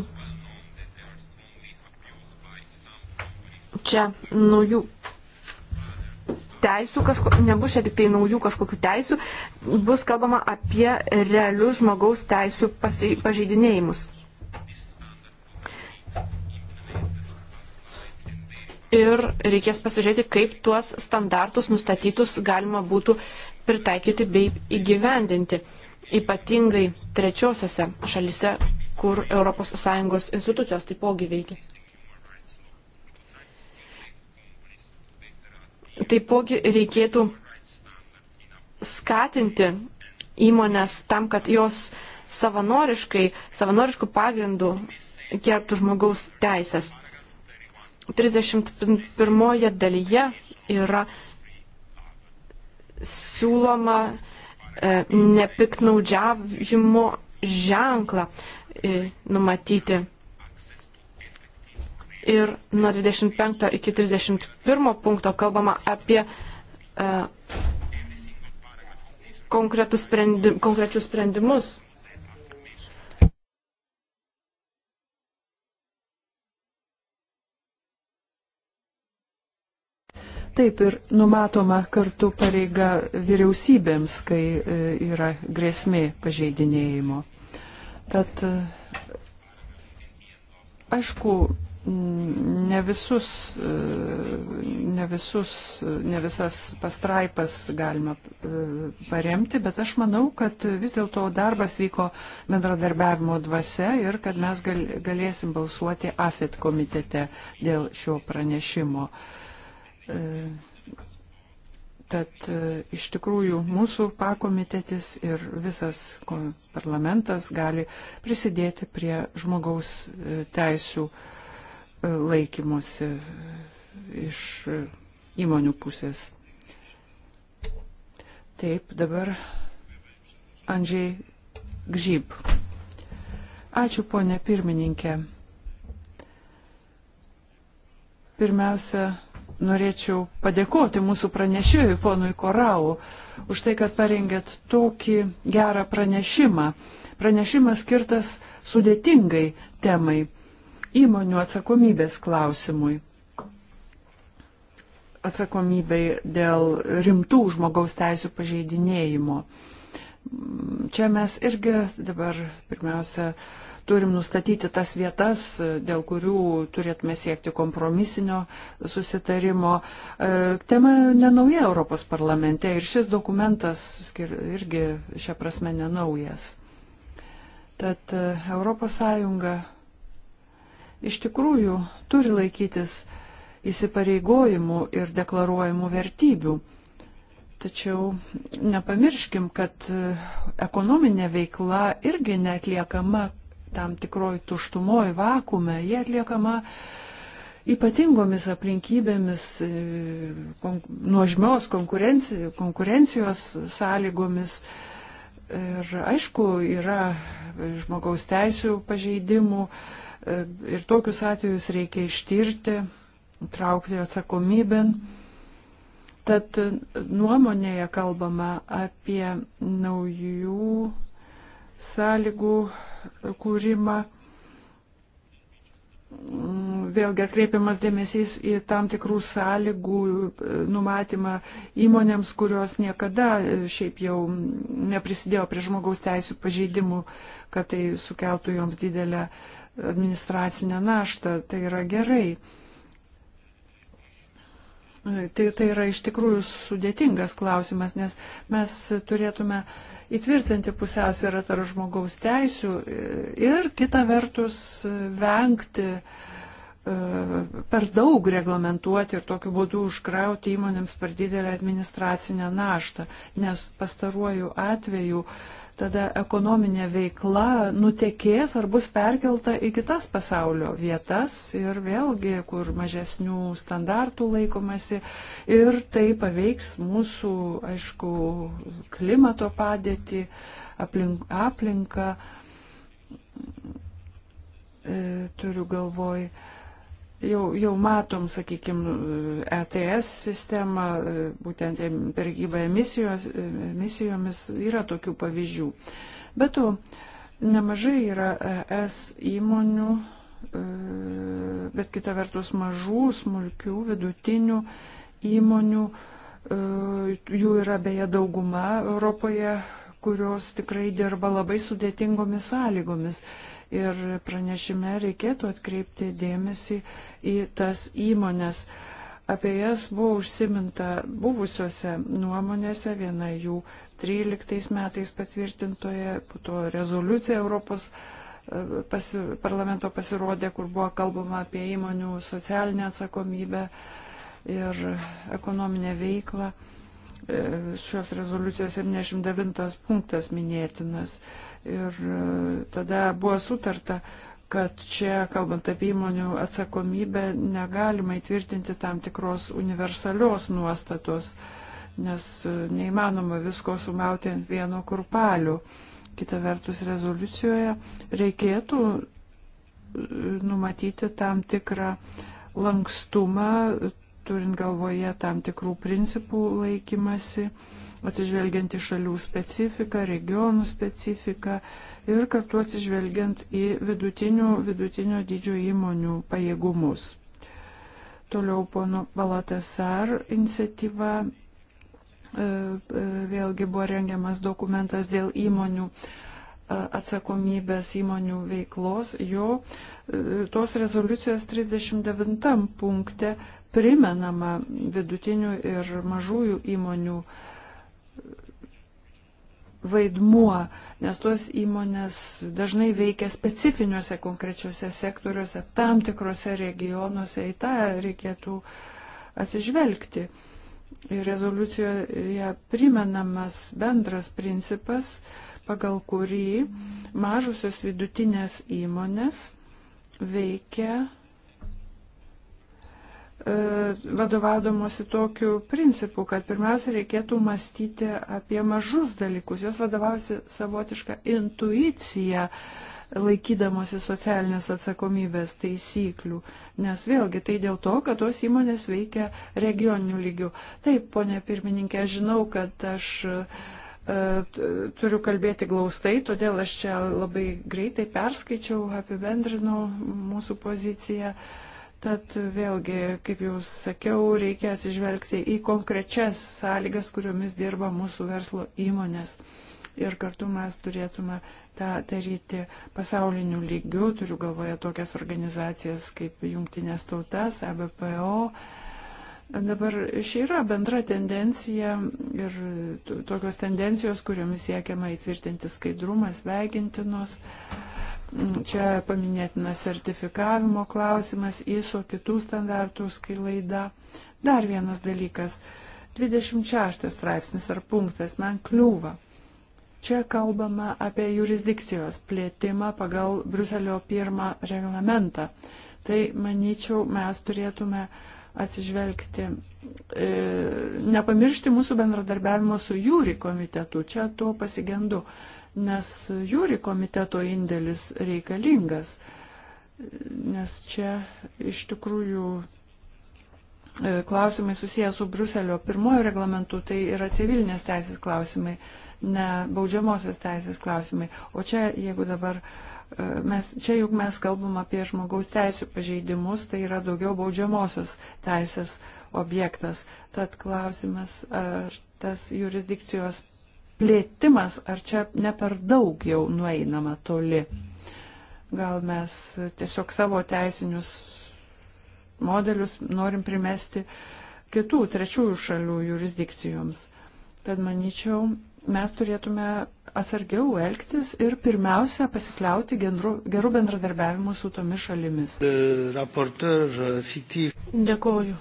čia naujų teisų, kažko, nebus čia tik tai naujų kažkokių teisų, bus kalbama apie realius žmogaus teisų pasi, pažeidinėjimus. Ir reikės pasižiūrėti, kaip tuos standartus nustatytus galima būtų pritaikyti bei įgyvendinti, ypatingai trečiosiose šalise, kur ES institucijos taipogi veikia. Taipogi reikėtų skatinti įmonės tam, kad jos savanoriškai, savanoriškų pagrindų gerbtų žmogaus teisės. 31 dalyje yra siūloma e, nepiknaudžiavimo ženklą e, numatyti. Ir nuo 25 iki 31 punkto kalbama apie e, konkretus sprendim, konkrečius sprendimus. Taip ir numatoma kartu pareiga vyriausybėms, kai e, yra grėsmė pažeidinėjimo. Tad e, aišku, ne visus, e, ne visus, ne visas pastraipas galima paremti, bet aš manau, kad vis dėlto darbas vyko bendradarbiavimo dvasia ir kad mes galėsim balsuoti AFIT komitete dėl šio pranešimo. Uh, Tad e, iš tikrųjų mūsų pakomitetis ir visas parlamentas gali prisidėti prie žmogaus e, teisų e, laikymosi iš įmonių pusės. Taip, dabar Andžiai Gžyb. Ačiū, ponė pirmininkė. Pirmiausia, norėčiau padėkoti mūsų pranešėjui, ponui Korau, už tai, kad parengėt tokį gerą pranešimą. Pranešimas skirtas sudėtingai temai - įmonių atsakomybės klausimui. Atsakomybei dėl rimtų žmogaus teisų pažeidinėjimo. Čia mes irgi dabar pirmiausia turim nustatyti tas vietas, dėl kurių turėtume siekti kompromisinio susitarimo. E, tema nenauja Europos parlamente ir šis dokumentas irgi šią prasme nenaujas. Tad ES iš tikrųjų turi laikytis įsipareigojimų ir deklaruojamų vertybių. Tačiau nepamirškim, kad e, ekonominė veikla irgi neatliekama tam tikroj tuštumoj, vakume, jie atliekama ypatingomis aplinkybėmis, e, kon, nuožmios konkurencijos, konkurencijos sąlygomis. Ir aišku, yra žmogaus teisų pažeidimų e, ir tokius atvejus reikia ištirti, traukti atsakomybėn. Tad nuomonėje kalbama apie naujų sąlygų kūrimą. Vėlgi atkreipiamas dėmesys į tam tikrų sąlygų e, numatymą įmonėms, kurios niekada e, šiaip jau neprisidėjo prie žmogaus teisų pažeidimų, kad tai sukeltų joms didelę administracinę naštą. Tai yra gerai. Tai, tai yra iš tikrųjų sudėtingas klausimas, nes mes turėtume įtvirtinti pusiausvyrą tarp žmogaus teisių ir kita vertus vengti e, per daug reglamentuoti ir tokiu būdu užkrauti įmonėms per didelę administracinę naštą, nes pastaruoju atveju uh, tada ekonominė veikla nutekės ar bus perkelta į kitas pasaulio vietas ir vėlgi, kur mažesnių standartų laikomasi. Ir tai paveiks mūsų, aišku, klimato padėtį, aplink, aplinką. E, turiu galvoj. E, jau, jau matom, sakykime, ETS sistemą, būtent pergybą e, emisijomis, yra tokių pavyzdžių. Bet to nemažai yra ES įmonių, e, bet kita vertus mažų, smulkių, vidutinių įmonių, e, jų yra beje dauguma Europoje kurios tikrai dirba labai sudėtingomis sąlygomis ir pranešime reikėtų atkreipti dėmesį į tas įmonės. Apie jas buvo užsiminta buvusiuose nuomonėse, viena jų 13 metais patvirtintoje, po to rezoliucija Europos e, pasi, parlamento pasirodė, kur buvo kalbama apie įmonių socialinę atsakomybę ir ekonominę veiklą. E, šios rezoliucijos 79 punktas minėtinas. Ir e, tada buvo sutarta, kad čia, kalbant apie įmonių atsakomybę, negalima įtvirtinti tam tikros universalios nuostatos, nes e, neįmanoma visko sumauti ant vieno kurpalių. Kita vertus, rezoliucijoje reikėtų e, numatyti tam tikrą lankstumą, turint galvoje tam tikrų principų laikymasi atsižvelgiant į šalių specifiką, regionų specifiką ir kartu atsižvelgiant į vidutinių, vidutinio dydžio įmonių pajėgumus. Toliau pono Balatasar iniciatyva e, e, vėlgi buvo rengiamas dokumentas dėl įmonių e, atsakomybės įmonių veiklos, jo tos rezoliucijos 39 punkte primenama vidutinių ir mažųjų įmonių uh, vaidmuo, nes tuos įmonės dažnai veikia specifiniuose konkrečiuose sektoriuose, tam tikrose regionuose, į tą reikėtų atsižvelgti. Ir rezoliucijoje primenamas bendras principas, pagal kurį mažusios vidutinės įmonės veikia E, vadovaudomasi tokiu principu, kad pirmiausia reikėtų mąstyti apie mažus dalykus. Jos vadovausi savotišką intuiciją, laikydamosi socialinės atsakomybės taisyklių. Nes vėlgi tai dėl to, kad tos įmonės veikia regioninių lygių. Taip, ponė pirmininkė, žinau, kad aš e, turiu kalbėti glaustai, todėl aš čia labai greitai perskaičiau, apibendrinau mūsų poziciją. Uh, Tad vėlgi, kaip jau sakiau, reikia atsižvelgti į konkrečias sąlygas, kuriomis dirba mūsų verslo įmonės. Ir kartu mes turėtume tą daryti pasauliniu lygiu, turiu galvoje tokias organizacijas kaip Jungtinės tautas, ABPO, Dabar ši yra bendra tendencija ir tokios tendencijos, kuriomis siekiama įtvirtinti skaidrumą, sveikintinos. Čia paminėtinas sertifikavimo klausimas, ISO kitų standartų skilaida. Dar vienas dalykas. 26 straipsnis ar punktas man kliūva. Čia kalbama apie jurisdikcijos plėtimą pagal Bruselio pirmą reglamentą. Tai, manyčiau, mes turėtume atsižvelgti, e, nepamiršti mūsų bendradarbiavimo su jūri komitetu. Čia to pasigendu. E, nes jūri komiteto indėlis reikalingas, nes čia iš tikrųjų e, klausimai susijęs su Bruselio pirmojo reglamentu, tai yra civilinės teisės klausimai, ne baudžiamosios teisės klausimai. O čia, jeigu dabar e, mes, čia juk mes kalbam apie žmogaus teisų pažeidimus, tai yra daugiau baudžiamosios teisės objektas. Tad klausimas, ar tas jurisdikcijos plėtimas, ar čia ne per daug jau nueinama toli. Gal mes tiesiog savo teisinius modelius norim primesti kitų trečiųjų šalių jurisdikcijoms. Tad manyčiau, mes turėtume atsargiau elgtis ir pirmiausia pasikliauti gendru, gerų bendradarbiavimų su tomis šalimis. Euh, Dėkoju.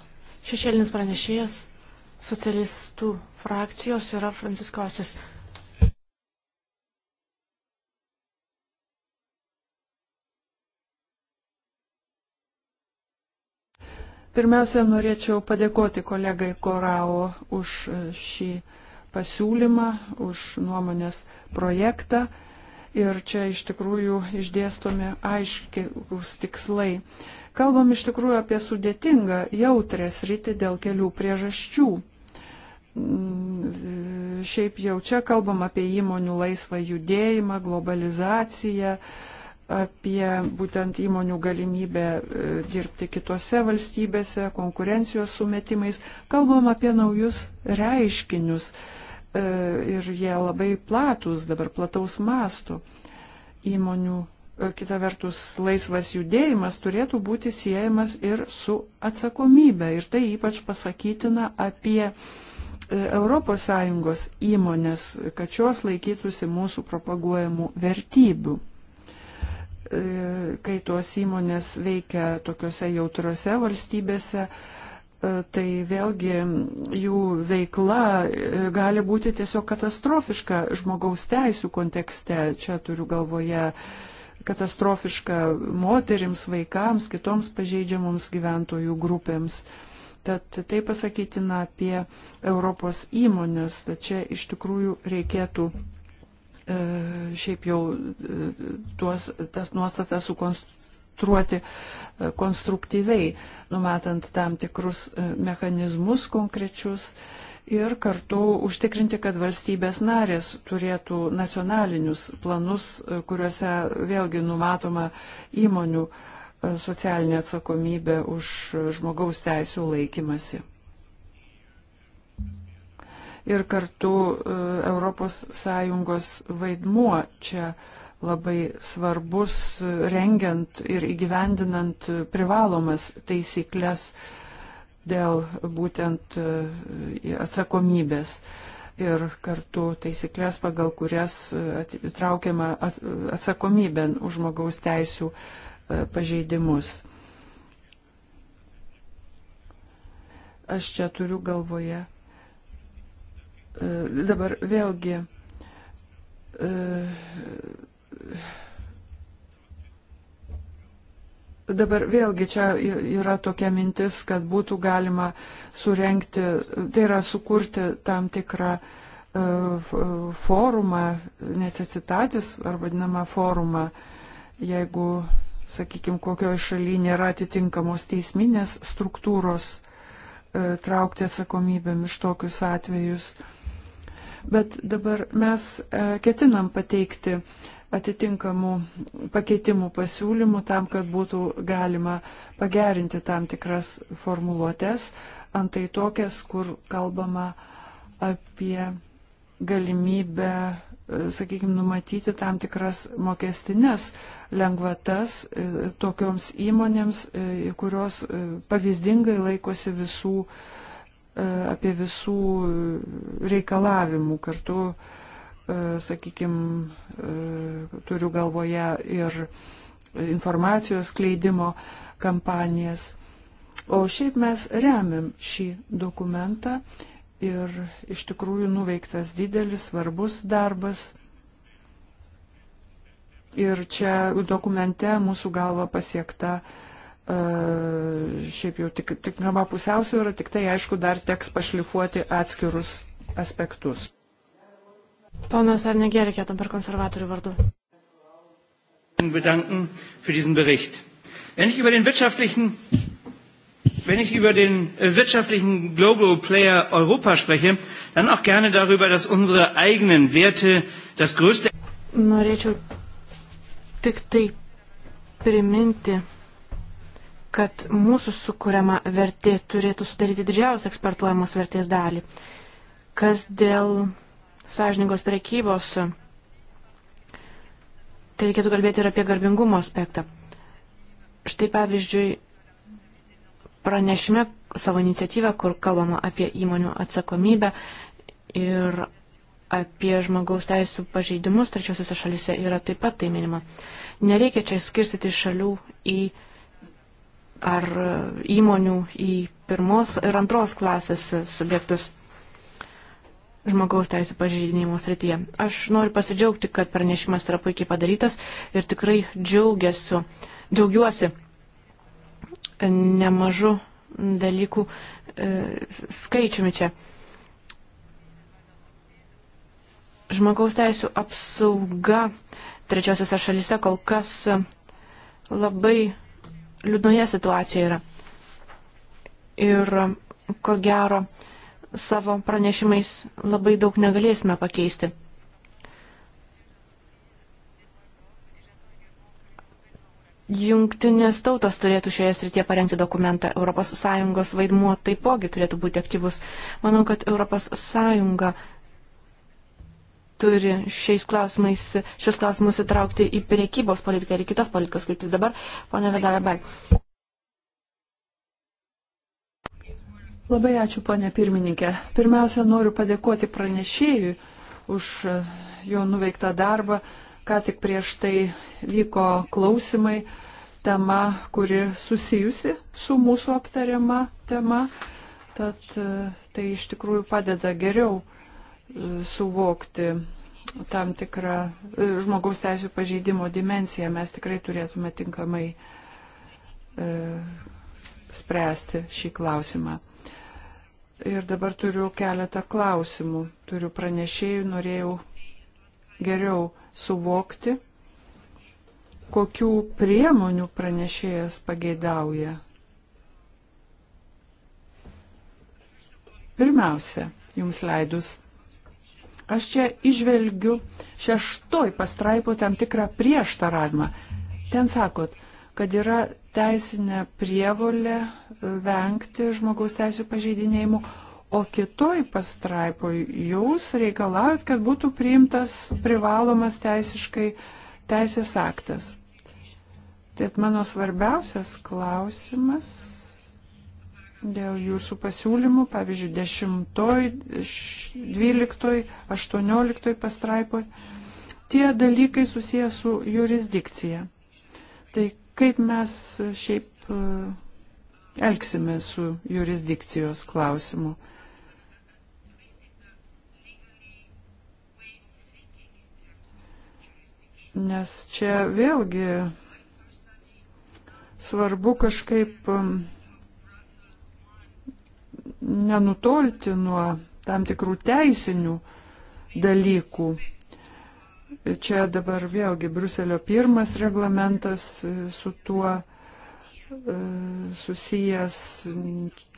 Šešėlinis pranešėjas, socialistų frakcijos yra Franciskosis. Pirmiausia, norėčiau padėkoti kolegai Korao už šį pasiūlymą, už nuomonės projektą. Ir čia iš tikrųjų išdėstomi aiškiaus tikslai. Kalbam iš tikrųjų apie sudėtingą, jautrę sritį dėl kelių priežasčių. Mm, šiaip jau čia kalbam apie įmonių laisvą judėjimą, globalizaciją, apie būtent įmonių galimybę e, dirbti kitose valstybėse, konkurencijos sumetimais. Kalbam apie naujus reiškinius e, ir jie labai platus dabar, plataus masto įmonių. E, kita vertus, laisvas judėjimas turėtų būti siejamas ir su atsakomybė. Ir tai ypač pasakytina apie uh, ES įmonės, kad šios laikytųsi mūsų propaguojamų vertybių. E, kai tuos įmonės veikia tokiuose jautrose valstybėse, e, tai vėlgi jų veikla e, gali būti tiesiog katastrofiška žmogaus teisų kontekste. Čia turiu galvoje katastrofiška moterims, vaikams, kitoms pažeidžiamoms gyventojų grupėms. Uh, Tad tai pasakytina apie Europos įmonės. Tad čia iš tikrųjų reikėtų e, šiaip jau e, tuos, tas nuostatas sukonstruoti e, konstruktyviai, numatant tam tikrus mechanizmus konkrečius ir kartu užtikrinti, kad valstybės narės turėtų nacionalinius planus, kuriuose vėlgi numatoma įmonių uh, socialinę atsakomybę už žmogaus teisų laikymasi. Ir kartu ES vaidmuo čia labai svarbus rengiant ir įgyvendinant privalomas taisyklės dėl būtent e, atsakomybės ir kartu taisyklės, pagal kurias e, traukiama atsakomybė už žmogaus teisų uh, E, pažeidimus. Aš čia turiu galvoje. E, dabar vėlgi e, Dabar vėlgi čia yra tokia mintis, kad būtų galima surenkti, tai yra sukurti tam tikrą forumą, necesitatis ar vadinamą forumą, jeigu sakykime, kokioje šalyje nėra atitinkamos teisminės struktūros e, traukti atsakomybėm iš tokius atvejus. Bet dabar mes e, ketinam pateikti atitinkamų pakeitimų pasiūlymų tam, kad būtų galima pagerinti tam tikras formuluotės, antai tokias, kur kalbama apie galimybę sakykime, numatyti tam tikras mokestinės lengvatas e, tokioms įmonėms, e, kurios e, pavyzdingai laikosi visų, apie visų reikalavimų kartu, sakykime, turiu galvoje ir informacijos kleidimo kampanijas. O šiaip mes remiam šį dokumentą ir iš tikrųjų nuveiktas didelis, svarbus darbas. Ir čia dokumente mūsų galva pasiekta e, šiaip jau tik, tikrama pusiausvyrą, tik tai aišku dar teks pašlifuoti atskirus aspektus. Ponas Arnegė, reikėtų per konservatorių vardu. Bedanken für diesen Bericht. Wenn ich über den wirtschaftlichen wenn ich über den äh, wirtschaftlichen Global Player Europa spreche, dann auch gerne darüber, dass unsere eigenen Werte das größte. Norėčiau tik tai priminti, kad mūsų sukūriama vertė turėtų sudaryti didžiausią eksportuojamos vertės dalį. Kas dėl sąžiningos prekybos, tai reikėtų kalbėti ir apie garbingumo aspektą. Štai pavyzdžiui, pranešime savo iniciatyvą, kur kalbama apie įmonių atsakomybę ir apie žmogaus teisų pažeidimus trečiosiuose šalise yra taip pat tai minima. Nereikia čia skirstyti šalių į ar įmonių į pirmos ir antros klasės subjektus žmogaus teisų pažeidinimų srityje. Aš noriu pasidžiaugti, kad pranešimas yra puikiai padarytas ir tikrai džiaugiasi, džiaugiuosi nemažu dalykų e, skaičiumi čia. Žmogaus teisų apsauga trečiosiose šalise kol kas labai liūdnoje situacijoje yra. Ir ko gero savo pranešimais labai daug negalėsime pakeisti. Jungtinės tautos turėtų šioje srityje parengti dokumentą. ES vaidmuo taipogi turėtų būti aktyvus. Manau, kad ES turi šiais klausimais, šios klausimus įtraukti į priekybos politiką ir kitas politikas kryptis. Dabar, ponė Vedalabal. Labai ačiū, ponė pirmininkė. Pirmiausia, noriu padėkoti pranešėjui už jo nuveiktą darbą Ką tik prieš tai vyko klausimai tema, kuri susijusi su mūsų aptariama tema, tad e, tai iš tikrųjų padeda geriau e, suvokti tam tikrą e, žmogaus teisų pažeidimo dimenciją. Mes tikrai turėtume tinkamai e, spręsti šį klausimą. Ir dabar turiu keletą klausimų. Turiu pranešėjų, norėjau geriau suvokti, kokių priemonių pranešėjas pageidauja. Pirmiausia, jums leidus, aš čia išvelgiu šeštoj pastraipo tam tikrą prieštaravimą. Ten sakot, kad yra teisinė prievolė vengti žmogaus teisų pažeidinėjimų, O kitoj pastraipoj jūs reikalaujat, kad būtų priimtas privalomas teisiškai teisės aktas. Taip mano svarbiausias klausimas dėl jūsų pasiūlymų, pavyzdžiui, 10, 12, 18 pastraipoj, tie dalykai susiję su jurisdikcija. Tai kaip mes šiaip e, elgsime su jurisdikcijos klausimu. Nes čia vėlgi svarbu kažkaip um, nenutolti nuo tam tikrų teisinių dalykų. Čia dabar vėlgi Bruselio pirmas reglamentas e, su tuo e, susijęs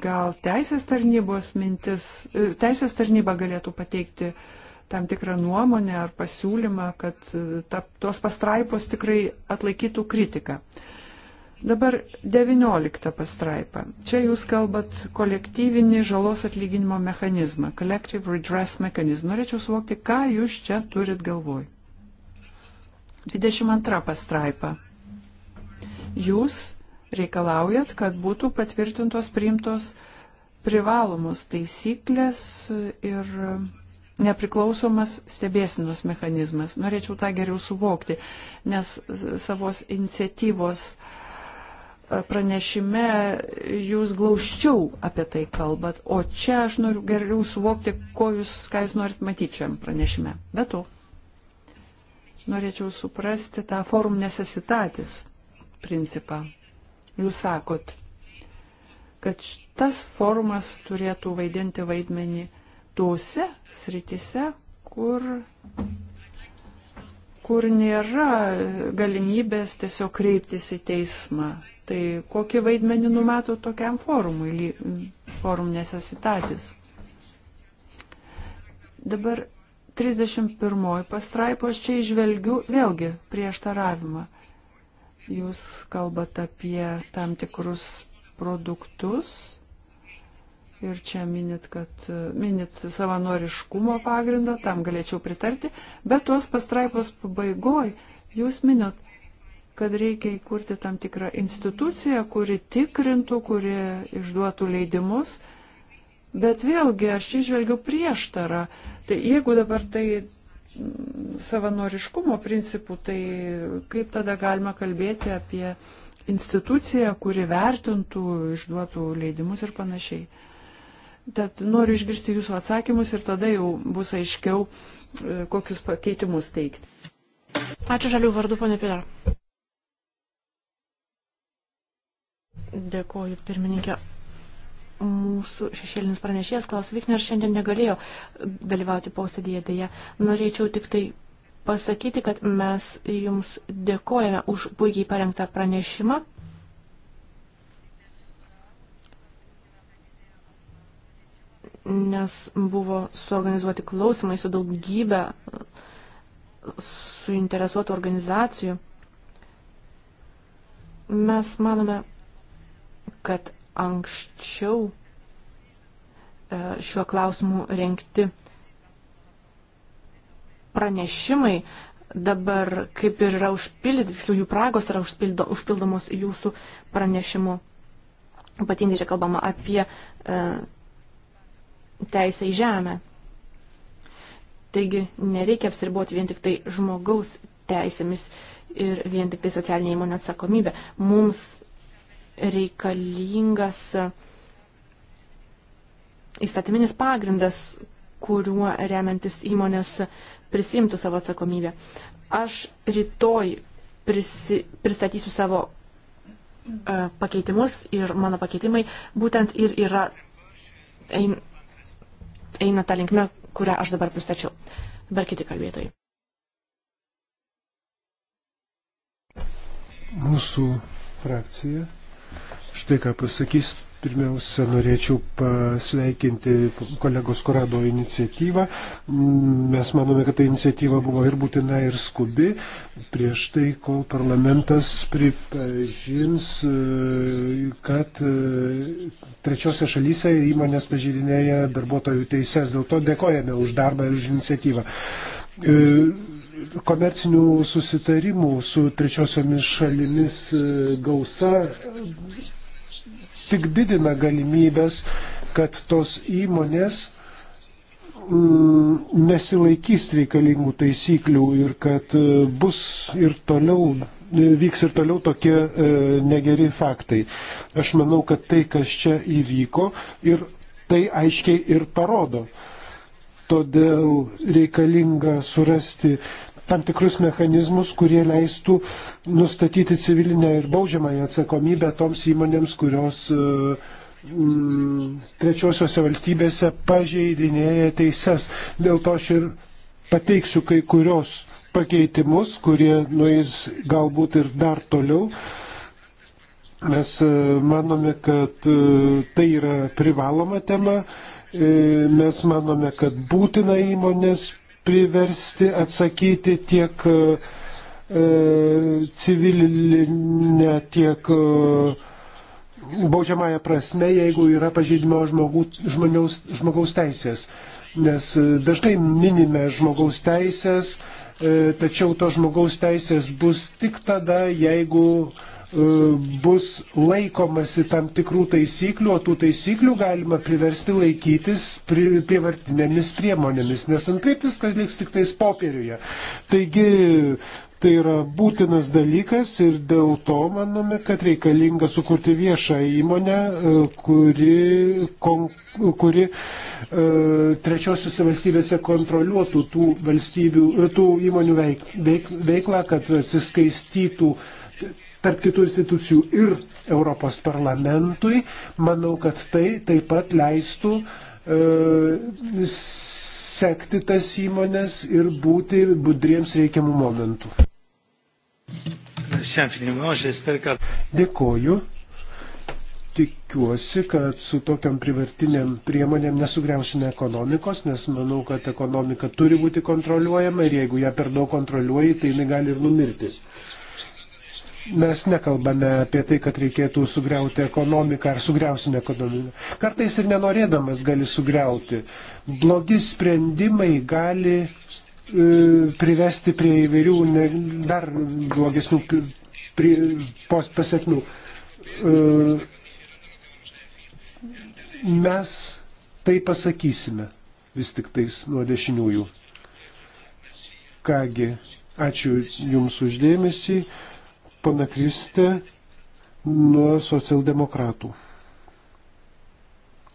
gal teisės tarnybos mintis, e, teisės tarnyba galėtų pateikti uh, tam tikrą nuomonę ar pasiūlymą, kad e, ta, tos pastraipos tikrai atlaikytų kritiką. Dabar 19 pastraipa. Čia jūs kalbat kolektyvinį žalos atlyginimo mechanizmą, collective redress mechanism. Norėčiau suvokti, ką jūs čia turit galvoj. 22 pastraipa. Jūs reikalaujat, kad būtų patvirtintos priimtos privalomos taisyklės ir nepriklausomas stebėsinos mechanizmas. Norėčiau tą geriau suvokti, nes savos iniciatyvos e, pranešime jūs glaučiau apie tai kalbat, o čia aš noriu geriau suvokti, ko jūs, ką jūs norit matyti šiam pranešime. Be to, norėčiau suprasti tą forum necesitatis principą. Jūs sakot, kad tas forumas turėtų vaidinti vaidmenį tose sritise, kur, kur nėra galimybės tiesiog kreiptis į teismą. Tai kokį vaidmenį numato tokiam forumui, forum nesasitatis. Dabar 31 pastraipos čia išvelgiu vėlgi prieštaravimą. Jūs kalbate apie tam tikrus produktus, Ir čia minit, kad minit savanoriškumo pagrindą, tam galėčiau pritarti, bet tuos pastraipos pabaigoj jūs minot, kad reikia įkurti tam tikrą instituciją, kuri tikrintų, kuri išduotų leidimus, bet vėlgi aš išvelgiu prieštarą. Tai jeigu dabar tai mm, savanoriškumo principų, tai kaip tada galima kalbėti apie instituciją, kuri vertintų, išduotų leidimus ir panašiai. Tad noriu išgirsti jūsų atsakymus ir tada jau bus aiškiau, e, kokius pakeitimus teikti. Ačiū žalių vardu, ponė Pilar. Dėkuoju, pirmininkė. Mūsų šešėlinis pranešėjas Klaus Vikner šiandien negalėjo dalyvauti posėdėje dėje. Norėčiau tik tai pasakyti, kad mes jums dėkojame už puikiai parengtą pranešimą nes buvo suorganizuoti klausimai su daugybė suinteresuotų organizacijų. Mes manome, kad anksčiau e, šiuo klausimu renkti pranešimai dabar kaip ir yra užpildyti, tiksliau jų pragos yra užpildo, užpildomos jūsų pranešimu. Ypatingai čia kalbama apie e, teisę į žemę. Taigi nereikia apsiriboti vien tik tai žmogaus teisėmis ir vien tik tai socialinė įmonė atsakomybė. Mums reikalingas įstatyminis pagrindas, kuriuo remiantis įmonės prisimtų savo atsakomybę. Aš rytoj prisi, pristatysiu savo e, pakeitimus ir mano pakeitimai būtent ir yra ein, eina tą linkmę, kurią aš dabar pristačiau. Dabar kiti kalbėtojai. Mūsų frakcija. Štai ką pasakys Pirmiausia, norėčiau pasveikinti kolegos Korado iniciatyvą. Mes manome, kad ta iniciatyva buvo ir būtina, ir skubi. Prieš tai, kol parlamentas pripažins, kad trečiose šalyse įmonės pažydinėja darbuotojų teises. Dėl to dėkojame už darbą ir už iniciatyvą komercinių susitarimų su trečiosiomis šalimis gausa tik didina galimybės, kad tos įmonės mm, nesilaikys reikalingų taisyklių ir kad e, bus ir toliau e, vyks ir toliau tokie e, negeri faktai. Aš manau, kad tai, kas čia įvyko, ir tai aiškiai ir parodo. Todėl reikalinga surasti tam tikrus mechanizmus, kurie leistų nustatyti civilinę ir baudžiamąją atsakomybę toms įmonėms, kurios mm, e, trečiosiuose valstybėse pažeidinėja teises. Dėl to aš ir pateiksiu kai kurios pakeitimus, kurie nueis galbūt ir dar toliau. Mes e, manome, kad e, tai yra privaloma tema, mes manome, kad būtina įmonės priversti atsakyti tiek e, e, civilinę, tiek e, baudžiamąją prasme, jeigu yra pažeidimo žmogaus, žmogaus teisės. Nes dažnai minime žmogaus teisės, tačiau to žmogaus teisės bus tik tada, jeigu E, bus laikomasi tam tikrų taisyklių, o tų taisyklių galima priversti laikytis prievartinėmis priemonėmis, nes antraip viskas liks tik tais popieriuje. Taigi tai yra būtinas dalykas ir dėl to manome, kad reikalinga sukurti viešą įmonę, e, kuri, kon, kuri e, trečiosiuose valstybėse kontroliuotų tų, valstybių, tų įmonių veik, veik, veiklą, kad atsiskaistytų uh, tarp kitų institucijų ir Europos parlamentui, manau, kad tai taip pat leistų e, sekti tas įmonės ir būti budriems reikiamų momentų. Dėkoju. Tikiuosi, kad su tokiam privartiniam priemonėm nesugriausime ekonomikos, nes manau, kad ekonomika turi būti kontroliuojama ir jeigu ją per daug kontroliuoji, tai jinai gali ir numirti. Mes nekalbame apie tai, kad reikėtų sugriauti ekonomiką ar sugriausime ekonomiką. Kartais ir nenorėdamas gali sugriauti. Blogi sprendimai gali e, privesti prie įvairių ne, dar blogesnių pri, post pasiekmių. E, mes tai pasakysime vis tik tais nuo dešiniųjų. Kągi, ačiū Jums uždėmesį. Pana Kristė nuo socialdemokratų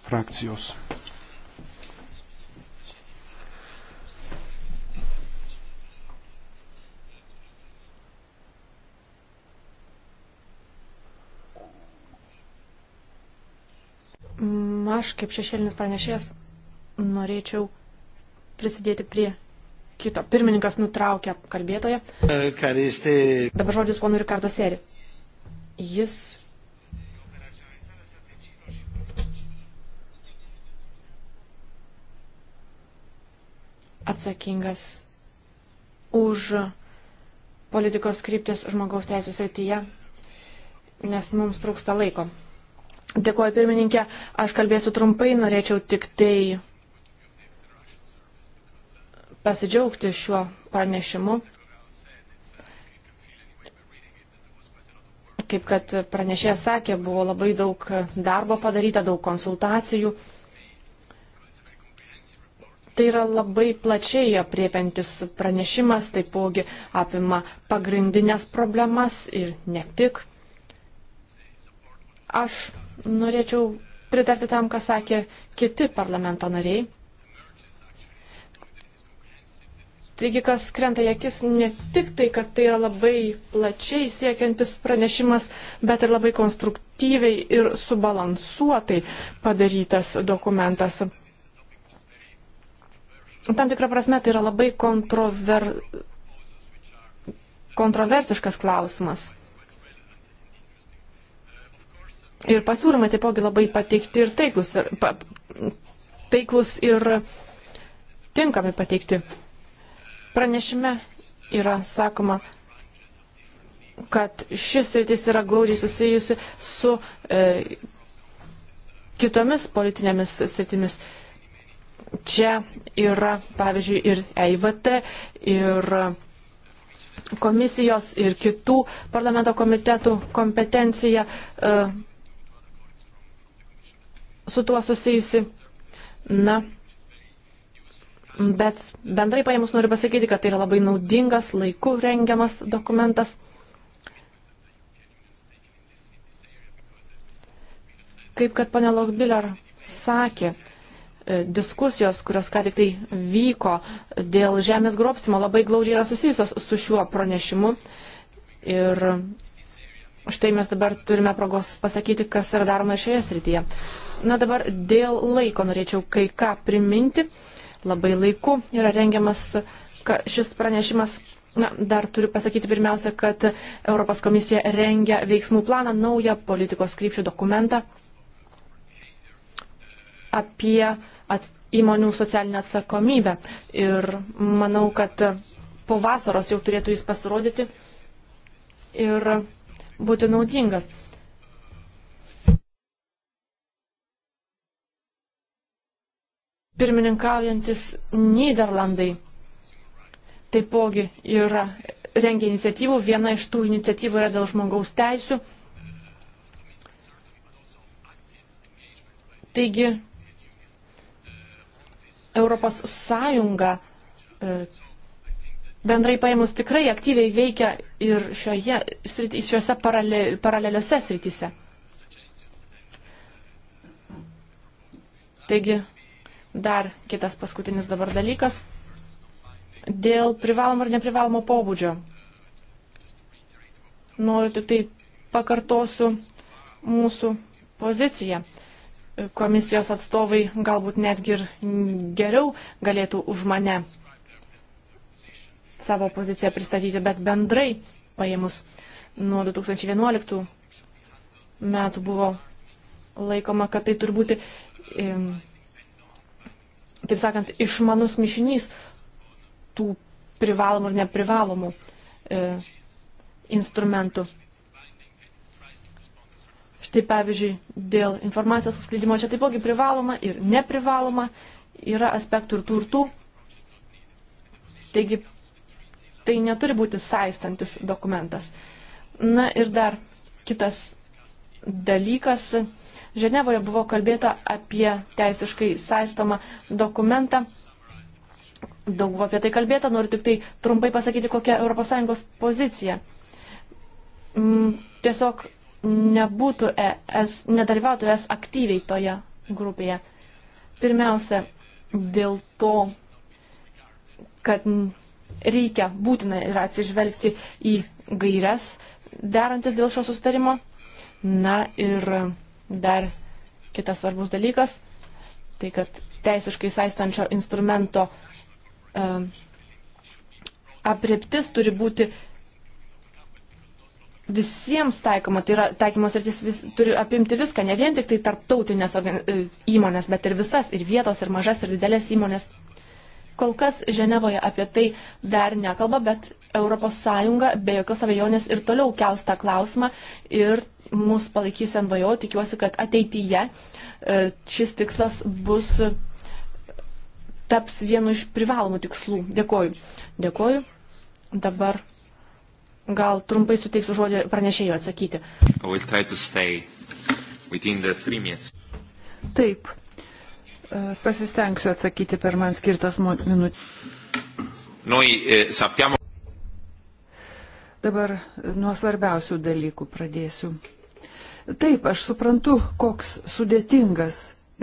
frakcijos. Mm, aš kaip šešėlinis pranešėjas norėčiau prisidėti prie kito. Pirmininkas nutraukė kalbėtoją. E, Karistė. Tai- Dabar žodis ponui Rikardo Seri. Jis. Atsakingas už politikos kryptis žmogaus teisų srityje, nes mums trūksta laiko. Dėkuoju pirmininkė, aš kalbėsiu trumpai, norėčiau tik tai pasidžiaugti šiuo pranešimu. Kaip kad pranešėjas sakė, buvo labai daug darbo padaryta, daug konsultacijų. Tai yra labai plačiai apriepiantis pranešimas, taipogi apima pagrindinės problemas ir ne tik. Aš norėčiau pritarti tam, ką sakė kiti parlamento nariai. Taigi, kas krenta į akis, ne tik tai, kad tai yra labai plačiai siekiantis pranešimas, bet ir labai konstruktyviai ir subalansuotai padarytas dokumentas. Tam tikrą prasme tai yra labai kontrover... kontroversiškas klausimas. Ir pasiūlymai taipogi labai pateikti ir taiklus ir, pa, taiklus ir tinkami pateikti. Pranešime yra sakoma, kad šis rytis yra glaudžiai susijusi su e, kitomis politinėmis sritimis. Čia yra, pavyzdžiui, ir EIVT, ir komisijos, ir kitų parlamento komitetų kompetencija e, su tuo susijusi. Na, Bet bendrai paėmus noriu pasakyti, kad tai yra labai naudingas, laiku rengiamas dokumentas. Kaip kad panė Lokbiller sakė, e, diskusijos, kurios ką tik tai vyko dėl žemės grobstimo, labai glaudžiai yra susijusios su šiuo pranešimu. Ir štai mes dabar turime progos pasakyti, kas yra daroma šioje srityje. Na dabar dėl laiko norėčiau kai ką priminti labai laiku yra rengiamas šis pranešimas. Na, dar turiu pasakyti pirmiausia, kad Europos komisija rengia veiksmų planą, naują politikos krypčių dokumentą apie at, įmonių socialinę atsakomybę. Ir manau, kad po vasaros jau turėtų jis pasirodyti ir būti naudingas. pirmininkaujantis Niderlandai taipogi yra rengia iniciatyvų. Viena iš tų iniciatyvų yra dėl žmogaus teisų. Taigi Europos Sąjunga e, bendrai paėmus tikrai aktyviai veikia ir šioje, šiuose parale, paraleliuose srityse. Taigi Dar kitas paskutinis dabar dalykas dėl privalomo ir neprivalomo pobūdžio. Noriu tik tai pakartosiu mūsų poziciją. Komisijos atstovai galbūt netgi ir geriau galėtų už mane savo poziciją pristatyti, bet bendrai paėmus nuo 2011 metų buvo laikoma, kad tai turi būti taip sakant, išmanus mišinys tų privalomų ir neprivalomų e, instrumentų. Štai pavyzdžiui, dėl informacijos skleidimo čia taipogi privaloma ir neprivaloma yra aspektų ir turtų. Taigi, tai neturi būti saistantis dokumentas. Na ir dar kitas dalykas. Ženevoje buvo kalbėta apie teisiškai saistomą dokumentą. Daug buvo apie tai kalbėta, noriu tik tai trumpai pasakyti, kokia ES pozicija. Mm, tiesiog nebūtų ES, nedalyvautų ES aktyviai toje grupėje. Pirmiausia, dėl to, kad reikia būtina ir atsižvelgti į gairias derantis dėl šio sustarimo. Na ir dar kitas svarbus dalykas, tai kad teisiškai saistančio instrumento e, apriptis turi būti visiems taikoma, tai yra taikymas rytis vis, turi apimti viską, ne vien tik tai tarptautinės e, įmonės, bet ir visas, ir vietos, ir mažas, ir didelės įmonės. Kol kas Ženevoje apie tai dar nekalba, bet ES be jokios abejonės ir toliau kels tą klausimą ir mus palaikys NVO, tikiuosi, kad ateityje e, šis tikslas bus e, taps vienu iš privalomų tikslų. Dėkoju. Dėkoju. Dabar gal trumpai suteiksiu žodį pranešėjų atsakyti. Taip. E, pasistengsiu atsakyti per man skirtas minutės. Noi, eh, sappiamo... Dabar nuo svarbiausių dalykų pradėsiu. Taip, aš suprantu, koks sudėtingas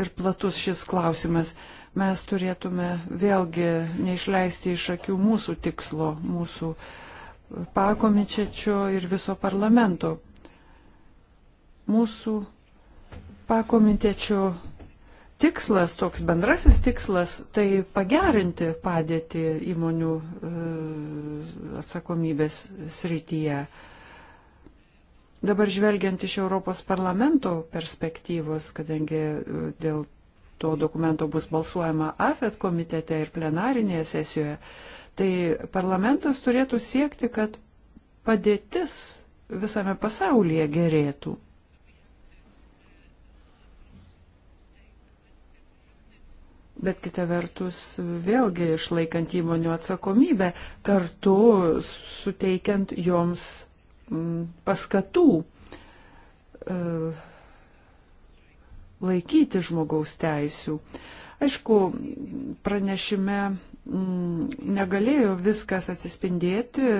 ir platus šis klausimas. Mes turėtume vėlgi neišleisti iš akių mūsų tikslo, mūsų pakomičečio ir viso parlamento. Mūsų pakomitečio tikslas, toks bendrasis tikslas, tai pagerinti padėtį įmonių e, atsakomybės srityje. Dabar žvelgiant iš Europos parlamento perspektyvos, kadangi e, dėl to dokumento bus balsuojama AFET komitete ir plenarinėje sesijoje, tai parlamentas turėtų siekti, kad padėtis visame pasaulyje gerėtų. Bet kita vertus, vėlgi išlaikant įmonių atsakomybę, kartu suteikiant joms Mm, paskatų e, laikyti žmogaus teisių. Aišku, pranešime mm, negalėjo viskas atsispindėti, e,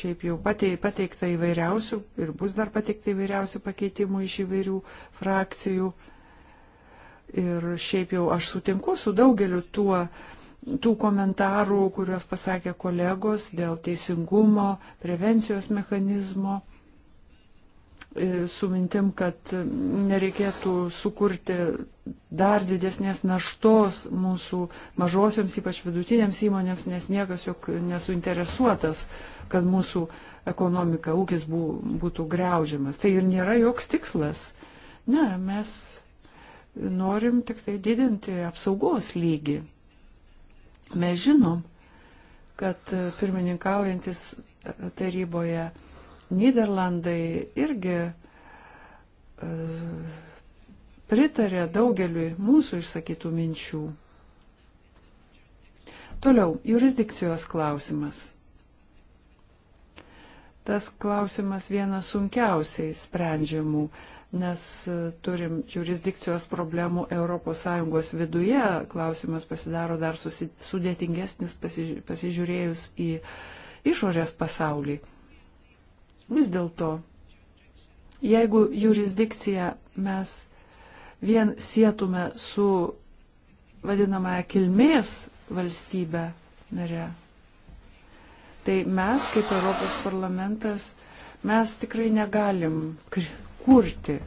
šiaip jau pateikta įvairiausių ir bus dar pateikta įvairiausių pakeitimų iš įvairių frakcijų. Ir šiaip jau aš sutinku su daugeliu tuo, tų komentarų, kuriuos pasakė kolegos dėl teisingumo, prevencijos mechanizmo, e, su mintim, kad nereikėtų sukurti dar didesnės naštos mūsų mažosiams, ypač vidutinėms įmonėms, nes niekas juk nesuinteresuotas, kad mūsų ekonomika, ūkis būtų greužiamas. Tai ir nėra joks tikslas. Ne, mes norim tik tai didinti apsaugos lygį. Mes žinom, kad pirmininkaujantis taryboje Niderlandai irgi e, pritarė daugeliui mūsų išsakytų minčių. Toliau, jurisdikcijos klausimas. Tas klausimas vienas sunkiausiai sprendžiamų nes e, turim jurisdikcijos problemų ES viduje, klausimas pasidaro dar susi, sudėtingesnis pasi, pasižiūrėjus į išorės pasaulį. Vis dėlto, jeigu jurisdikciją mes vien sėtume su vadinamąją kilmės valstybę narę, tai mes kaip Europos parlamentas, mes tikrai negalim kurti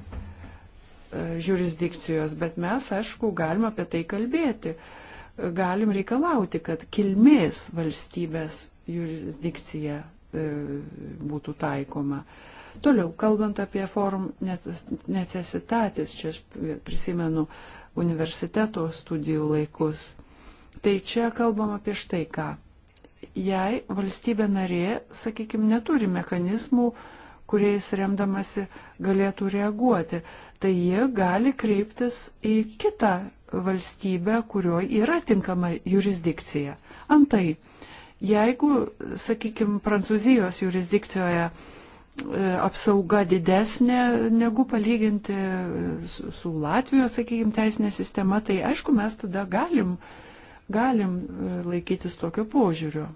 e, jurisdikcijos, bet mes, aišku, galim apie tai kalbėti. Galim reikalauti, kad kilmės valstybės jurisdikcija e, būtų taikoma. Toliau, kalbant apie forum necesitatis, čia aš prisimenu universiteto studijų laikus, tai čia kalbam apie štai ką. Jei valstybė narė, sakykime, neturi mechanizmų uh, kuriais remdamasi galėtų reaguoti, tai jie gali kreiptis į kitą valstybę, kurioje yra tinkama jurisdikcija. Antai, jeigu, sakykime, Prancūzijos jurisdikcijoje e, apsauga didesnė negu palyginti su Latvijos, sakykime, teisinė sistema, tai aišku, mes tada galim, galim e, laikytis tokio požiūrio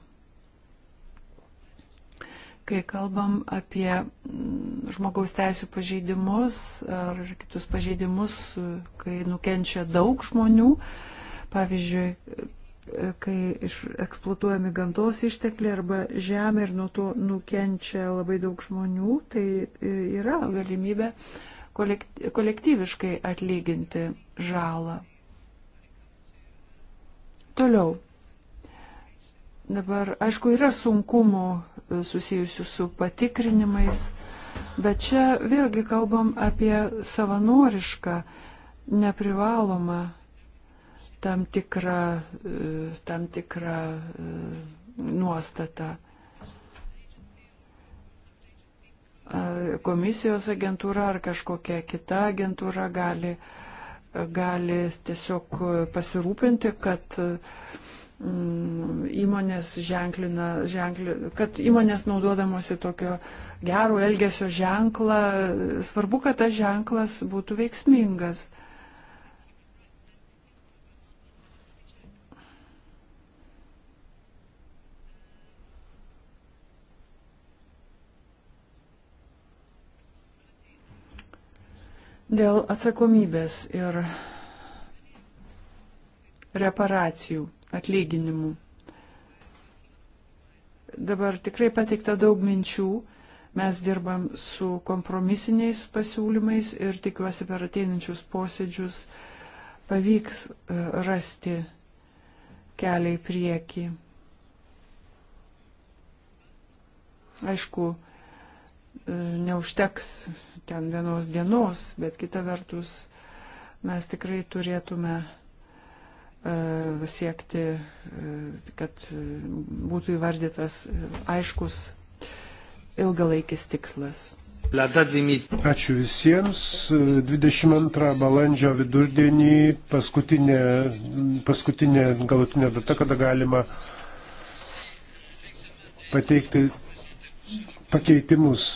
kai kalbam apie mm, žmogaus teisų pažeidimus ar kitus pažeidimus, kai nukenčia daug žmonių, pavyzdžiui, kai eksploatuojami gamtos ištekliai arba žemė ir nuo to nukenčia labai daug žmonių, tai e, yra galimybė kolektyviškai atlyginti žalą. Toliau. Dabar, aišku, yra sunkumų e, susijusių su patikrinimais, bet čia vėlgi kalbam apie savanorišką, neprivalomą tam tikrą, e, tam tikrą e, nuostatą. Komisijos agentūra ar kažkokia kita agentūra gali, gali tiesiog pasirūpinti, kad uh, Mm, įmonės ženklina, ženkli, kad įmonės naudodamosi tokio gero elgesio ženklą, svarbu, kad tas ženklas būtų veiksmingas. Dėl atsakomybės ir reparacijų atlyginimų. Dabar tikrai pateikta daug minčių. Mes dirbam su kompromisiniais pasiūlymais ir tikiuosi per ateinančius posėdžius pavyks e, rasti kelią į priekį. Aišku, e, neužteks ten vienos dienos, bet kita vertus mes tikrai turėtume E, siekti, e, kad būtų įvardytas aiškus ilgalaikis tikslas. Ačiū visiems. 22 balandžio vidurdienį paskutinė, paskutinė galutinė data, kada galima pateikti pakeitimus.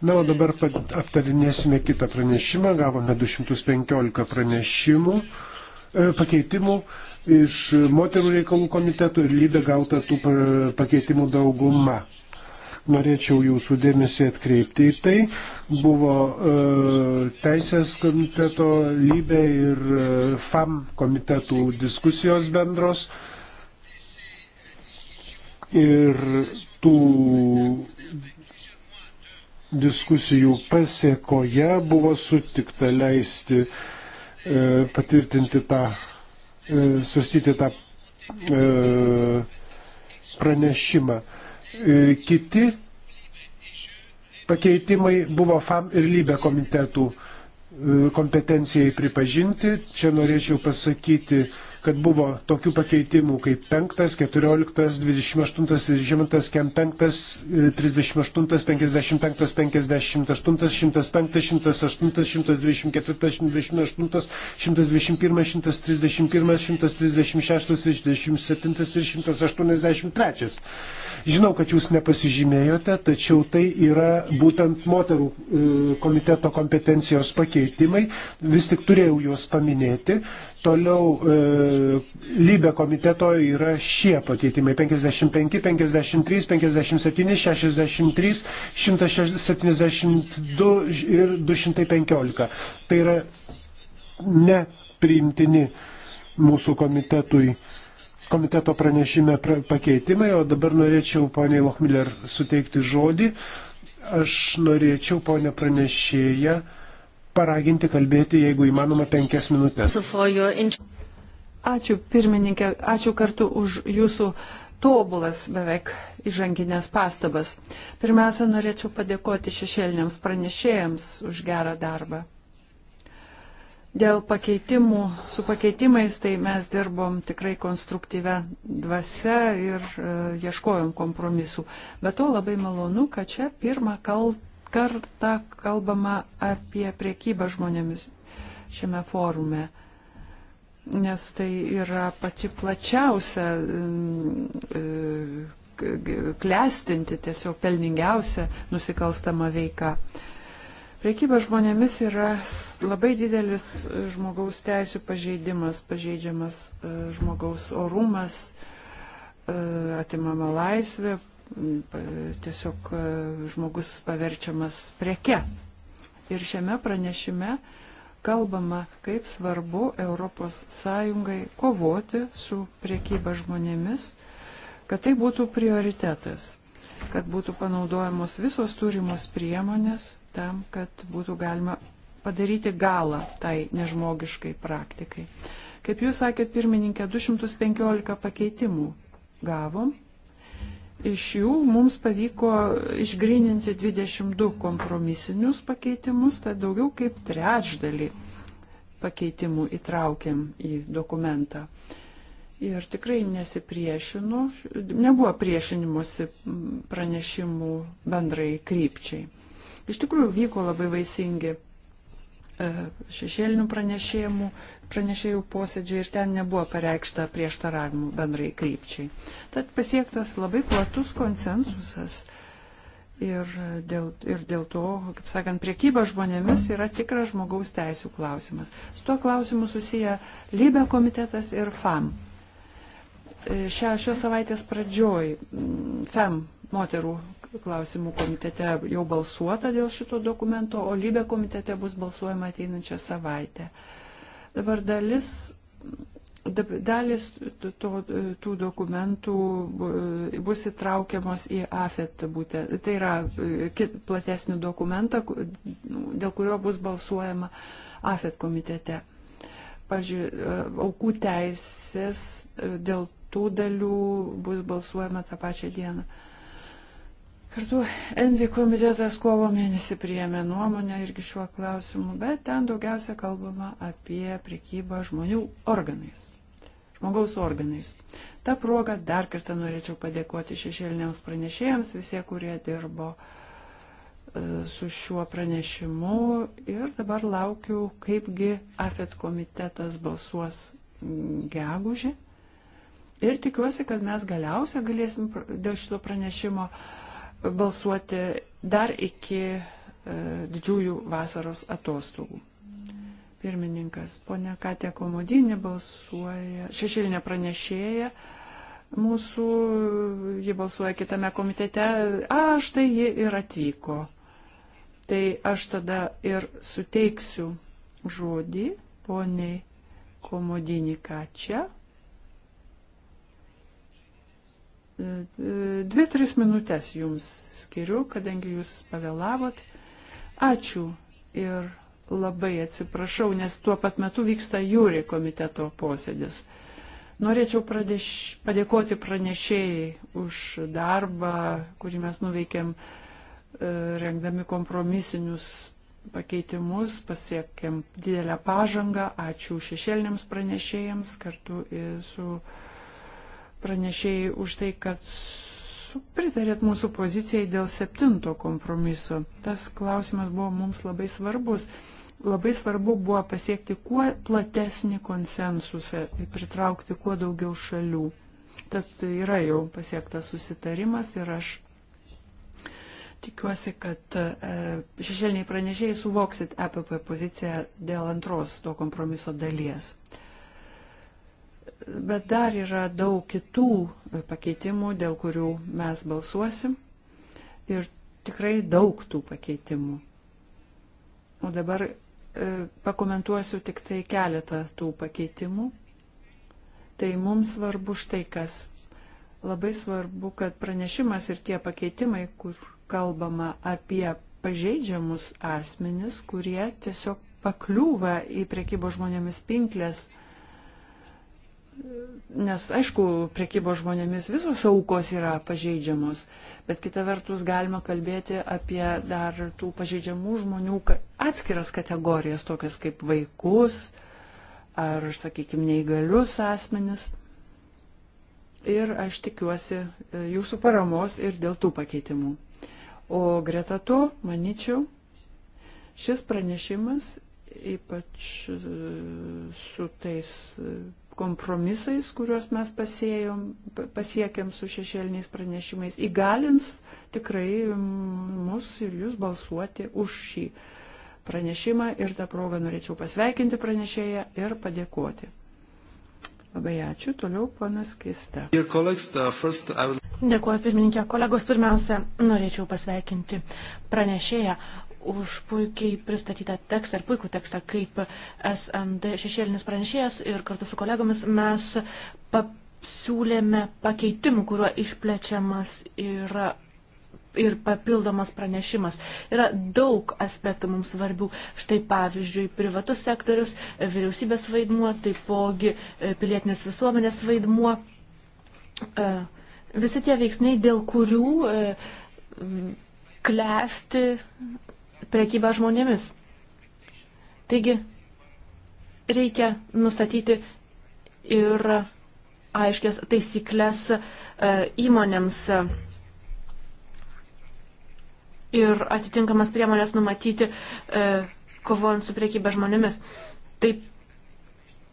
Na, o dabar aptarinėsime kitą pranešimą. Gavome 215 pranešimų. E, pakeitimų iš moterų reikalų komitetų ir lybė gauta tų pakeitimų dauguma. Norėčiau jūsų dėmesį atkreipti į tai. Buvo e, teisės komiteto lybė ir e, FAM komitetų diskusijos bendros. Ir tų diskusijų pasiekoje buvo sutikta leisti e, E, patvirtinti tą, e, susiti tą e, pranešimą. Kiti pakeitimai buvo FAM ir LYBE komitetų kompetencijai pripažinti. Čia norėčiau pasakyti, kad buvo tokių pakeitimų kaip 5, 14, 28, 35, 38, 55, 58, 105, 108, 124, 128, 121, 131, 136, 137 ir 183. Žinau, kad jūs nepasižymėjote, tačiau tai yra būtent moterų e, komiteto kompetencijos pakeitimai. Vis tik turėjau juos paminėti. Toliau e, lybė komiteto yra šie pakeitimai 55, 53, 57, 63, 172 ir 215. Tai yra nepriimtini mūsų komitetui, komiteto pranešime pra, pakeitimai, o dabar norėčiau poniai Lochmiller suteikti žodį. Aš norėčiau, ponė pranešėja, paraginti kalbėti, jeigu įmanoma, penkias minutės. Ačiū pirmininkė, ačiū kartu už jūsų tobulas beveik įžanginės pastabas. Pirmiausia, norėčiau padėkoti šešėliniams pranešėjams už gerą darbą. Dėl pakeitimų, su pakeitimais tai mes dirbom tikrai konstruktyvę dvasę ir e, ieškojom kompromisų. Bet to labai malonu, kad čia pirmą kal, kartą kalbama apie priekybą žmonėmis šiame forume, nes tai yra pati plačiausia, mm, e, klestinti tiesiog pelningiausia nusikalstama veika. Priekyba žmonėmis yra labai didelis žmogaus teisų pažeidimas, pažeidžiamas e, žmogaus orumas, e, atimama laisvė, tiesiog e, žmogus paverčiamas preke. Ir šiame pranešime kalbama, kaip svarbu ES kovoti su priekyba žmonėmis, kad tai būtų prioritetas, kad būtų panaudojamos visos turimos priemonės tam, kad būtų galima padaryti galą tai nežmogiškai praktikai. Kaip jūs sakėt, pirmininkė, 215 pakeitimų gavom Iš jų mums pavyko išgrininti 22 kompromisinius pakeitimus, tai daugiau kaip trečdalį pakeitimų įtraukėm į dokumentą. Ir tikrai nesipriešinu, nebuvo priešinimusi pranešimų bendrai krypčiai. Iš tikrųjų vyko labai vaisingi E, šešėlinių pranešėjų, pranešėjų posėdžiai ir ten nebuvo pareikšta prieštaravimų bendrai krypčiai. Tad pasiektas labai platus konsensusas ir e, dėl, ir dėl to, kaip sakant, priekyba žmonėmis yra tikras žmogaus teisų klausimas. Su tuo klausimu susiję Lybė komitetas ir FAM. E, Šią šios savaitės pradžioj FAM moterų klausimų komitete jau balsuota dėl šito dokumento, o lybė komitete bus balsuojama ateinančią savaitę. Dabar dalis dalis to, tų dokumentų e, bus įtraukiamos į AFET būtent. Tai yra e, platesnį dokumentą, dėl kurio bus balsuojama AFET komitete. Pavyzdžiui, e, aukų teisės dėl tų dalių bus balsuojama tą pačią dieną. Kartu Envi komitetas kovo mėnesį priėmė nuomonę irgi šiuo klausimu, bet ten daugiausia kalbama apie prekybą žmonių organais, žmogaus organais. Ta proga dar kartą norėčiau padėkoti šešėliniams pranešėjams, visie, kurie dirbo e, su šiuo pranešimu ir dabar laukiu, kaipgi AFET komitetas balsuos gegužį. Ir tikiuosi, kad mes galiausia galėsim dėl šito pranešimo uh, balsuoti dar iki e, didžiųjų vasaros atostogų. Pirmininkas, ponia Katė Komodinė balsuoja, šešėlinė pranešėja mūsų, ji balsuoja kitame komitete, aš tai ji ir atvyko. Tai aš tada ir suteiksiu žodį poniai Komodinį Kačią. Dvi, tris minutės jums skiriu, kadangi jūs pavėlavot. Ačiū ir labai atsiprašau, nes tuo pat metu vyksta jūri komiteto posėdis. Norėčiau pradėš, padėkoti pranešėjai už darbą, kurį mes nuveikėm e, rengdami kompromisinius pakeitimus, pasiekėm didelę pažangą. Ačiū šešėliniams pranešėjams kartu su. Uh, pranešėjai už tai, kad pritarėt mūsų pozicijai dėl septinto kompromiso. Tas klausimas buvo mums labai svarbus. Labai svarbu buvo pasiekti kuo platesnį konsensusą ir pritraukti kuo daugiau šalių. Tad yra jau pasiektas susitarimas ir aš tikiuosi, kad e, šešėliniai pranešėjai suvoksit EPP poziciją dėl antros to kompromiso dalies. Bet dar yra daug kitų e, pakeitimų, dėl kurių mes balsuosim. Ir tikrai daug tų pakeitimų. O dabar e, pakomentuosiu tik tai keletą tų pakeitimų. Tai mums svarbu štai kas. Labai svarbu, kad pranešimas ir tie pakeitimai, kur kalbama apie pažeidžiamus asmenis, kurie tiesiog pakliūva į priekybo žmonėmis pinklės, Nes, aišku, priekybo žmonėmis visos aukos yra pažeidžiamos, bet kita vertus galima kalbėti apie dar tų pažeidžiamų žmonių atskiras kategorijas, tokias kaip vaikus ar, sakykime, neįgalius asmenis. Ir aš tikiuosi e, jūsų paramos ir dėl tų pakeitimų. O greta to, manyčiau, šis pranešimas ypač e, su tais e, kompromisais, kuriuos mes pasėjom, pasiekėm su šešėliniais pranešimais, įgalins tikrai mus ir jūs balsuoti už šį pranešimą ir tą progą norėčiau pasveikinti pranešėją ir padėkoti. Labai ačiū. Toliau ponas Kista. Dėkuoju pirmininkė. Kolegos, pirmiausia, norėčiau pasveikinti pranešėją už puikiai pristatytą tekstą ir puikų tekstą kaip SND šešėlinis pranešėjas ir kartu su kolegomis mes siūlėme pakeitimų, kuriuo išplečiamas yra ir papildomas pranešimas. Yra daug aspektų mums svarbių. Štai pavyzdžiui, privatus sektorius, vyriausybės vaidmuo, taipogi e, pilietinės visuomenės vaidmuo. E, visi tie veiksniai, dėl kurių e, klesti prekybą žmonėmis. Taigi, reikia nustatyti ir aiškės taisyklės e, įmonėms e, ir atitinkamas priemonės numatyti e, kovojant su priekybė žmonėmis. Taip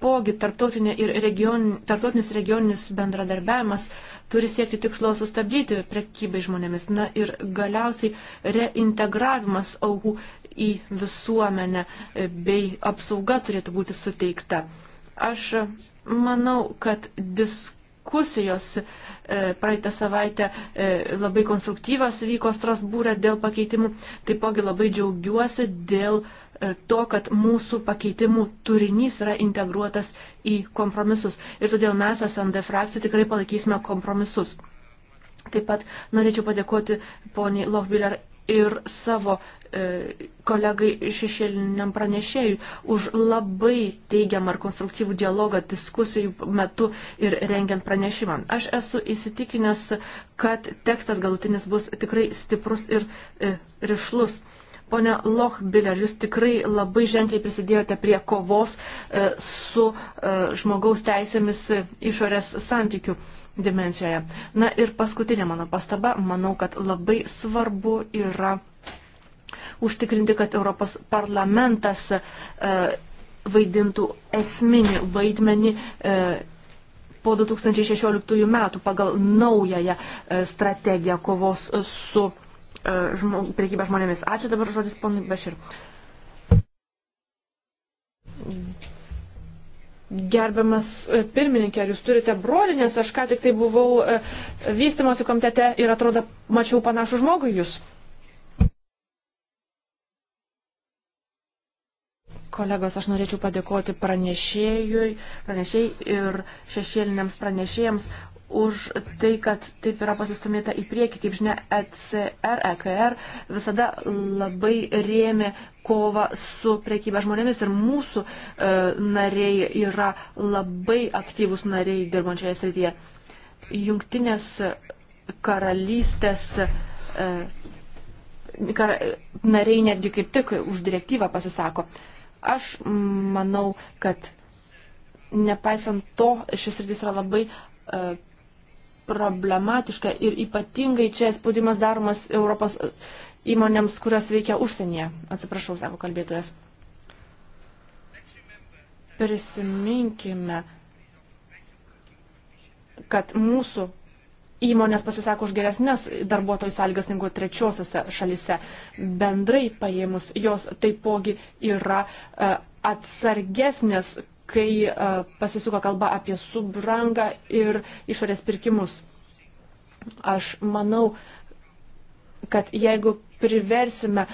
pogi tarptautinė ir region, tarptautinis regioninis bendradarbiavimas uh, turi siekti tikslo sustabdyti prekybai žmonėmis. Na ir galiausiai reintegravimas aukų į visuomenę e, bei apsauga turėtų būti suteikta. Aš manau, kad diskusijos e, praeitą savaitę e, labai konstruktyvas vyko Strasbūrė dėl pakeitimų. Taipogi labai džiaugiuosi dėl to, kad mūsų pakeitimų turinys yra integruotas į kompromisus. Ir todėl mes, SND frakcija, tikrai palaikysime kompromisus. Taip pat norėčiau padėkoti poniai Lochbiller ir savo e, kolegai šešėliniam pranešėjui už labai teigiamą ir konstruktyvų dialogą diskusijų metu ir rengiant pranešimą. Aš esu įsitikinęs, kad tekstas galutinis bus tikrai stiprus ir e, ryšlus. E, Pone Lochbiller, jūs tikrai labai ženkliai prisidėjote prie kovos e, su e, žmogaus teisėmis išorės santykių dimencijoje. Na ir paskutinė mano pastaba, manau, kad labai svarbu yra užtikrinti, kad Europos parlamentas e, vaidintų esminį vaidmenį po 2016 metų pagal naująją strategiją kovos su E, žmog, priekybę žmonėmis. Ačiū dabar žodis ponui Bešir. Gerbiamas e, pirmininkė, ar jūs turite brolį, nes aš ką tik tai buvau e, vystimosi komitete ir atrodo, mačiau panašų žmogų jūs. Kolegos, aš norėčiau padėkoti pranešėjui, pranešėjai ir šešėliniams pranešėjams už tai, kad taip yra pasistumėta į priekį. Kaip žinia, ECR, EKR visada labai rėmė kovą su priekyba žmonėmis ir mūsų e, nariai yra labai aktyvus nariai dirbančioje srityje. Jungtinės karalystės e, kar, nariai netgi kaip tik už direktyvą pasisako. Aš manau, kad nepaisant to, šis rytis yra labai e, problematiška ir ypatingai čia spaudimas daromas Europos įmonėms, kurios veikia užsienyje. Atsiprašau, sako kalbėtojas. Prisiminkime, kad mūsų įmonės pasisako už geresnės darbuotojų sąlygas negu trečiosiose šalise. Bendrai paėmus, jos taipogi yra e, atsargesnės kai pasisuko kalba apie subrangą ir išorės pirkimus. Aš manau, kad jeigu priversime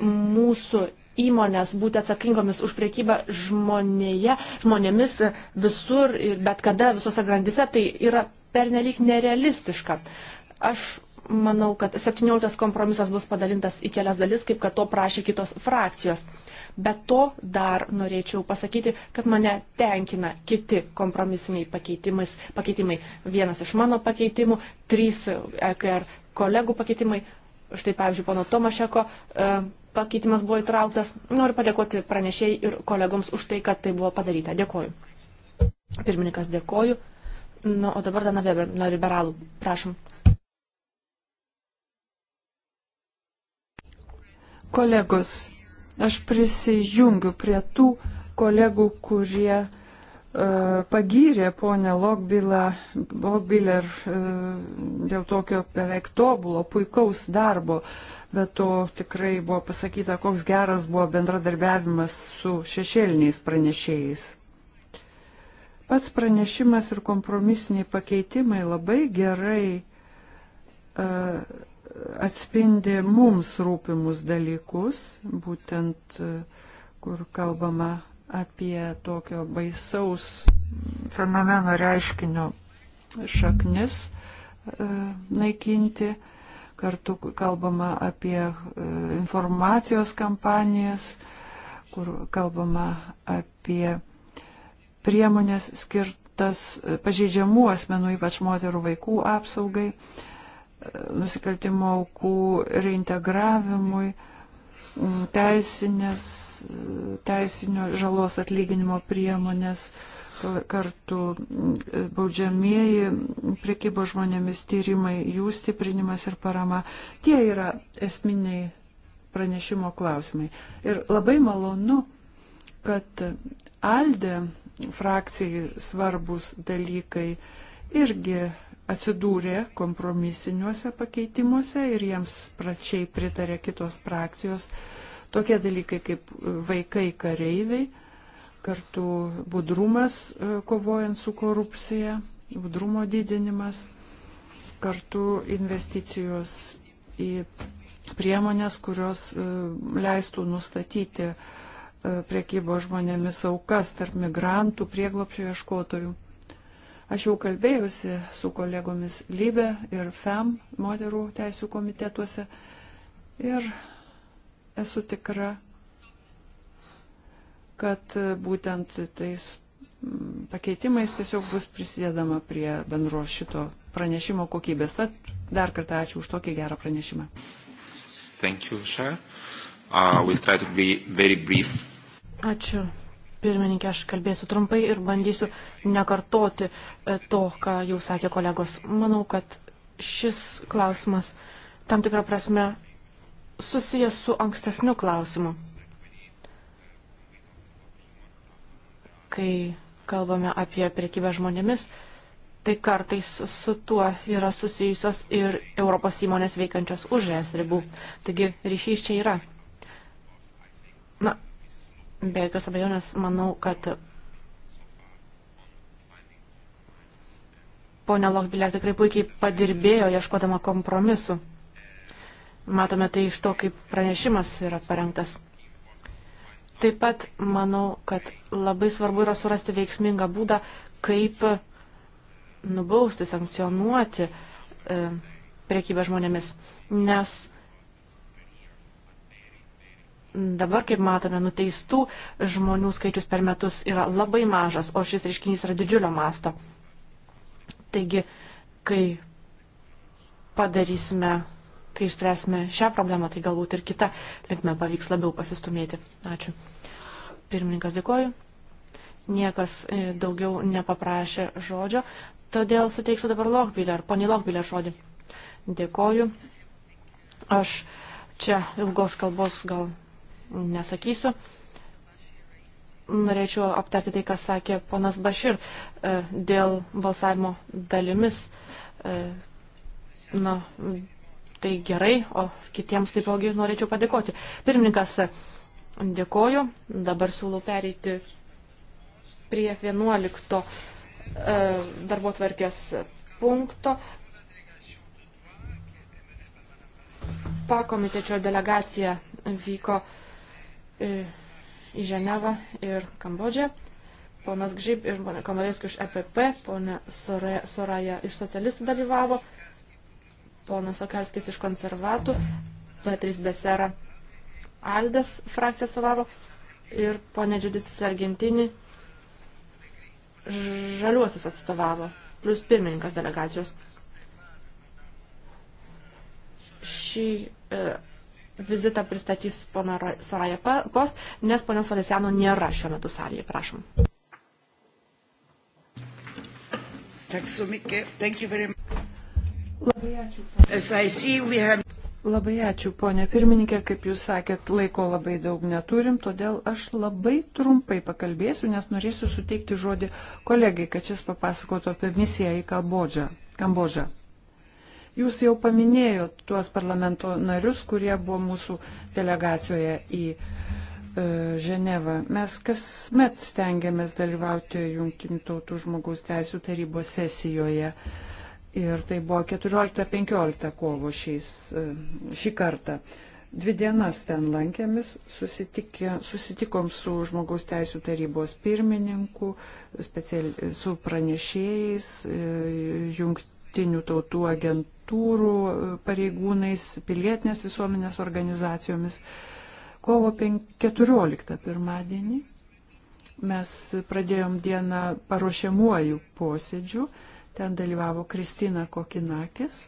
mūsų įmonės būti atsakingomis už priekybą žmonėje, žmonėmis visur ir bet kada visose grandise, tai yra pernelyg nerealistiška. Aš Manau, kad 17 kompromisas bus padalintas į kelias dalis, kaip kad to prašė kitos frakcijos. Bet to dar norėčiau pasakyti, kad mane tenkina kiti kompromisiniai pakeitimai. Vienas iš mano pakeitimų, trys EKR kolegų pakeitimai. Štai pavyzdžiui, pono Tomašeko e, pakeitimas buvo įtrauktas. Noriu padėkoti pranešėjai ir kolegoms už tai, kad tai buvo padaryta. Dėkoju. Pirmininkas, dėkoju. Na, nu, o dabar Dana Weber, nuo liberalų. Prašom. Kolegos, aš prisijungiu prie tų kolegų, kurie e, pagyrė ponę Lokbilę e, dėl tokio beveik tobulo, puikaus darbo, bet to tikrai buvo pasakyta, koks geras buvo bendradarbiavimas su šešėliniais pranešėjais. Pats pranešimas ir kompromisiniai pakeitimai labai gerai uh, atspindi mums rūpimus dalykus, būtent e, kur kalbama apie tokio baisaus fenomeno reiškinio šaknis e, naikinti. Kartu kalbama apie e, informacijos kampanijas, kur kalbama apie priemonės skirtas pažeidžiamų asmenų, ypač moterų vaikų apsaugai. Uh, nusikaltimo aukų reintegravimui, teisinės, teisinio žalos atlyginimo priemonės, kartu e, baudžiamieji priekybo žmonėmis tyrimai, jų stiprinimas ir parama. Tie yra esminiai pranešimo klausimai. Ir labai malonu, kad Alde frakcijai svarbus dalykai irgi atsidūrė kompromisiniuose pakeitimuose ir jiems pračiai pritarė kitos frakcijos. Tokie dalykai kaip e, vaikai kareiviai, kartu budrumas e, kovojant su korupcija, budrumo didinimas, kartu investicijos į priemonės, kurios e, leistų nustatyti priekybo žmonėmis aukas tarp migrantų, prieglopšio ieškotojų. Aš jau kalbėjusi su kolegomis Lybe ir FEM moterų teisų komitetuose ir esu tikra, kad būtent tais pakeitimais tiesiog bus prisidedama prie bendro šito pranešimo kokybės. Tad dar kartą ačiū už tokį gerą pranešimą. Thank you, Chair. Uh, we'll try to be very brief. Ačiū. Pirmininkė, aš kalbėsiu trumpai ir bandysiu nekartoti e, to, ką jau sakė kolegos. Manau, kad šis klausimas tam tikrą prasme susijęs su ankstesniu klausimu. Kai kalbame apie priekybę žmonėmis, tai kartais su tuo yra susijusios ir Europos įmonės veikiančios už es ribų. Taigi ryšys čia yra. Na, Be jokios abejonės, manau, kad ponia Lokbilė tikrai puikiai padirbėjo ieškodama kompromisu. Matome tai iš to, kaip pranešimas yra parengtas. Taip pat manau, kad labai svarbu yra surasti veiksmingą būdą, kaip nubausti, sankcionuoti e, priekybę žmonėmis. Nes Dabar, kaip matome, nuteistų žmonių skaičius per metus yra labai mažas, o šis reiškinys yra didžiulio masto. Taigi, kai padarysime, kai išspręsime šią problemą, tai galbūt ir kita linkme pavyks labiau pasistumėti. Ačiū. Pirmininkas dėkoju. Niekas e, daugiau nepaprašė žodžio, todėl suteiksiu dabar Lokbilę ar poniai Lokbilę žodį. Dėkoju. Aš čia ilgos kalbos gal nesakysiu. Norėčiau aptarti tai, kas sakė ponas Bašir e, dėl balsavimo dalimis. E, na, tai gerai, o kitiems taipogi norėčiau padėkoti. Pirmininkas, dėkoju. Dabar siūlau pereiti prie 11 e, darbo tvarkės punkto. Pakomitečio delegacija vyko į Ženevą ir Kambodžę. Ponas Gžyb ir ponė Kamalėskis iš EPP, ponė Soraja iš socialistų dalyvavo, ponas Okalskis iš konservatų, Petris Besera Aldas frakciją suvavo ir ponė Džiuditis Argentini žaliuosius atstovavo, plus pirmininkas delegacijos. Šį e, vizitą pristatys pana Soraja Post, nes pana Solesiano nėra šiuo metu salėje. Prašom. Labai ačiū. Have... Labai ačiū, ponė pirmininkė, kaip jūs sakėt, laiko labai daug neturim, todėl aš labai trumpai pakalbėsiu, nes norėsiu suteikti žodį kolegai, kad šis papasakotų apie misiją į Kambodžą. Kambodžą. Jūs jau paminėjot tuos parlamento narius, kurie buvo mūsų delegacijoje į e, Ženevą. Mes kasmet stengiamės dalyvauti Junktinių tautų žmogaus teisų tarybos sesijoje. Ir tai buvo 14-15 kovo šiais, e, šį kartą. Dvi dienas ten lankėmis, susitikė, susitikom su žmogaus teisų tarybos pirmininku, speciali, su pranešėjais, e, jungtinių tautų agent, struktūrų pareigūnais, pilietinės visuomenės organizacijomis. Kovo 14 pirmadienį mes pradėjom dieną paruošiamuoju posėdžiu. Ten dalyvavo Kristina Kokinakis.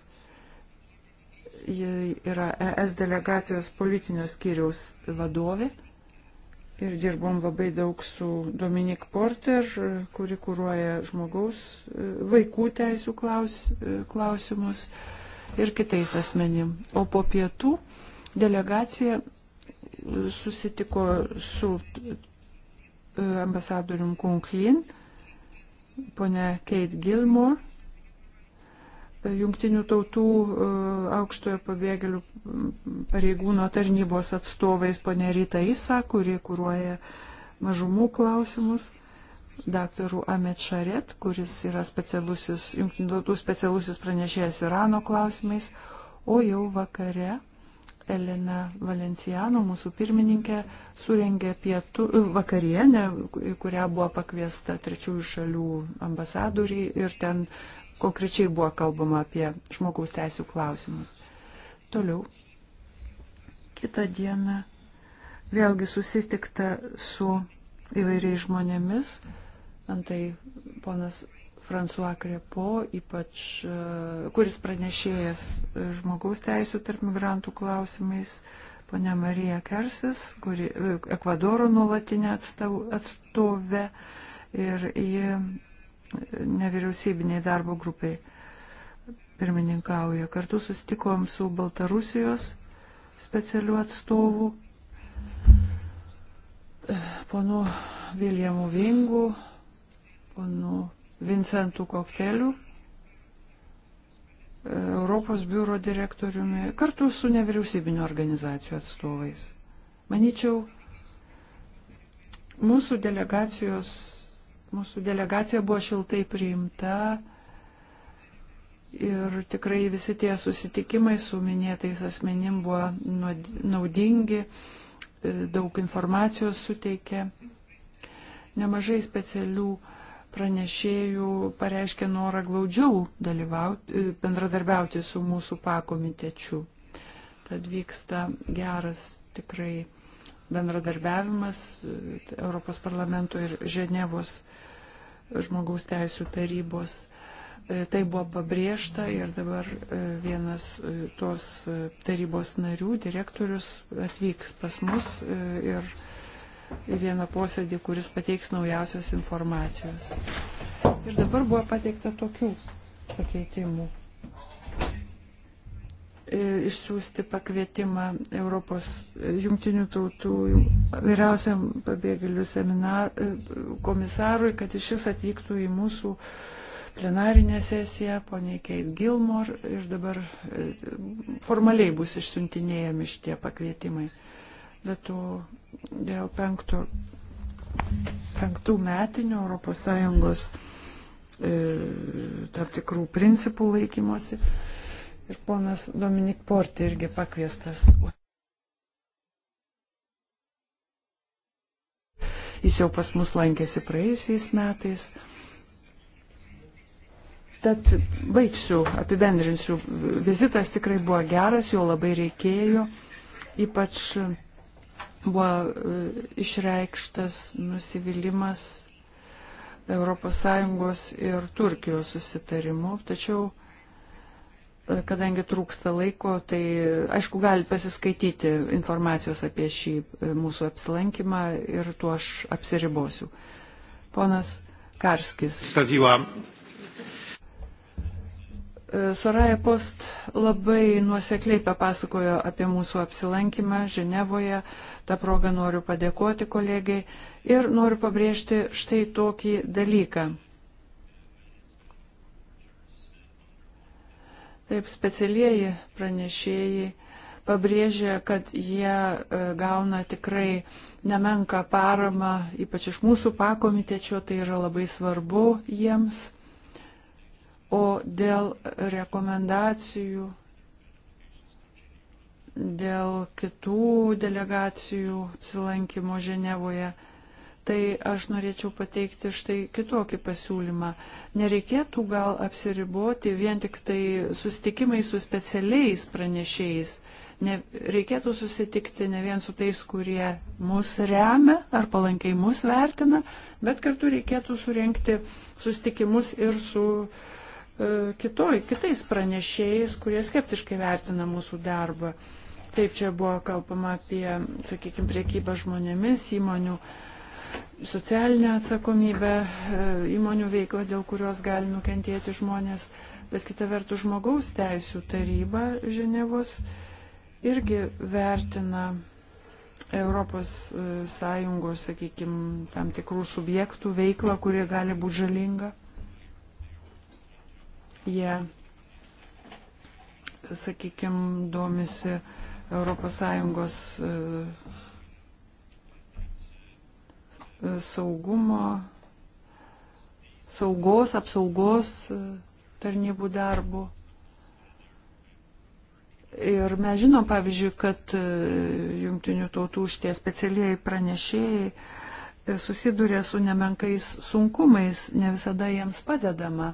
Ji yra ES delegacijos politinio skyriaus vadovė ir dirbom labai daug su Dominik Porter, kuri kūruoja žmogaus e, vaikų teisų klaus, e, klausimus ir kitais asmenim. O po pietų delegacija e, susitiko su ambasadorium Kunklin, ponia Kate Gilmore jungtinių tautų e, aukštojo pabėgėlių pareigūno tarnybos atstovais ponė Rita Isa, kuri kūruoja mažumų klausimus, daktaru Amet Šaret, kuris yra specialusis, jungtinių tautų specialusis pranešėjas Irano klausimais, o jau vakare Elena Valenciano, mūsų pirmininkė, surengė pietų e, vakarienę, į kurią buvo pakviesta trečiųjų šalių ambasadoriai ir ten konkrečiai buvo kalbama apie žmogaus teisų klausimus. Toliau. Kita diena vėlgi susitikta su įvairiais žmonėmis. Antai ponas François Krepo, ypač e, kuris pranešėjas žmogaus teisų tarp migrantų klausimais, ponia Marija Kersis, kuri e, Ekvadoro nuolatinė atstovė ir ji nevyriausybiniai darbo grupiai pirmininkauja. Kartu susitikom su Baltarusijos specialiu atstovu, ponu Viljamu Vingu, ponu Vincentu Kokteliu, Europos biuro direktoriumi, kartu su nevyriausybinio organizacijų atstovais. Manyčiau, mūsų delegacijos Mūsų delegacija buvo šiltai priimta ir tikrai visi tie susitikimai su minėtais asmenim buvo naudingi, e, daug informacijos suteikė. Nemažai specialių pranešėjų pareiškė norą glaudžiau e, bendradarbiauti su mūsų pakomitečiu. Tad vyksta geras tikrai bendradarbiavimas e, Europos parlamento ir Ženevos žmogaus teisų tarybos. E, tai buvo pabrėžta ir dabar e, vienas e, tos tarybos narių, direktorius, atvyks pas mus ir vieną posėdį, kuris pateiks naujausios informacijos. Ir dabar buvo pateikta tokių pakeitimų. E, išsiųsti pakvietimą Europos e, jungtinių tautų vyriausiam pabėgėlių seminar, e, komisarui, kad šis atvyktų į mūsų plenarinę sesiją, poniai Keit Gilmor ir dabar formaliai bus išsiuntinėjami šitie pakvietimai. Bet to dėl penkto, penktų metinių ES tam tikrų principų laikymosi. Ir ponas Dominik Porti irgi pakviestas. Jis jau pas mus lankėsi praėjusiais metais. Tad baigsiu, apibendrinsiu. Vizitas tikrai buvo geras, jo labai reikėjo. Ypač buvo e, išreikštas nusivylimas ES ir Turkijos susitarimu. Tačiau kadangi trūksta laiko, tai aišku, gali pasiskaityti informacijos apie šį e, mūsų apsilankymą ir tuo aš apsiribosiu. Ponas Karskis. Statyva. E, Soraja Post labai nuosekliai papasakojo apie mūsų apsilankymą Ženevoje. Ta proga noriu padėkoti kolegiai ir noriu pabrėžti štai tokį dalyką. Taip, specialieji pranešėjai pabrėžė, kad jie e, gauna tikrai nemenką paramą, ypač iš mūsų pakomitečio, tai yra labai svarbu jiems. O dėl rekomendacijų, dėl kitų delegacijų apsilankimo Ženevoje, tai aš norėčiau pateikti štai kitokį pasiūlymą. Nereikėtų gal apsiriboti vien tik tai susitikimai su specialiais pranešėjais. Ne, reikėtų susitikti ne vien su tais, kurie mus remia ar palankiai mus vertina, bet kartu reikėtų surenkti susitikimus ir su e, kitoj, kitais pranešėjais, kurie skeptiškai vertina mūsų darbą. Taip čia buvo kalbama apie, sakykime, priekybą žmonėmis, įmonių e, socialinę atsakomybę, e, įmonių veiklą, dėl kurios gali nukentėti žmonės, bet kita vertus žmogaus teisų taryba Ženevos irgi vertina Europos e, Sąjungos, sakykime, tam tikrų subjektų veiklą, kurie gali būti žalinga. Jie, sakykime, domisi Europos Sąjungos e, saugumo, saugos, apsaugos tarnybų darbu. Ir mes žinom, pavyzdžiui, kad e, jungtinių tautų šitie specialieji pranešėjai e, susiduria su nemenkais sunkumais, ne visada jiems padedama.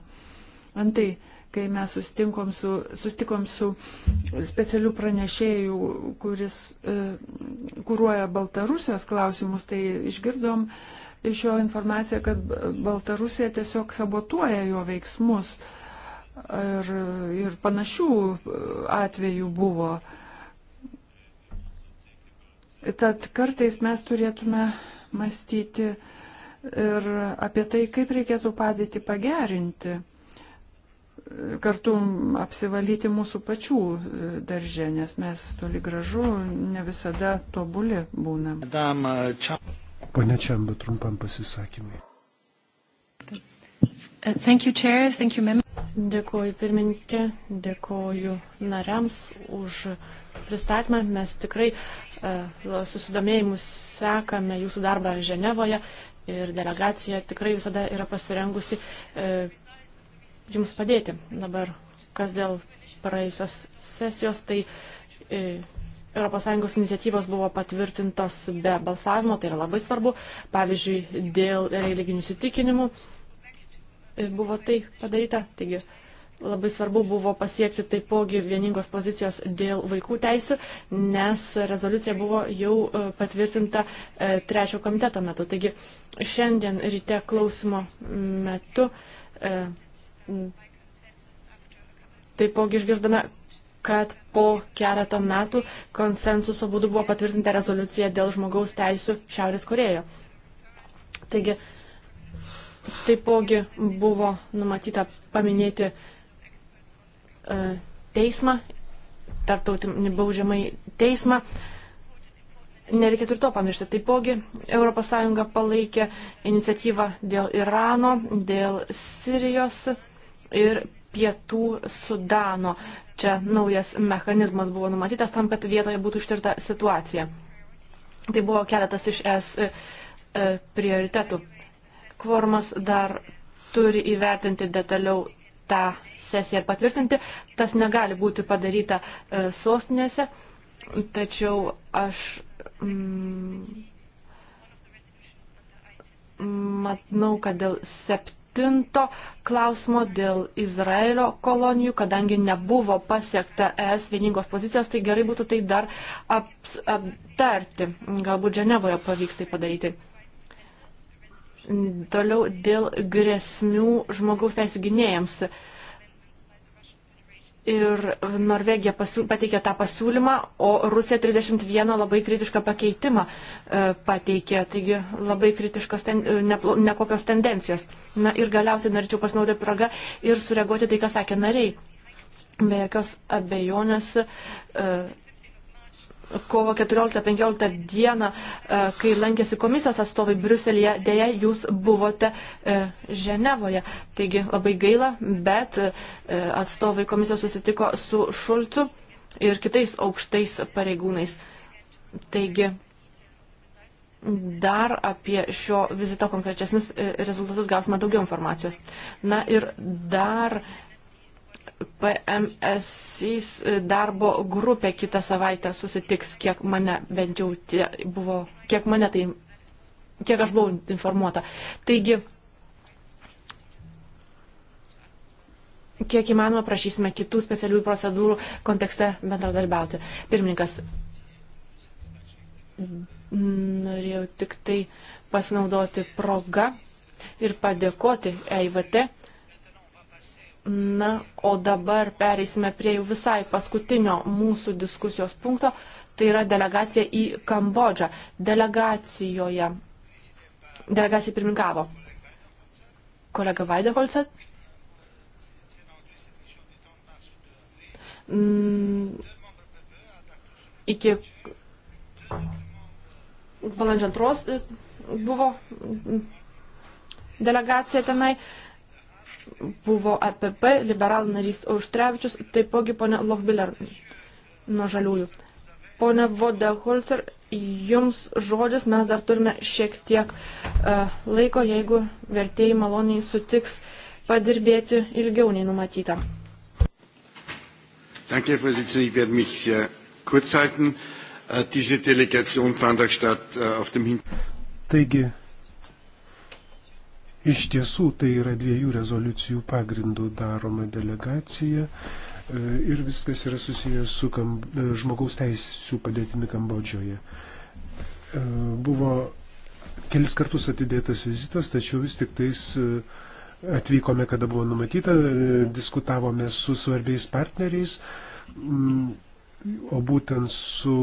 Antai, kai mes sustinkom su, sustikom su specialiu pranešėju, kuris e, kūruoja Baltarusijos klausimus, tai išgirdom iš jo informaciją, kad Baltarusija tiesiog sabotuoja jo veiksmus. Ir, ir panašių e, atvejų buvo. Tad kartais mes turėtume mąstyti ir apie tai, kaip reikėtų padėti pagerinti kartu apsivalyti mūsų pačių e, daržė, nes mes toli gražu ne visada tobuli būname. Pane Čiamba, trumpam pasisakymui. E, dėkuoju pirmininkė, dėkuoju nariams už pristatymą. Mes tikrai uh, susidomėjimus sekame jūsų darbą Ženevoje ir delegacija tikrai visada yra pasirengusi uh, jums padėti. Dabar, kas dėl praėjusios sesijos, tai ES iniciatyvos buvo patvirtintos be balsavimo, tai yra labai svarbu. Pavyzdžiui, dėl religinių įsitikinimų e, buvo tai padaryta. Taigi, labai svarbu buvo pasiekti taipogi vieningos pozicijos dėl vaikų teisų, nes rezoliucija buvo jau e, patvirtinta e, trečio komiteto metu. Taigi šiandien ryte klausimo metu Taipogi išgirdome, kad po keletą metų konsensuso būdu buvo patvirtinta rezoliucija dėl žmogaus teisų Šiaurės Korejoje. Taigi, taipogi buvo numatyta paminėti e, teismą, tarptautinį baudžiamai teismą. Nereikėtų ir to pamiršti. Taipogi ES palaikė iniciatyvą dėl Irano, dėl Sirijos. E, ir pietų Sudano. Čia naujas mechanizmas buvo numatytas tam, kad vietoje būtų ištirta situacija. Tai buvo keletas iš es e, e, prioritetų. Kvormas dar turi įvertinti detaliau tą sesiją ir patvirtinti. Tas negali būti padaryta e, sostinėse, tačiau aš mm, manau, kad dėl septynių septinto klausimo dėl Izraelio kolonijų, kadangi nebuvo pasiekta ES vieningos pozicijos, tai gerai būtų tai dar ap, aptarti. Galbūt Ženevoje pavyks tai padaryti. Toliau dėl grėsmių žmogaus teisų gynėjams. Uh, ir Norvegija pateikė tą pasiūlymą, o Rusija 31 labai kritišką pakeitimą e, pateikė, taigi labai kritiškos ten, e, nekokios tendencijos. Na ir galiausiai norėčiau pasinaudoti progą ir sureaguoti tai, ką sakė nariai. Be jokios abejonės. Uh, kovo 14-15 dieną, e, kai lankėsi komisijos atstovai Briuselėje, dėja jūs buvote e, Ženevoje. Taigi labai gaila, bet e, atstovai komisijos susitiko su Šulcu ir kitais aukštais pareigūnais. Taigi dar apie šio vizito konkrečiasnius rezultatus gausime daugiau informacijos. Na ir dar. E, PMSI e, darbo grupė kitą savaitę susitiks, kiek mane bent jau tie buvo, kiek mane tai, kiek aš buvau informuota. Taigi, kiek įmanoma prašysime kitų specialių procedūrų kontekste bendradarbiauti. Pirmininkas, norėjau tik tai pasinaudoti progą ir padėkoti EIVT Na, o dabar pereisime prie jau visai paskutinio mūsų diskusijos punkto, tai yra delegacija į Kambodžą. Delegacijoje, delegacija pirmingavo kolega Vaideholcet. Mm, iki balandžio antros e, buvo delegacija tenai buvo APP, e liberalų narys Auštrevičius, taipogi ponia Lochbiller nuo žaliųjų. Pone Vodeholzer, jums žodis, mes dar turime šiek tiek uh, laiko, jeigu vertėjai maloniai sutiks padirbėti ilgiau nei numatyta. Danke, Herr Vorsitzender, ich werde mich sehr kurz halten. Äh, diese Delegation fand auch statt äh, auf dem Hintergrund. Iš tiesų tai yra dviejų rezoliucijų pagrindų daroma delegacija e, ir viskas yra susijęs su kam, e, žmogaus teisų padėtimi Kambodžioje. E, buvo kelis kartus atidėtas vizitas, tačiau vis tik tais atvykome, kada buvo numatyta, diskutavome su svarbiais partneriais mm, o būtent su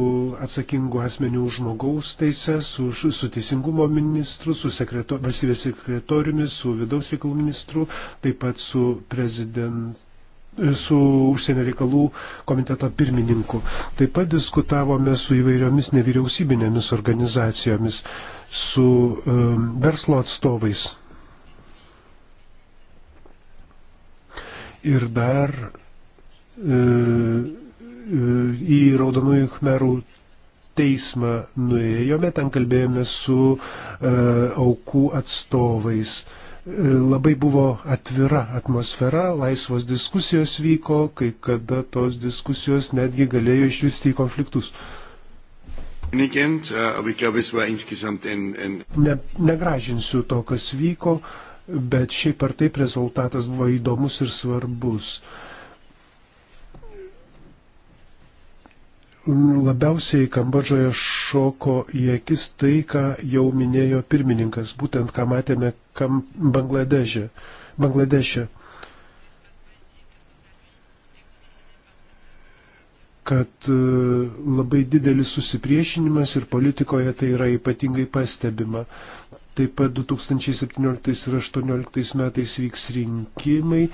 atsakingu asmeniu už žmogaus teises, su, su teisingumo ministru, su sekreto, valstybės sekretoriumi, su vidaus reikalų ministru, taip pat su prezidentu su užsienio reikalų komiteto pirmininku. Taip pat diskutavome su įvairiomis nevyriausybinėmis organizacijomis, su um, verslo atstovais. Ir dar um, į Raudonųjų Khmerų teismą nuėjome, ten kalbėjome su e, aukų atstovais. E, labai buvo atvira atmosfera, laisvos diskusijos vyko, kai kada tos diskusijos netgi galėjo išjusti į konfliktus. Ne, negražinsiu to, kas vyko, bet šiaip ar taip rezultatas buvo įdomus ir svarbus. Uh, labiausiai Kambodžoje šoko į akis tai, ką jau minėjo pirmininkas, būtent ką matėme kam Bangladeže. Bangladeše. kad e, labai didelis susipriešinimas ir politikoje tai yra ypatingai pastebima. Taip pat 2017 ir 2018 metais vyks rinkimai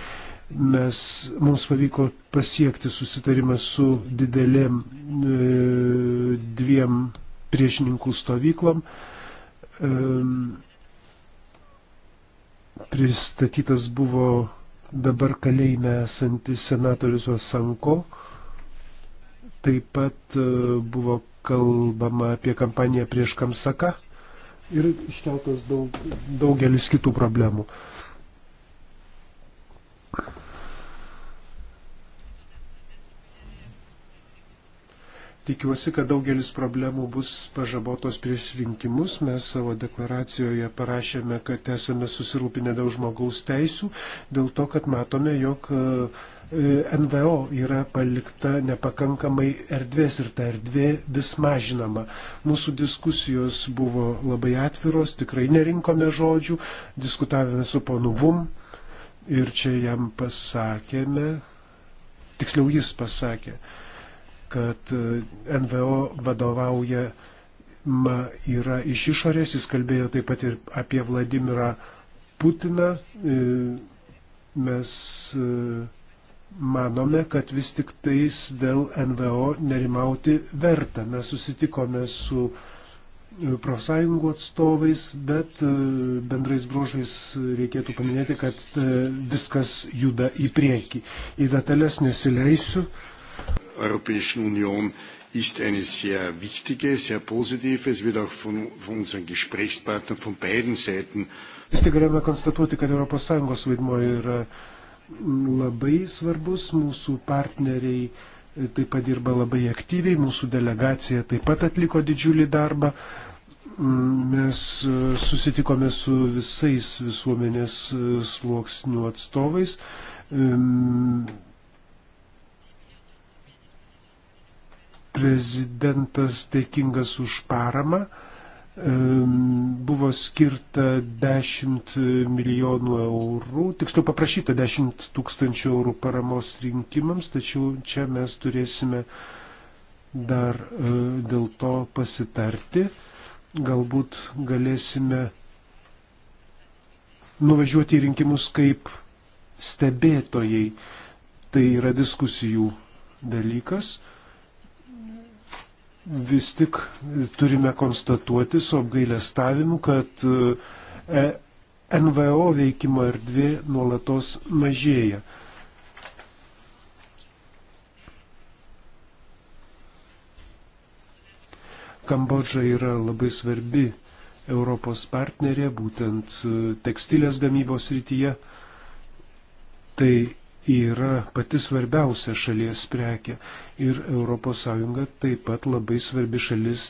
Mes, mums pavyko pasiekti susitarimą su didelėm e, dviem priešininkų stovyklom. E, pristatytas buvo dabar kalėjime esantis senatorius Osanko. Taip pat e, buvo kalbama apie kampaniją prieš Kamsaką ir iškeltas daug, daugelis kitų problemų. E, Tikiuosi, kad daugelis problemų bus pažabotos prieš rinkimus. Mes savo deklaracijoje parašėme, kad esame susirūpinę dėl žmogaus teisų, dėl to, kad matome, jog e, NVO yra palikta nepakankamai erdvės ir ta erdvė vis mažinama. Mūsų diskusijos buvo labai atviros, tikrai nerinkome žodžių, diskutavome su ponu Vum ir čia jam pasakėme, tiksliau jis pasakė, kad e, NVO vadovauja ma yra iš išorės, jis kalbėjo taip pat ir apie Vladimirą Putiną. E, mes e, manome, kad vis tik tais dėl NVO nerimauti verta. Mes susitikome su profsąjungų atstovais, bet bendrais brožais reikėtų paminėti, kad viskas juda į priekį. Į detalės nesileisiu. Europäischen Union ist eine sehr wichtige, sehr positive. Es wird auch von, von unseren Gesprächspartnern von beiden Seiten. Vis tik galime konstatuoti, kad ES vaidmuo yra mm, labai svarbus, mūsų partneriai e, taip pat dirba labai aktyviai, mūsų delegacija taip pat atliko didžiulį darbą. Mm, mes e, susitikome su visais visuomenės e, sluoksnių atstovais Prezidentas dėkingas už paramą. Buvo skirta 10 milijonų eurų, tiksliau paprašyta 10 tūkstančių eurų paramos rinkimams, tačiau čia mes turėsime dar e, dėl to pasitarti. Galbūt galėsime nuvažiuoti į rinkimus kaip stebėtojai. Tai yra diskusijų dalykas vis tik turime konstatuoti su apgailestavimu, kad e, NVO veikimo erdvė nuolatos mažėja. Kambodža yra labai svarbi Europos partnerė, būtent e, tekstilės gamybos rytyje. Tai yra pati svarbiausia šalies prekė. Ir ES taip pat labai svarbi šalis,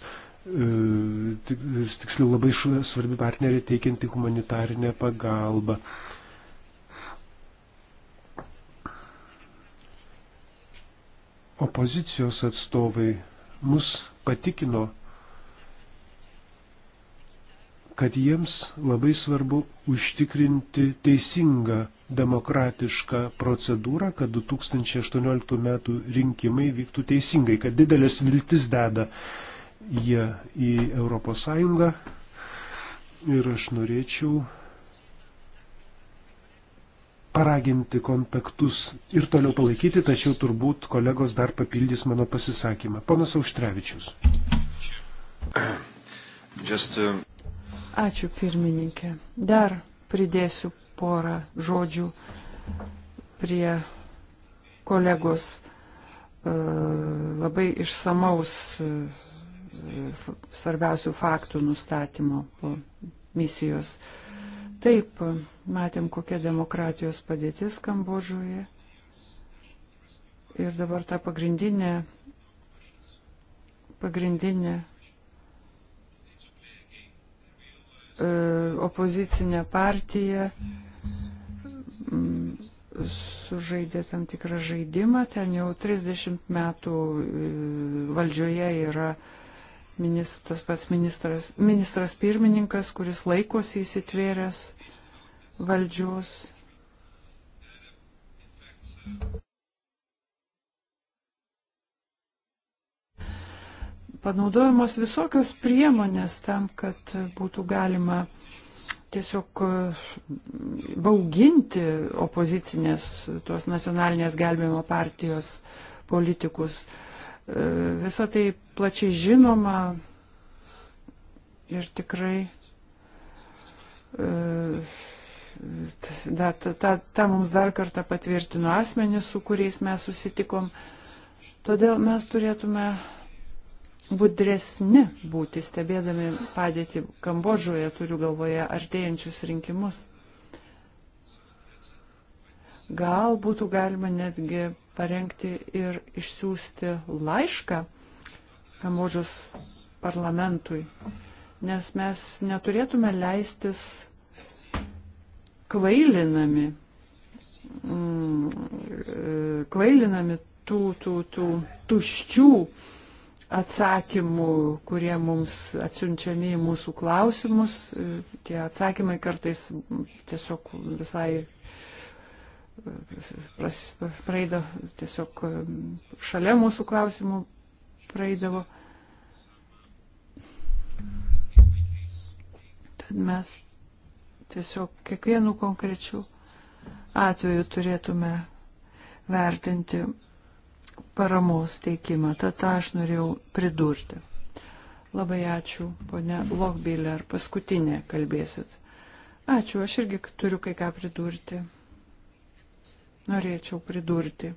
e, tiksliau labai svarbi partnerė teikianti humanitarinę pagalbą. Opozicijos atstovai mus patikino, kad jiems labai svarbu užtikrinti teisingą demokratišką procedūrą, kad 2018 metų rinkimai vyktų teisingai, kad didelės viltis deda jie į ES. Ir aš norėčiau paraginti kontaktus ir toliau palaikyti, tačiau turbūt kolegos dar papildys mano pasisakymą. Ponas Auštrevičius. Just, uh... Ačiū pirmininkė. Dar pridėsiu porą žodžių prie kolegos e, labai išsamaus e, svarbiausių faktų nustatymo po misijos. Taip, matėm, kokia demokratijos padėtis Kambodžoje. Ir dabar ta pagrindinė, pagrindinė E, opozicinė partija mm, sužaidė tam tikrą žaidimą, ten jau 30 metų e, valdžioje yra ministras, tas pats ministras, ministras pirmininkas, kuris laikosi įsitvėręs valdžios. panaudojamos visokios priemonės tam, kad būtų galima tiesiog e, bauginti opozicinės tos nacionalinės gelbėjimo partijos politikus. E, Visą tai plačiai žinoma ir tikrai e, ta, ta, ta mums dar kartą patvirtino asmenys, su kuriais mes susitikom. Todėl mes turėtume budresni būti, stebėdami padėti Kambodžoje, turiu galvoje artėjančius rinkimus. Gal būtų galima netgi parengti ir išsiųsti laišką Kambodžos parlamentui, nes mes neturėtume leistis kvailinami, mm, e, kvailinami tų, tų, tų tuščių atsakymų, kurie mums atsiunčiami į mūsų klausimus. E, tie atsakymai kartais tiesiog visai e, praeido, tiesiog e, šalia mūsų klausimų praeidavo. Tad mes tiesiog kiekvienų konkrečių atveju turėtume vertinti paramos teikimą. Tad tą aš norėjau pridurti. Labai ačiū, ponė Lokbėlė, ar paskutinė kalbėsit. Ačiū, aš irgi turiu kai ką pridurti. Norėčiau pridurti.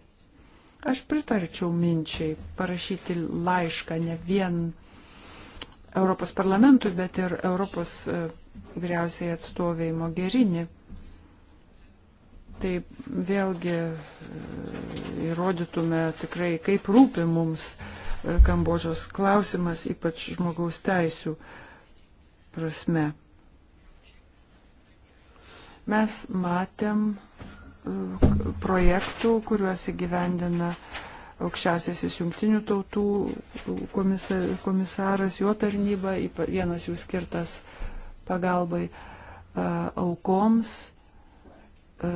Aš pritarčiau minčiai parašyti laišką ne vien Europos parlamentui, bet ir Europos e, vyriausiai atstovėjimo gerinį tai vėlgi e, įrodytume tikrai, kaip rūpi mums e, Kambožos klausimas, ypač žmogaus teisų prasme. Mes matėm e, projektų, kuriuos įgyvendina aukščiausiasis jungtinių tautų komisaras, jo tarnyba, vienas jų skirtas pagalbai aukoms E,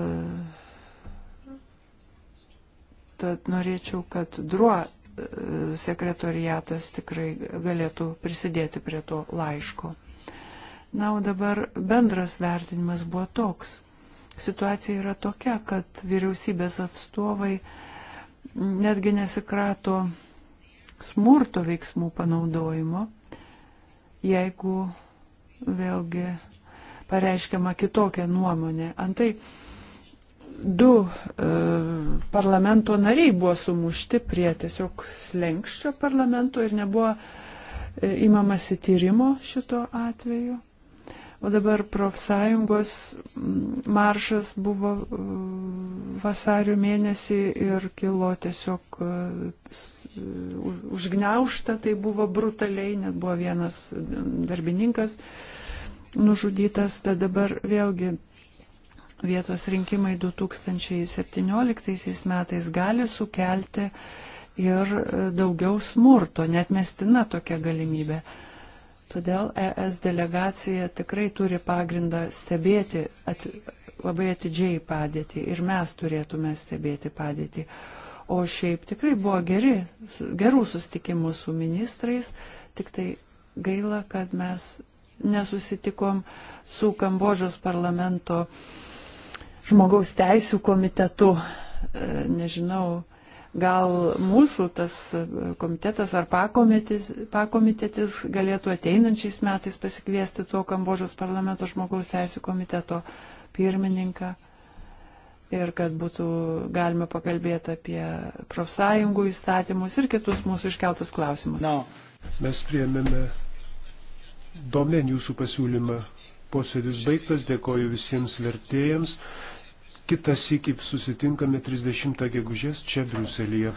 tad norėčiau, kad druo e, sekretoriatas tikrai galėtų prisidėti prie to laiško. Na, o dabar bendras vertinimas buvo toks. Situacija yra tokia, kad vyriausybės atstovai netgi nesikrato smurto veiksmų panaudojimo, jeigu vėlgi pareiškiama kitokia nuomonė. Antai du e, parlamento nariai buvo sumušti prie tiesiog slengščio parlamento ir nebuvo e, imamasi tyrimo šito atveju. O dabar profsąjungos maršas buvo e, vasario mėnesį ir kilo tiesiog e, užgneušta, tai buvo brutaliai, net buvo vienas darbininkas nužudytas, tad dabar vėlgi vietos rinkimai 2017 metais gali sukelti ir e, daugiau smurto, net mestina tokia galimybė. Todėl ES delegacija tikrai turi pagrindą stebėti at, labai atidžiai padėtį ir mes turėtume stebėti padėtį. O šiaip tikrai buvo geri, gerų susitikimų su ministrais, tik tai gaila, kad mes nesusitikom su Kambodžos parlamento uh, žmogaus teisų komitetu. E, nežinau, gal mūsų tas komitetas ar pakomitetis, pakomitetis galėtų ateinančiais metais pasikviesti tuo Kambožos parlamento žmogaus teisų komiteto pirmininką ir kad būtų galima pakalbėti apie profsąjungų įstatymus ir kitus mūsų iškeltus klausimus. No. Mes priėmėme domen jūsų pasiūlymą. Posėdis baigtas, dėkoju visiems vertėjams. Kitas iki susitinkame 30 gegužės čia Briuselėje.